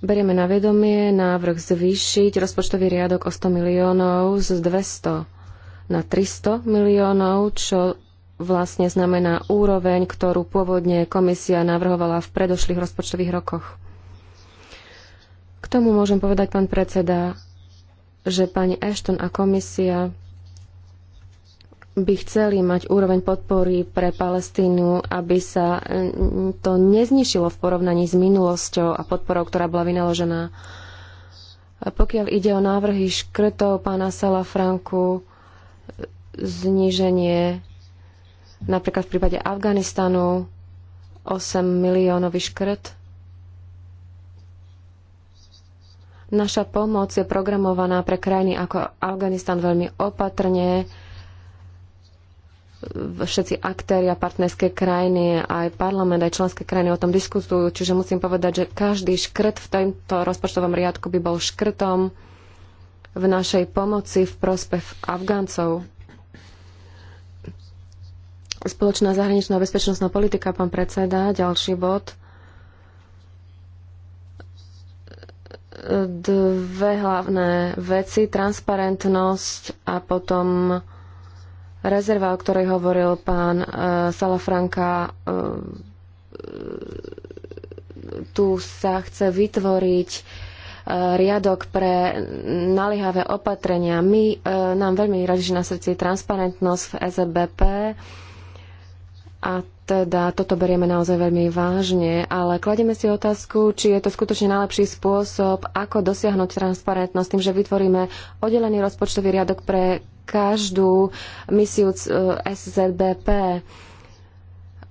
Berieme na vedomie návrh zvýšiť rozpočtový riadok o 100 miliónov z 200 na 300 miliónov, čo vlastne znamená úroveň, ktorú pôvodne komisia navrhovala v predošlých rozpočtových rokoch. K tomu môžem povedať, pán predseda, že pani Ashton a komisia by chceli mať úroveň podpory pre Palestínu, aby sa eh, to neznišilo v porovnaní s minulosťou a podporou, ktorá bola vynaložená. Pokiaľ ide o návrhy škrtov pána Sala Franku, eh, zníženie Napríklad v prípade Afganistanu 8 miliónový škrt. Naša pomoc je programovaná pre krajiny ako Afganistan veľmi opatrne. Všetci aktéri a partnerské krajiny, aj parlament, aj členské krajiny o tom diskutujú. Čiže musím povedať, že každý škrt v tomto rozpočtovom riadku by bol škrtom v našej pomoci v prospech Afgáncov. Spoločná zahraničná bezpečnostná politika, pán predseda, ďalší bod. Dve hlavné veci, transparentnosť a potom rezerva, o ktorej hovoril pán uh, Salafranka. Eh, tu sa chce vytvoriť eh, riadok pre naliehavé opatrenia. My, nám veľmi radi, že na srdci transparentnosť v SBP. A teda toto berieme naozaj veľmi vážne, ale kladieme si otázku, či je to skutočne najlepší spôsob, ako dosiahnuť transparentnosť tým, že vytvoríme oddelený rozpočtový riadok pre každú misiu e, SZBP.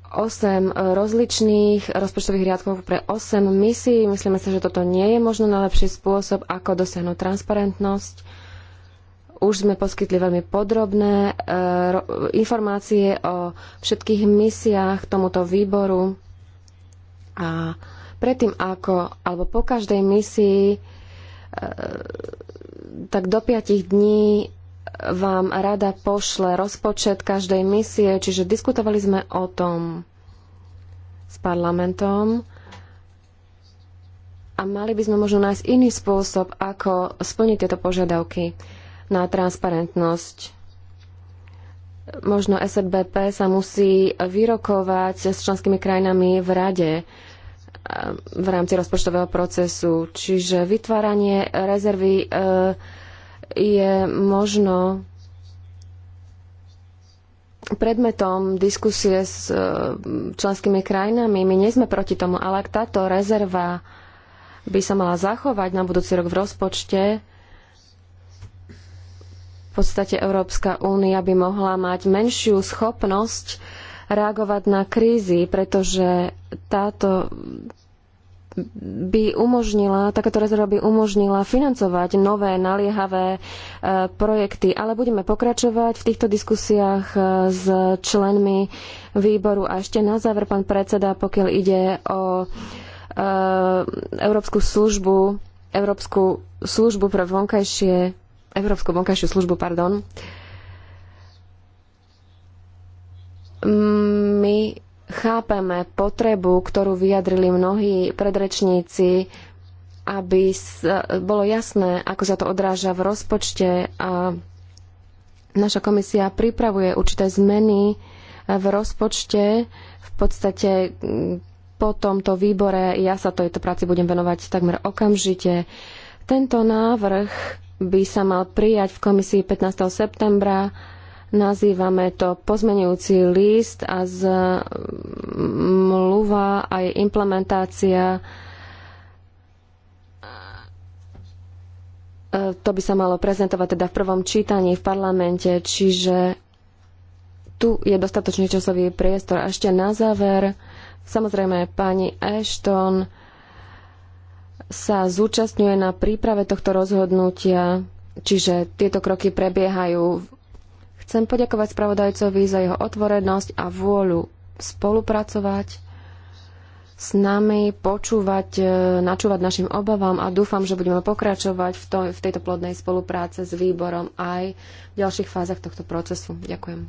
8 rozličných rozpočtových riadkov pre 8 misií. Myslíme si, že toto nie je možno najlepší spôsob, ako dosiahnuť transparentnosť už sme poskytli veľmi podrobné e, informácie o všetkých misiách tomuto výboru a predtým ako, alebo po každej misii, e, tak do 5 dní vám rada pošle rozpočet každej misie, čiže diskutovali sme o tom s parlamentom a mali by sme možno nájsť iný spôsob, ako splniť tieto požiadavky na transparentnosť. Možno SBP sa musí vyrokovať s členskými krajinami v rade eh, v rámci rozpočtového procesu. Čiže vytváranie rezervy eh, je možno predmetom diskusie s eh, členskými krajinami. My nie sme proti tomu, ale ak táto rezerva by sa mala zachovať na budúci rok v rozpočte, podstate Európska únia by mohla mať menšiu schopnosť reagovať na krízy, pretože táto by umožnila, takáto rezerva by umožnila financovať nové naliehavé e, projekty. Ale budeme pokračovať v týchto diskusiách e, s členmi výboru. A ešte na záver, pán predseda, pokiaľ ide o e, Európsku službu, Európsku službu pre vonkajšie Európsku vonkajšiu službu, pardon, my chápeme potrebu, ktorú vyjadrili mnohí predrečníci, aby bolo jasné, ako sa to odráža v rozpočte a naša komisia pripravuje určité zmeny v rozpočte. V podstate po tomto výbore ja sa tejto práci budem venovať takmer okamžite. Tento návrh by sa mal prijať v komisii 15. septembra. Nazývame to pozmenujúci list a zmluva aj implementácia to by sa malo prezentovať teda v prvom čítaní v parlamente, čiže tu je dostatočný časový priestor. A ešte na záver, samozrejme pani Ashton sa zúčastňuje na príprave tohto rozhodnutia, čiže tieto kroky prebiehajú. Chcem poďakovať spravodajcovi za jeho otvorenosť a vôľu spolupracovať s nami, počúvať, e, načúvať našim obavám a dúfam, že budeme pokračovať v, to, v tejto plodnej spolupráce s výborom aj v ďalších fázach tohto procesu. Ďakujem.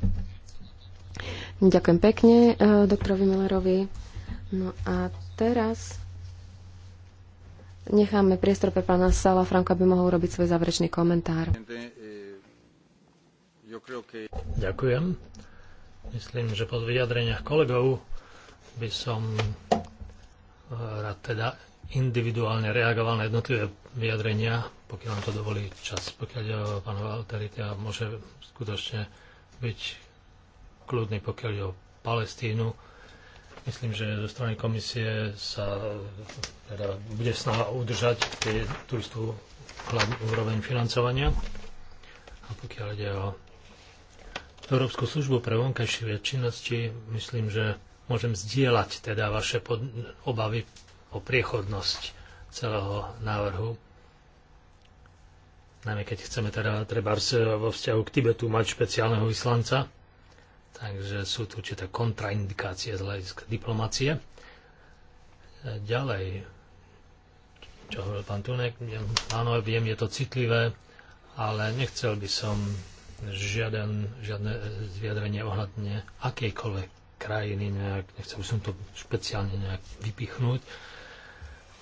Ďakujem pekne e, doktorovi Millerovi. No a teraz Necháme priestor pre pána Sala Franka, aby mohol robiť svoj záverečný komentár. Ďakujem. Myslím, že po vyjadreniach kolegov by som eh, rád teda individuálne reagoval na jednotlivé vyjadrenia, pokiaľ nám to dovolí čas. Pokiaľ je o pána môže skutočne byť kľudný, pokiaľ je o Palestínu Myslím, že zo strany komisie sa teda bude snaha udržať tú istú hlavnú úroveň financovania. A pokiaľ ide o Európsku službu pre vonkajšie väčšinosti, myslím, že môžem zdieľať teda vaše obavy o priechodnosť celého návrhu. Najmä keď chceme teda treba vo vzťahu k Tibetu mať špeciálneho vyslanca. Takže sú tu určité kontraindikácie z hľadiska diplomácie. Ďalej, čo hovoril pán Tunek, áno, viem, je to citlivé, ale nechcel by som žiaden, žiadne vyjadrenie ohľadne akejkoľvek krajiny, nejak, nechcel by som to špeciálne nejak vypichnúť.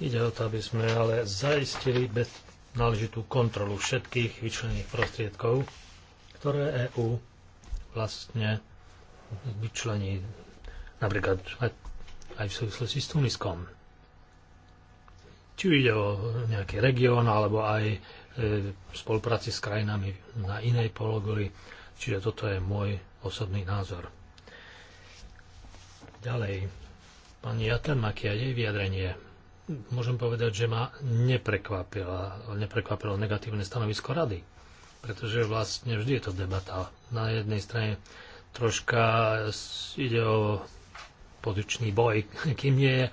Ide o to, aby sme ale zaistili bez náležitú kontrolu všetkých vyčlených prostriedkov, ktoré EÚ vlastne vyčlení napríklad aj v súvislosti s Tuniskom. Či ide o nejaký región, alebo aj v e, spolupráci s krajinami na inej pologuli. Čiže toto je môj osobný názor. Ďalej, pani Jatermaki a jej vyjadrenie. Môžem povedať, že ma neprekvapilo, neprekvapilo negatívne stanovisko rady, pretože vlastne vždy je to debata. Na jednej strane troška ide o pozičný boj. Kým nie je e,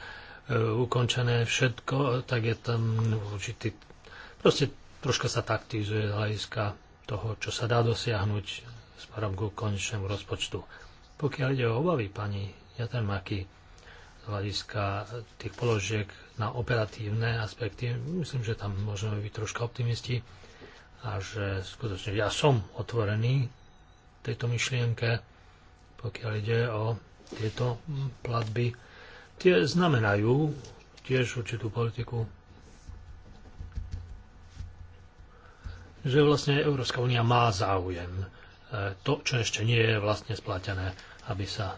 ukončené všetko, tak je tam určitý... Proste troška sa taktizuje z hľadiska toho, čo sa dá dosiahnuť parom ku konečnému rozpočtu. Pokiaľ ide o obavy pani Jatermaky z hľadiska tých položiek na operatívne aspekty, myslím, že tam môžeme byť troška optimisti a že skutočne ja som otvorený tejto myšlienke pokiaľ ide o tieto platby. Tie znamenajú tiež určitú politiku, že vlastne Európska únia má záujem e, to, čo ešte nie je vlastne splatené, aby sa e,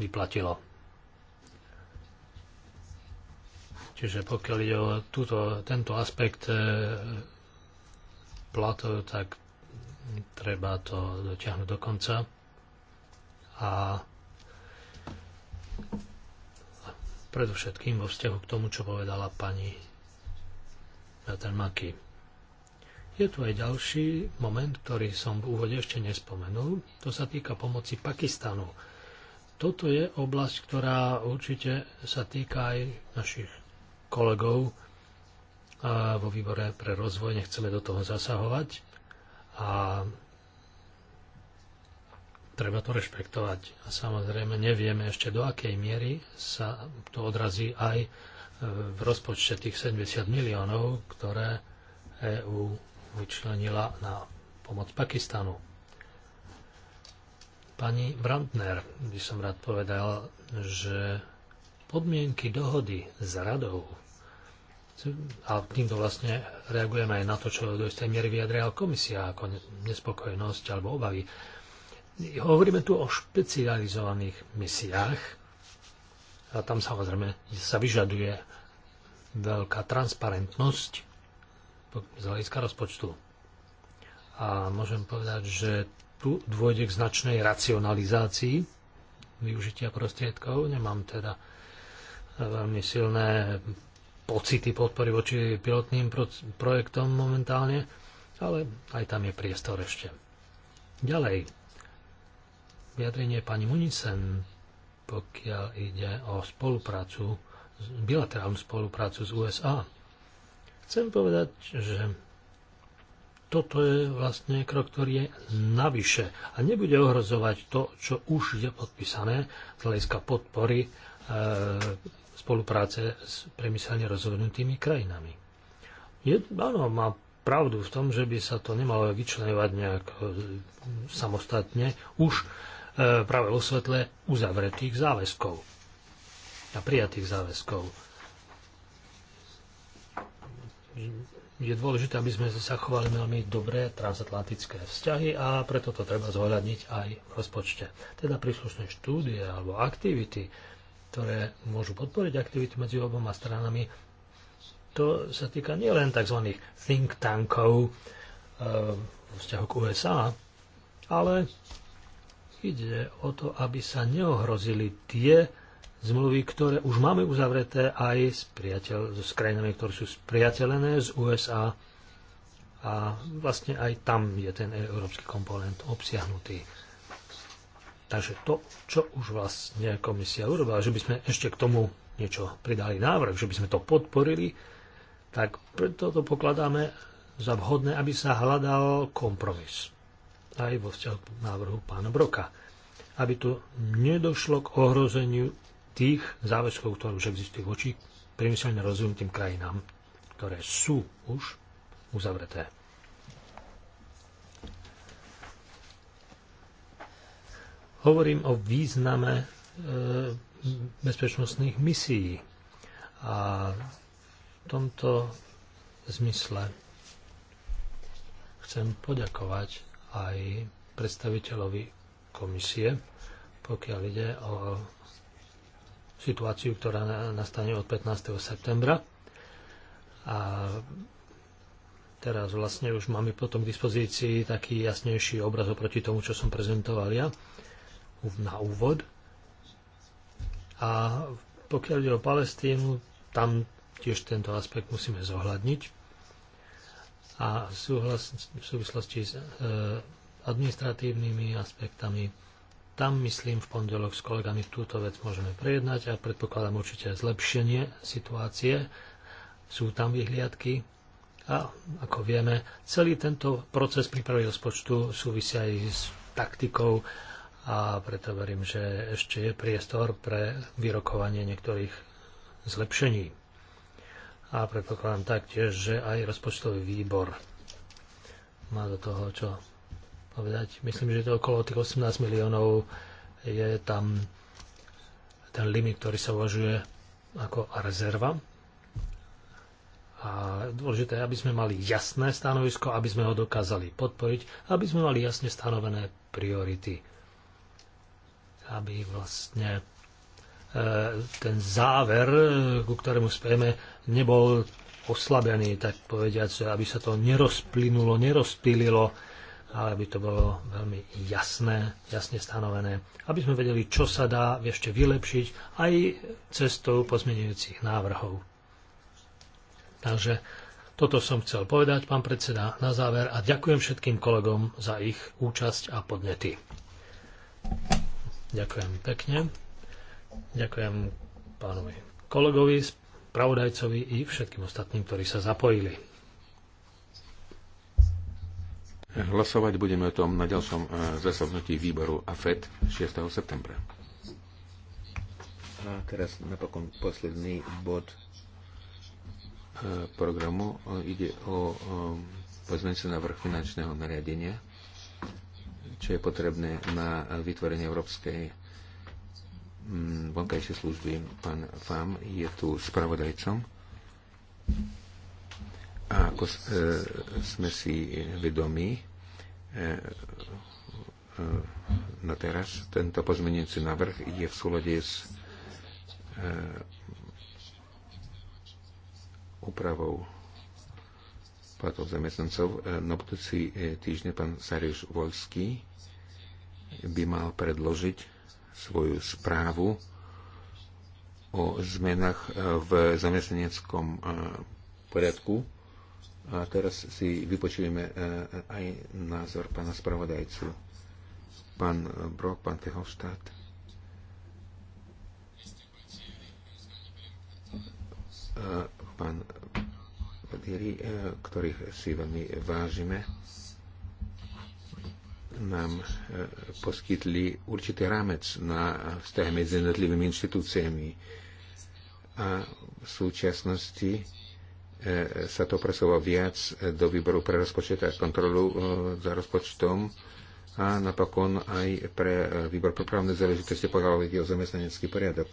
vyplatilo. Čiže pokiaľ ide o túto, tento aspekt e, platov, tak treba to dotiahnuť do konca. A predovšetkým vo vzťahu k tomu, čo povedala pani Maki. Je tu aj ďalší moment, ktorý som v úvode ešte nespomenul. To sa týka pomoci Pakistanu. Toto je oblasť, ktorá určite sa týka aj našich kolegov vo výbore pre rozvoj. Nechceme do toho zasahovať, a treba to rešpektovať. A samozrejme nevieme ešte do akej miery sa to odrazí aj e, v rozpočte tých 70 miliónov, ktoré EÚ vyčlenila na pomoc Pakistanu. Pani Brandner by som rád povedal, že podmienky dohody s radou a týmto vlastne reagujeme aj na to, čo do istej miery vyjadrila komisia ako nespokojnosť alebo obavy. Hovoríme tu o špecializovaných misiách a tam samozrejme sa vyžaduje veľká transparentnosť z hľadiska rozpočtu. A môžem povedať, že tu dôjde k značnej racionalizácii využitia prostriedkov. Nemám teda veľmi silné pocity podpory voči pilotným projektom momentálne, ale aj tam je priestor ešte. Ďalej, vyjadrenie pani Municen, pokiaľ ide o spoluprácu, bilaterálnu spoluprácu s USA. Chcem povedať, že toto je vlastne krok, ktorý je navyše a nebude ohrozovať to, čo už je podpísané z hľadiska podpory e, spolupráce s premyselne rozhodnutými krajinami. Je, áno, má pravdu v tom, že by sa to nemalo vyčlenovať nejak e, samostatne už e, práve vo svetle uzavretých záväzkov a prijatých záväzkov. Je dôležité, aby sme zachovali veľmi dobré transatlantické vzťahy a preto to treba zohľadniť aj v rozpočte. Teda príslušné štúdie alebo aktivity, ktoré môžu podporiť aktivity medzi oboma stranami. To sa týka nielen tzv. think tankov eh, vo vzťahu k USA, ale ide o to, aby sa neohrozili tie zmluvy, ktoré už máme uzavreté aj s, priateľ, s krajinami, ktoré sú spriateľené z USA. A vlastne aj tam je ten európsky komponent obsiahnutý. Takže to, čo už vlastne komisia urobila, že by sme ešte k tomu niečo pridali návrh, že by sme to podporili, tak preto to pokladáme za vhodné, aby sa hľadal kompromis. Aj vo vzťahu k návrhu pána Broka. Aby tu nedošlo k ohrozeniu tých záväzkov, ktoré už existujú voči priemyselne rozvinutým krajinám, ktoré sú už uzavreté. Hovorím o význame e, bezpečnostných misií a v tomto zmysle chcem poďakovať aj predstaviteľovi komisie, pokiaľ ide o situáciu, ktorá nastane od 15. septembra. A teraz vlastne už máme potom k dispozícii taký jasnejší obraz oproti tomu, čo som prezentoval ja na úvod. A pokiaľ ide o Palestínu, tam tiež tento aspekt musíme zohľadniť. A v, súhlas, v súvislosti s e, administratívnymi aspektami, tam myslím v pondelok s kolegami túto vec môžeme prejednať a predpokladám určite zlepšenie situácie. Sú tam vyhliadky, a ako vieme, celý tento proces prípravy rozpočtu súvisia aj s taktikou a preto verím, že ešte je priestor pre vyrokovanie niektorých zlepšení. A predpokladám taktiež, že aj rozpočtový výbor má do toho čo povedať. Myslím, že to okolo tých 18 miliónov je tam ten limit, ktorý sa uvažuje ako rezerva. A dôležité je, aby sme mali jasné stanovisko, aby sme ho dokázali podporiť, aby sme mali jasne stanovené priority aby vlastne e, ten záver, ku ktorému spieme, nebol oslabený, tak povediať, aby sa to nerozplynulo, nerozpililo, ale aby to bolo veľmi jasné, jasne stanovené, aby sme vedeli, čo sa dá ešte vylepšiť aj cestou pozmenujúcich návrhov. Takže toto som chcel povedať, pán predseda, na záver a ďakujem všetkým kolegom za ich účasť a podnety. Ďakujem pekne. Ďakujem pánovi kolegovi, spravodajcovi i všetkým ostatným, ktorí sa zapojili. Hlasovať budeme o tom na ďalšom e, zasadnutí výboru AFED 6. septembra. A teraz napokon posledný bod e, programu. E, ide o na vrch finančného nariadenia čo je potrebné na vytvorenie európskej mm, vonkajšej služby. Pán Fam je tu spravodajcom. A ako e, sme si vedomi, e, e, na teraz tento pozmenujúci návrh je v súlade s úpravou platov zamestnancov. E, na budúci e, týždeň pán Sariš Volský by mal predložiť svoju správu o zmenách e, v zamestnaneckom poriadku. A teraz si vypočujeme aj názor pána spravodajcu. Pán Brok, pán Tehovštát. Pán partneri, ktorých si veľmi vážime, nám e, poskytli určitý rámec na vzťahy medzi jednotlivými inštitúciami. A v súčasnosti e, sa to presovalo viac do výboru pre rozpočet a kontrolu e, za rozpočtom a napokon aj pre výbor pre právne záležitosti pokiaľ ide o zamestnanecký poriadok.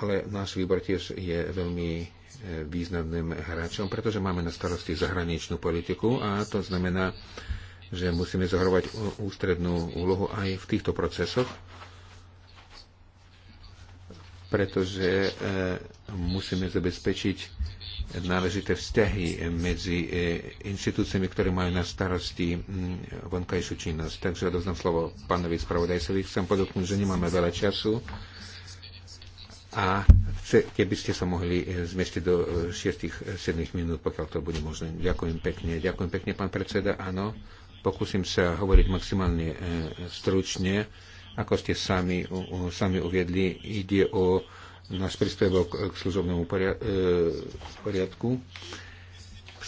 Ale náš výbor tiež je veľmi významným hráčom, pretože máme na starosti zahraničnú politiku a to znamená, že musíme zohrovať ústrednú úlohu aj v týchto procesoch, pretože e, musíme zabezpečiť náležité vzťahy medzi e, inštitúciami, ktoré majú na starosti vonkajšiu činnosť. Takže odovzdám slovo pánovi spravodajcovi. Chcem podotknúť, že nemáme veľa času a keby ste sa mohli eh, zmestiť do 6-7 eh, eh, minút, pokiaľ to bude možné. Ďakujem pekne. Ďakujem pekne, pán predseda. Áno, pokúsim sa hovoriť maximálne stručne. Ako ste sami, sami uviedli, ide o náš príspevok k služobnému poriadku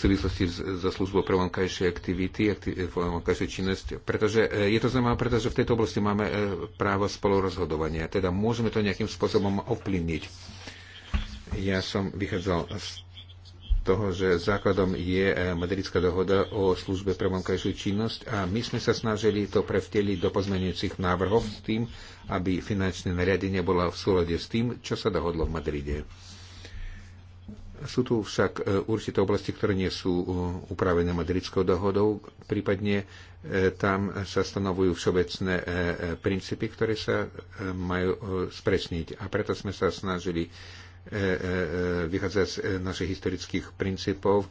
súvislosti so službou pre vonkajšie aktivity, eh, vonkajšie činnosť, pretože eh, je to zaujímavé, pretože v tejto oblasti máme eh, právo spolurozhodovania, teda môžeme to nejakým spôsobom ovplyvniť. Ja som vychádzal z toho, že základom je Madridská dohoda o službe pre vonkajšiu činnosť a my sme sa snažili to prevteliť do pozmeňujúcich návrhov s tým, aby finančné nariadenie bolo v súlade s tým, čo sa dohodlo v Madride. Sú tu však e, určité oblasti, ktoré nie sú e, upravené madridskou dohodou, prípadne e, tam sa stanovujú všeobecné princípy, ktoré sa majú spresniť. A preto sme sa snažili vychádzať z našich historických princípov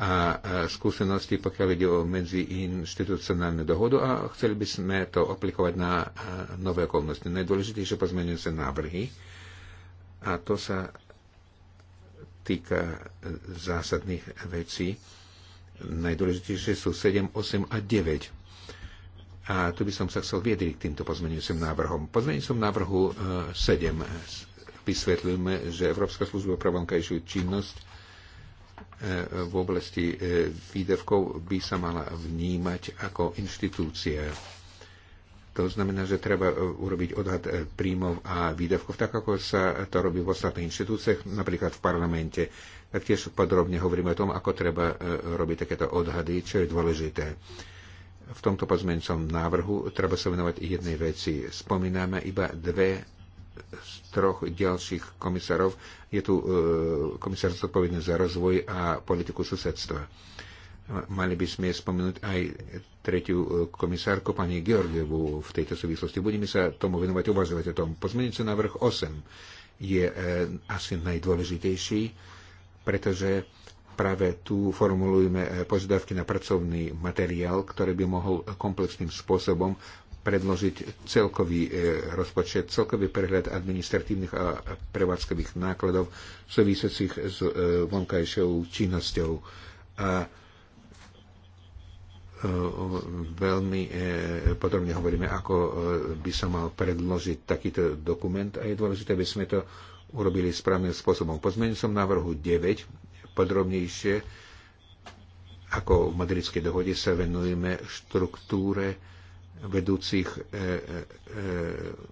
a skúsenosti, pokiaľ ide o medziinstitucionálnu dohodu a chceli by sme to aplikovať na nové okolnosti. Najdôležitejšie pozmenujúce návrhy a to sa týka e, zásadných vecí. Najdôležitejšie sú 7, 8 a 9. A tu by som sa chcel viedriť k týmto pozmeňujúcim návrhom. Pozmeňujúcim návrhu 7 e, vysvetľujeme, že Európska služba pre vonkajšiu činnosť e, v oblasti výdavkov by sa mala vnímať ako inštitúcia to znamená, že treba e, urobiť odhad e, príjmov a výdavkov, tak ako sa to robí v ostatných inštitúciách, napríklad v parlamente. Taktiež podrobne hovoríme o tom, ako treba e, robiť takéto odhady, čo je dôležité. V tomto pozmeňcom návrhu treba sa venovať jednej veci. Spomíname iba dve z troch ďalších komisárov. Je tu komisár zodpovedný za rozvoj a politiku susedstva. Mali by sme spomenúť aj tretiu e, komisárku, pani Georgievu v tejto súvislosti. Budeme sa tomu venovať, uvažovať o tom. Pozmeňujúci návrh 8 je e, asi najdôležitejší, pretože práve tu formulujeme e, požiadavky na pracovný materiál, ktorý by mohol komplexným spôsobom predložiť celkový e, rozpočet, celkový prehľad administratívnych a prevádzkových nákladov súvisiacich s vonkajšou činnosťou. A veľmi e, podrobne hovoríme, ako e, by sa mal predložiť takýto dokument a je dôležité, aby sme to urobili správnym spôsobom. Pozmením som návrhu 9 podrobnejšie, ako v madridskej dohode sa venujeme štruktúre vedúcich e, e, e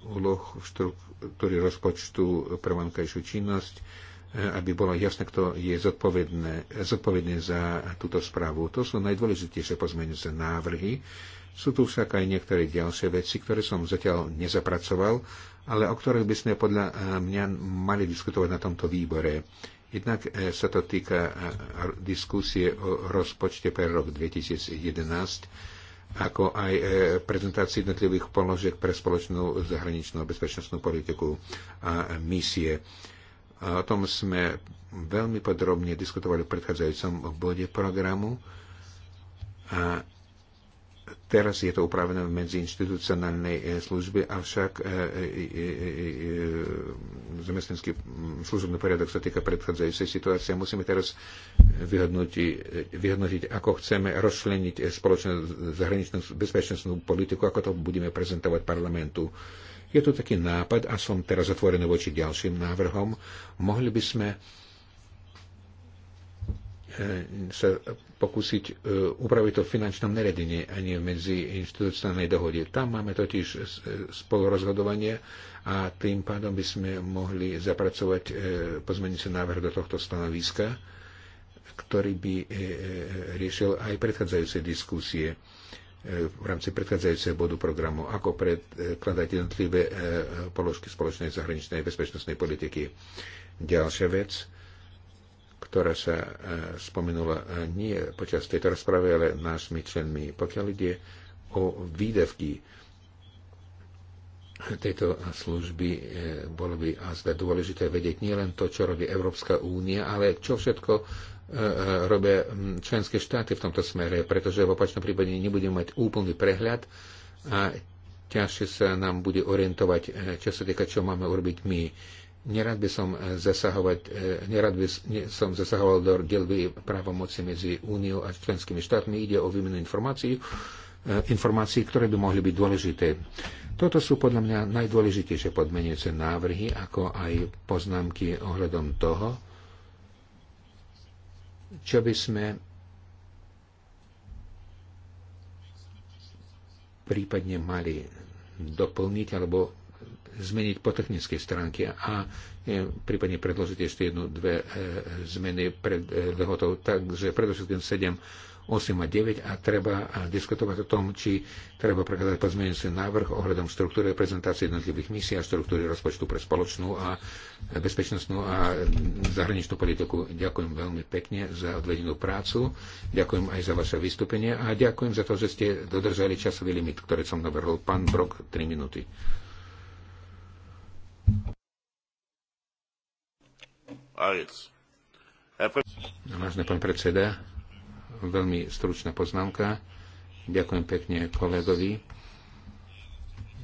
úloh štruktúry rozpočtu pre činnosť aby bolo jasné, kto je zodpovedný za túto správu. To sú najdôležitejšie pozmeňujúce návrhy. Sú tu však aj niektoré ďalšie veci, ktoré som zatiaľ nezapracoval, ale o ktorých by sme podľa eh, mňa mali diskutovať na tomto výbore. Jednak eh, sa to týka eh, diskusie o rozpočte pre rok 2011, ako aj prezentácii jednotlivých položiek pre spoločnú zahraničnú bezpečnostnú politiku a misie. O tom sme veľmi podrobne diskutovali v predchádzajúcom bode programu a teraz je to upravené v medziinstitucionálnej e, službe, avšak e, e, zamestnanský služobný poriadok sa týka predchádzajúcej situácie. Musíme teraz vyhodnotiť, ako chceme rozšleniť spoločnú zahraničnú bezpečnostnú politiku, ako to budeme prezentovať parlamentu. Je to taký nápad a som teraz zatvorený voči ďalším návrhom. Mohli by sme eh, sa pokúsiť eh, upraviť to v finančnom neredine a nie medzi inštitucionálnej dohode. Tam máme totiž eh, spolurozhodovanie a tým pádom by sme mohli zapracovať pozmeniť návrh do tohto stanoviska, ktorý by riešil aj predchádzajúce diskusie v rámci predchádzajúceho bodu programu, ako predkladať jednotlivé e, položky spoločnej zahraničnej bezpečnostnej politiky. Ďalšia vec, ktorá sa e, spomenula e, nie počas tejto rozpravy, ale nášmi členmi, pokiaľ ide o výdavky tejto služby, bolo by zda dôležité vedieť nielen to, čo robí Európska únia, ale čo všetko robia mm, členské štáty v tomto smere, pretože v opačnom prípade nebudeme mať úplný prehľad a ťažšie sa nám bude orientovať, e, čo sa týka, čo máme urobiť my. Nerad by som e, zasahovať, e, nerad by som zasahoval do delby právomoci medzi Úniou a členskými štátmi. Ide o výmenu informácií, informácií, ktoré by mohli byť dôležité. Toto sú podľa mňa najdôležitejšie podmenujúce návrhy, ako aj poznámky ohľadom toho, čo by sme prípadne mali doplniť alebo zmeniť po technickej stránke a e, prípadne predložiť ešte jednu, dve e, zmeny pred e, lehotou. Takže predovšetkým 7 8 a 9 a treba diskutovať o tom, či treba prekladať pozmeňujúci návrh ohľadom štruktúry prezentácie jednotlivých misií a štruktúry rozpočtu pre spoločnú a bezpečnostnú a zahraničnú politiku. Ďakujem veľmi pekne za odvedenú prácu, ďakujem aj za vaše vystúpenie a ďakujem za to, že ste dodržali časový limit, ktorý som navrhol. Pán Brok, 3 minúty. Vážne pán predseda, veľmi stručná poznámka. Ďakujem pekne kolegovi.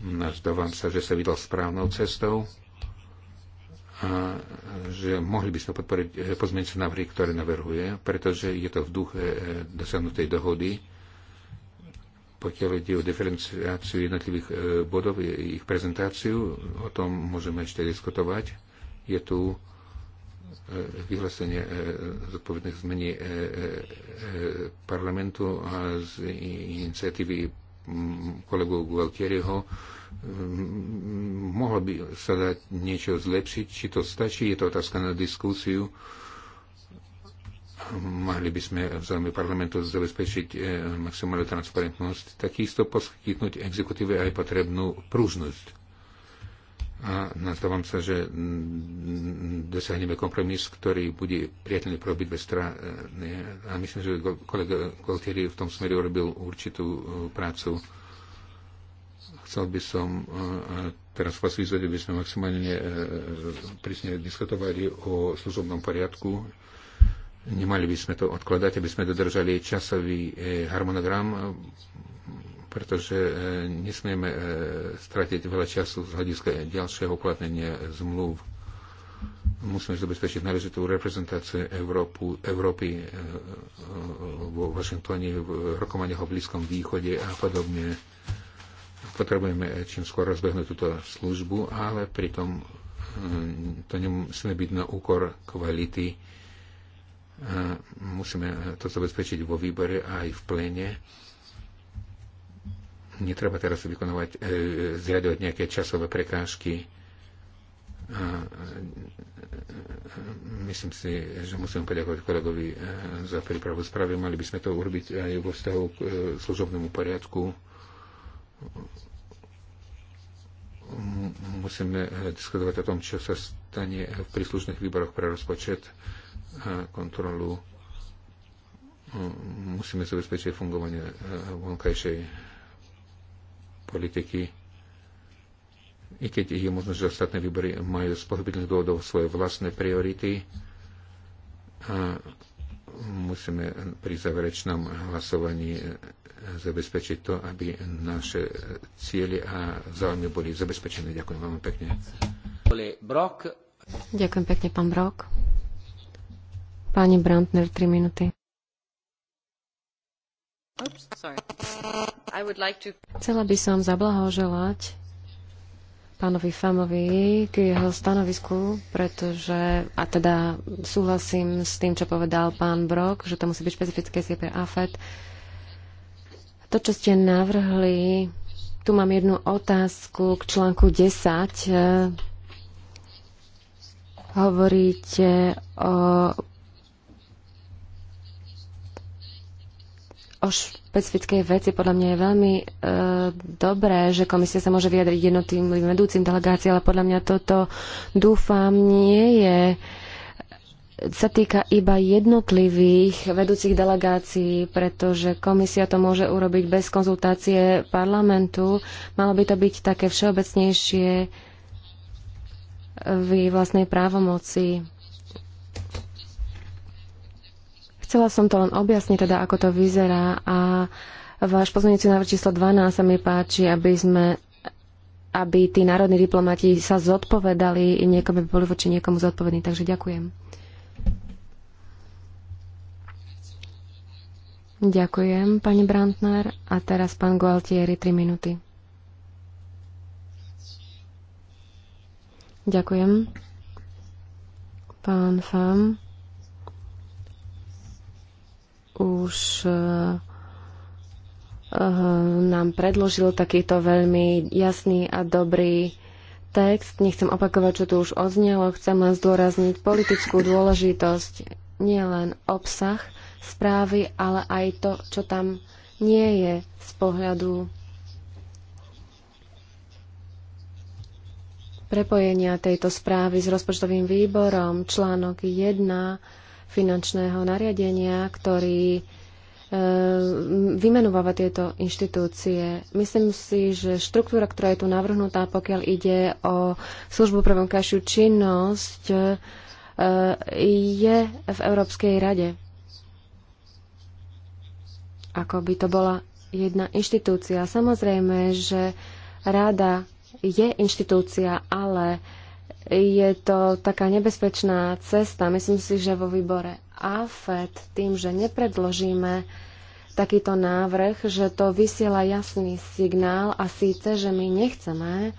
Nazdávam sa, že sa vydal správnou cestou a že mohli by sme podporiť eh, pozmeňujúce návrhy, ktoré navrhuje, pretože je to v duche eh, dosiahnutej dohody. Pokiaľ ide o diferenciáciu jednotlivých eh, bodov, ich prezentáciu, o tom môžeme ešte diskutovať. Je tu vyhlásenie e, zodpovedných zmení e, e, parlamentu a z iniciatívy kolegu Gualtieriho mohlo by sa dať niečo zlepšiť. Či to stačí, je to otázka na diskusiu. Mohli by sme v záujme parlamentu zabezpečiť maximálnu transparentnosť, takisto poskytnúť exekutíve aj potrebnú pružnosť a nazdávam sa, že mm, mm, dosiahneme kompromis, ktorý bude priateľný pre obidve strany. A myslím, že kolega Goltieri v tom smere urobil určitú e, prácu. Chcel by som e, e, teraz vás vyzvať, aby sme maximálne prísne diskutovali o služobnom poriadku. Nemali by sme to odkladať, aby sme dodržali časový harmonogram pretože e, nesmieme e, stratiť veľa času z hľadiska ďalšieho uplatnenia zmluv. Musíme zabezpečiť náležitú reprezentáciu Európu, Európy e, vo Washingtone, v rokovaniach o Blízkom východe a podobne. Potrebujeme čím skôr rozbehnúť túto službu, ale pritom to nemusíme byť na úkor kvality. Musíme to zabezpečiť vo výbore aj v plene netreba teraz vykonovať, e, zriadovať nejaké časové prekážky. A e, e, myslím si, že musím poďakovať kolegovi za prípravu správy. Mali by sme to urobiť aj vo vzťahu k služobnému poriadku. Musíme diskutovať o tom, čo sa stane v príslušných výboroch pre rozpočet a kontrolu. Musíme zabezpečiť fungovanie vonkajšej politiky, i keď je možno, že ostatné výbory majú z pochopiteľných dôvodov svoje vlastné priority, a musíme pri záverečnom hlasovaní zabezpečiť to, aby naše cieľe a záujmy boli zabezpečené. Ďakujem veľmi pekne. Ďakujem pekne, pán Brok. Pani Brandner, 3 minúty. Oops, sorry. I would like to... Chcela by som zablahoželať pánovi Famovi k jeho stanovisku, pretože, a teda súhlasím s tým, čo povedal pán Brok, že to musí byť špecifické si pre AFET. To, čo ste navrhli, tu mám jednu otázku k článku 10. Hovoríte o o špecifickej veci podľa mňa je veľmi e, dobré, že komisia sa môže vyjadriť jednotlivým vedúcim delegácií, ale podľa mňa toto, dúfam, nie je sa týka iba jednotlivých vedúcich delegácií, pretože komisia to môže urobiť bez konzultácie parlamentu. Malo by to byť také všeobecnejšie v vlastnej právomoci Chcela som to len objasniť, teda ako to vyzerá a váš pozmeňujúci návrh číslo 12 sa mi páči, aby sme aby tí národní diplomati sa zodpovedali niekomu, by boli voči niekomu zodpovední. Takže ďakujem. Ďakujem, pani Brantner. A teraz pán Gualtieri, 3 minúty. Ďakujem. Pán Fam už eh, eh, nám predložil takýto veľmi jasný a dobrý text. Nechcem opakovať, čo tu už odznelo, chcem len zdôrazniť politickú dôležitosť, nielen obsah správy, ale aj to, čo tam nie je z pohľadu prepojenia tejto správy s rozpočtovým výborom, článok 1 finančného nariadenia, ktorý e, vymenúvava tieto inštitúcie. Myslím si, že štruktúra, ktorá je tu navrhnutá, pokiaľ ide o službu pre vonkajšiu činnosť, e, je v Európskej rade. Ako by to bola jedna inštitúcia. Samozrejme, že rada je inštitúcia, ale je to taká nebezpečná cesta. Myslím si, že vo výbore AFED tým, že nepredložíme takýto návrh, že to vysiela jasný signál a síce, že my nechceme,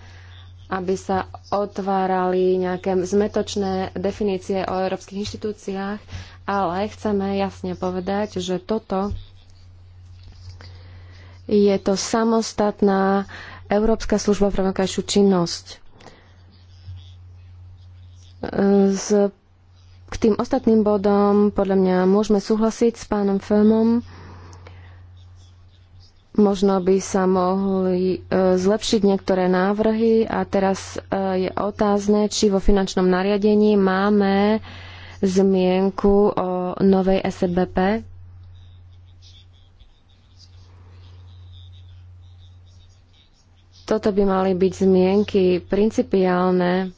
aby sa otvárali nejaké zmetočné definície o európskych inštitúciách, ale chceme jasne povedať, že toto je to samostatná Európska služba pre vonkajšiu činnosť. S, k tým ostatným bodom podľa mňa môžeme súhlasiť s pánom Femom. Možno by sa mohli e, zlepšiť niektoré návrhy a teraz e, je otázne, či vo finančnom nariadení máme zmienku o novej SBP. Toto by mali byť zmienky principiálne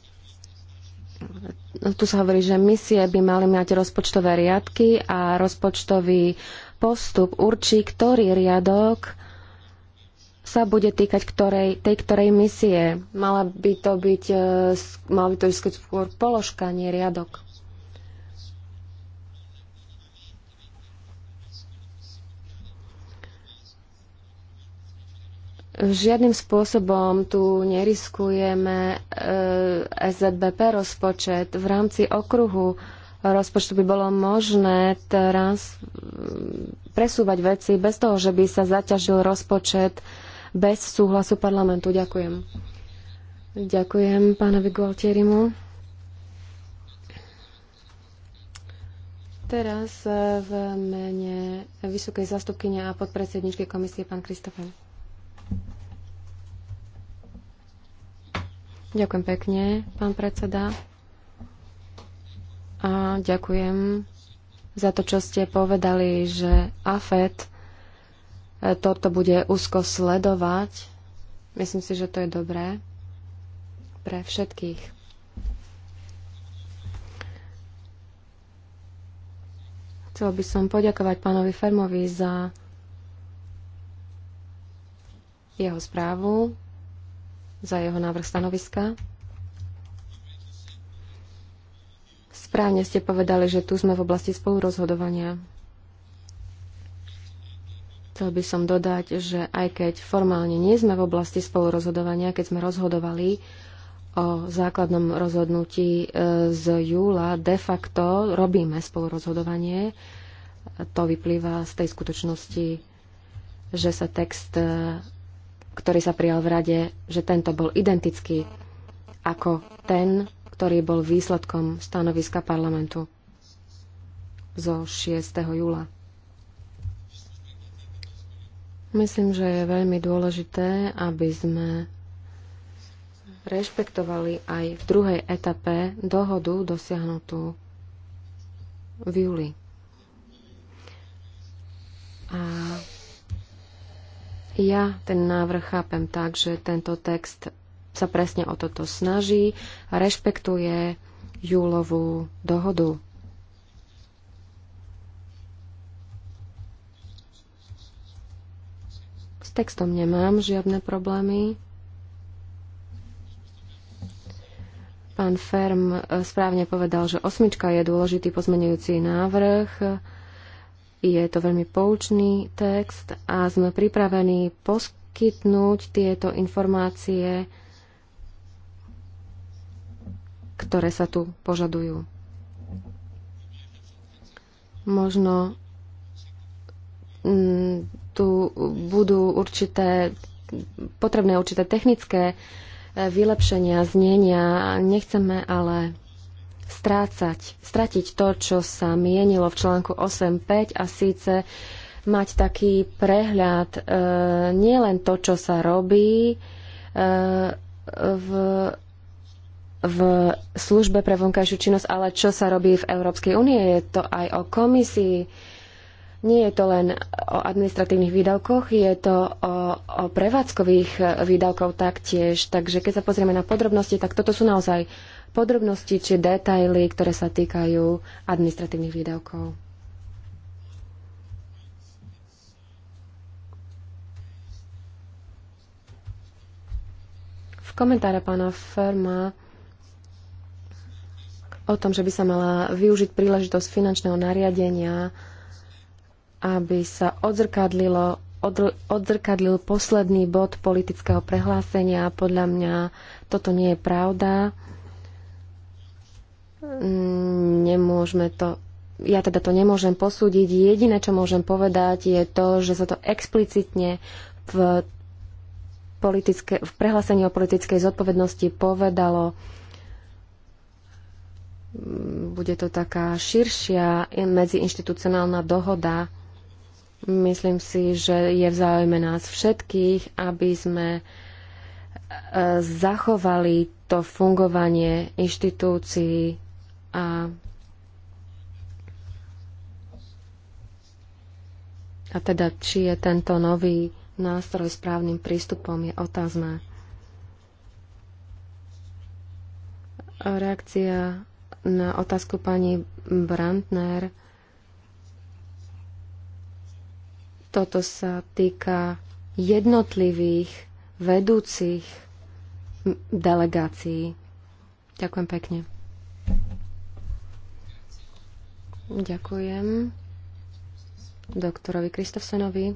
tu sa hovorí, že misie by mali mať rozpočtové riadky a rozpočtový postup určí, ktorý riadok sa bude týkať ktorej, tej ktorej misie. Mala by to byť, e, mala by to byť skôr položka, nie riadok. Žiadnym spôsobom tu neriskujeme e, SZBP rozpočet. V rámci okruhu rozpočtu by bolo možné teraz presúvať veci bez toho, že by sa zaťažil rozpočet bez súhlasu parlamentu. Ďakujem. Ďakujem pánovi Gualtierimu. Teraz e, v mene vysokej zastupkyne a podpredsedničky komisie pán Kristofen. Ďakujem pekne, pán predseda. A ďakujem za to, čo ste povedali, že AFET e, toto bude úzko sledovať. Myslím si, že to je dobré pre všetkých. Chcel by som poďakovať pánovi Fermovi za jeho správu za jeho návrh stanoviska. Správne ste povedali, že tu sme v oblasti spolurozhodovania. Chcel by som dodať, že aj keď formálne nie sme v oblasti spolurozhodovania, keď sme rozhodovali o základnom rozhodnutí e, z júla, de facto robíme spolurozhodovanie. To vyplýva z tej skutočnosti, že sa text e, ktorý sa prijal v rade, že tento bol identický ako ten, ktorý bol výsledkom stanoviska parlamentu zo 6. júla. Myslím, že je veľmi dôležité, aby sme rešpektovali aj v druhej etape dohodu dosiahnutú v júli. A ja ten návrh chápem tak, že tento text sa presne o toto snaží a rešpektuje júlovú dohodu. S textom nemám žiadne problémy. Pán Ferm správne povedal, že osmička je dôležitý pozmenujúci návrh je to veľmi poučný text a sme pripravení poskytnúť tieto informácie, ktoré sa tu požadujú. Možno mm, tu budú určité potrebné určité technické e, vylepšenia, znenia. Nechceme ale strácať, stratiť to, čo sa mienilo v článku 8.5 a síce mať taký prehľad e, nielen to, čo sa robí e, v, v službe pre vonkajšiu činnosť, ale čo sa robí v Európskej únie. Je to aj o komisii. Nie je to len o administratívnych výdavkoch, je to o, o prevádzkových e, výdavkov taktiež. Takže keď sa pozrieme na podrobnosti, tak toto sú naozaj podrobnosti či detaily, ktoré sa týkajú administratívnych výdavkov. V komentáre pána Ferma o tom, že by sa mala využiť príležitosť finančného nariadenia, aby sa odzrkadlilo odzrkadlil posledný bod politického prehlásenia. Podľa mňa toto nie je pravda. Mm, nemôžeme to ja teda to nemôžem posúdiť. Jediné, čo môžem povedať, je to, že sa to explicitne v, politické, v prehlásení o politickej zodpovednosti povedalo. Mm, bude to taká širšia medziinstitucionálna dohoda. Myslím si, že je v záujme nás všetkých, aby sme e, zachovali to fungovanie inštitúcií a, a teda, či je tento nový nástroj správnym prístupom, je otázna. Reakcia na otázku pani Brandner. Toto sa týka jednotlivých vedúcich delegácií. Ďakujem pekne. Ďakujem doktorovi Kristofsenovi.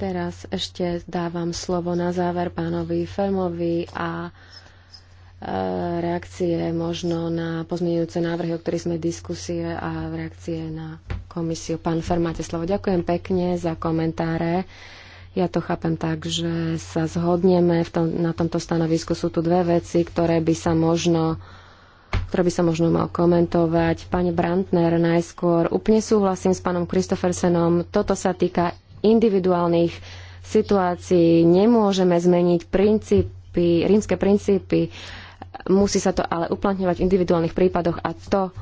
Teraz ešte dávam slovo na záver pánovi Felmovi a e, reakcie možno na pozmeňujúce návrhy, o ktorých sme diskusie a reakcie na komisiu. Pán Fer, máte slovo. Ďakujem pekne za komentáre. Ja to chápem tak, že sa zhodneme v tom, na tomto stanovisku. Sú tu dve veci, ktoré by sa možno ktoré by som možno mal komentovať. Pane Brantner, najskôr úplne súhlasím s pánom Kristofersenom. Toto sa týka individuálnych situácií. Nemôžeme zmeniť princípy, rímske princípy. Musí sa to ale uplatňovať v individuálnych prípadoch a to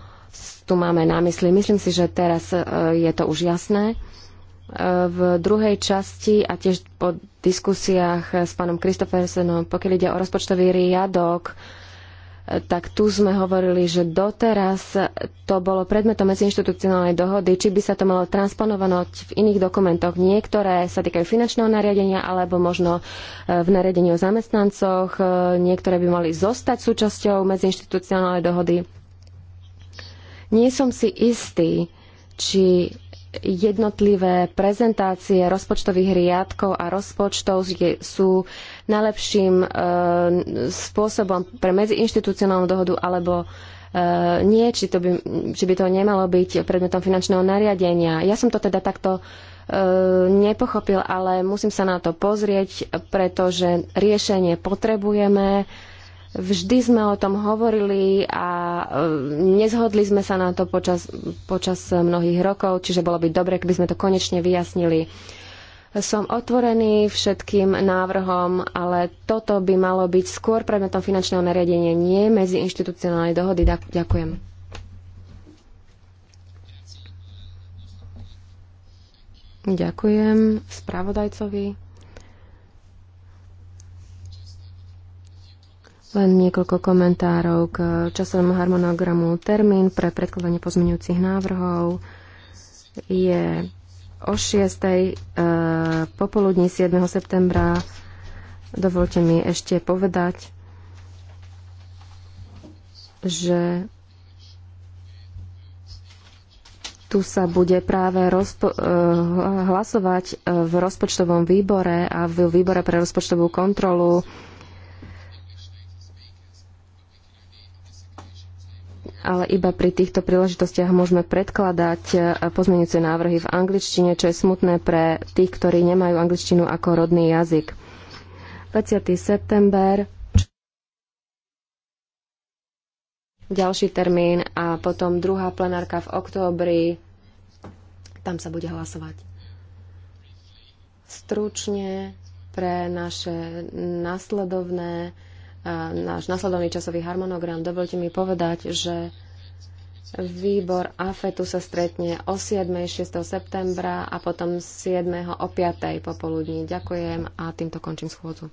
tu máme na mysli. Myslím si, že teraz e, je to už jasné. E, v druhej časti a tiež po diskusiách s pánom Kristofersenom, pokiaľ ide o rozpočtový riadok, tak tu sme hovorili, že doteraz to bolo predmetom medziinštitucionálnej dohody, či by sa to malo transponovať v iných dokumentoch. Niektoré sa týkajú finančného nariadenia alebo možno e, v nariadení o zamestnancoch. E, niektoré by mali zostať súčasťou medziinštitucionálnej dohody. Nie som si istý, či jednotlivé prezentácie rozpočtových riadkov a rozpočtov sú najlepším eh, spôsobom pre medziinštitucionálnu dohodu alebo eh, nie, či, to by, či by to nemalo byť predmetom finančného nariadenia. Ja som to teda takto eh, nepochopil, ale musím sa na to pozrieť, pretože riešenie potrebujeme. Vždy sme o tom hovorili a nezhodli sme sa na to počas, počas mnohých rokov, čiže bolo by dobre, keby sme to konečne vyjasnili. Som otvorený všetkým návrhom, ale toto by malo byť skôr predmetom finančného nariadenia, nie medzi inštitucionálnej dohody. Ďakujem. Ďakujem spravodajcovi. Len niekoľko komentárov k časovému harmonogramu. Termín pre predkladanie pozmeňujúcich návrhov je o 6. E, popoludní 7. septembra. Dovolte mi ešte povedať, že tu sa bude práve e, hlasovať e, v rozpočtovom výbore a v výbore pre rozpočtovú kontrolu ale iba pri týchto príležitostiach môžeme predkladať e, pozmeňujúce návrhy v angličtine, čo je smutné pre tých, ktorí nemajú angličtinu ako rodný jazyk. 20. september ďalší termín a potom druhá plenárka v októbri. Tam sa bude hlasovať. Stručne pre naše nasledovné náš nasledovný časový harmonogram, dovolte mi povedať, že výbor AFETu sa stretne o 7. 6. septembra a potom 7. o 5. popoludní. Ďakujem a týmto končím schôdzu.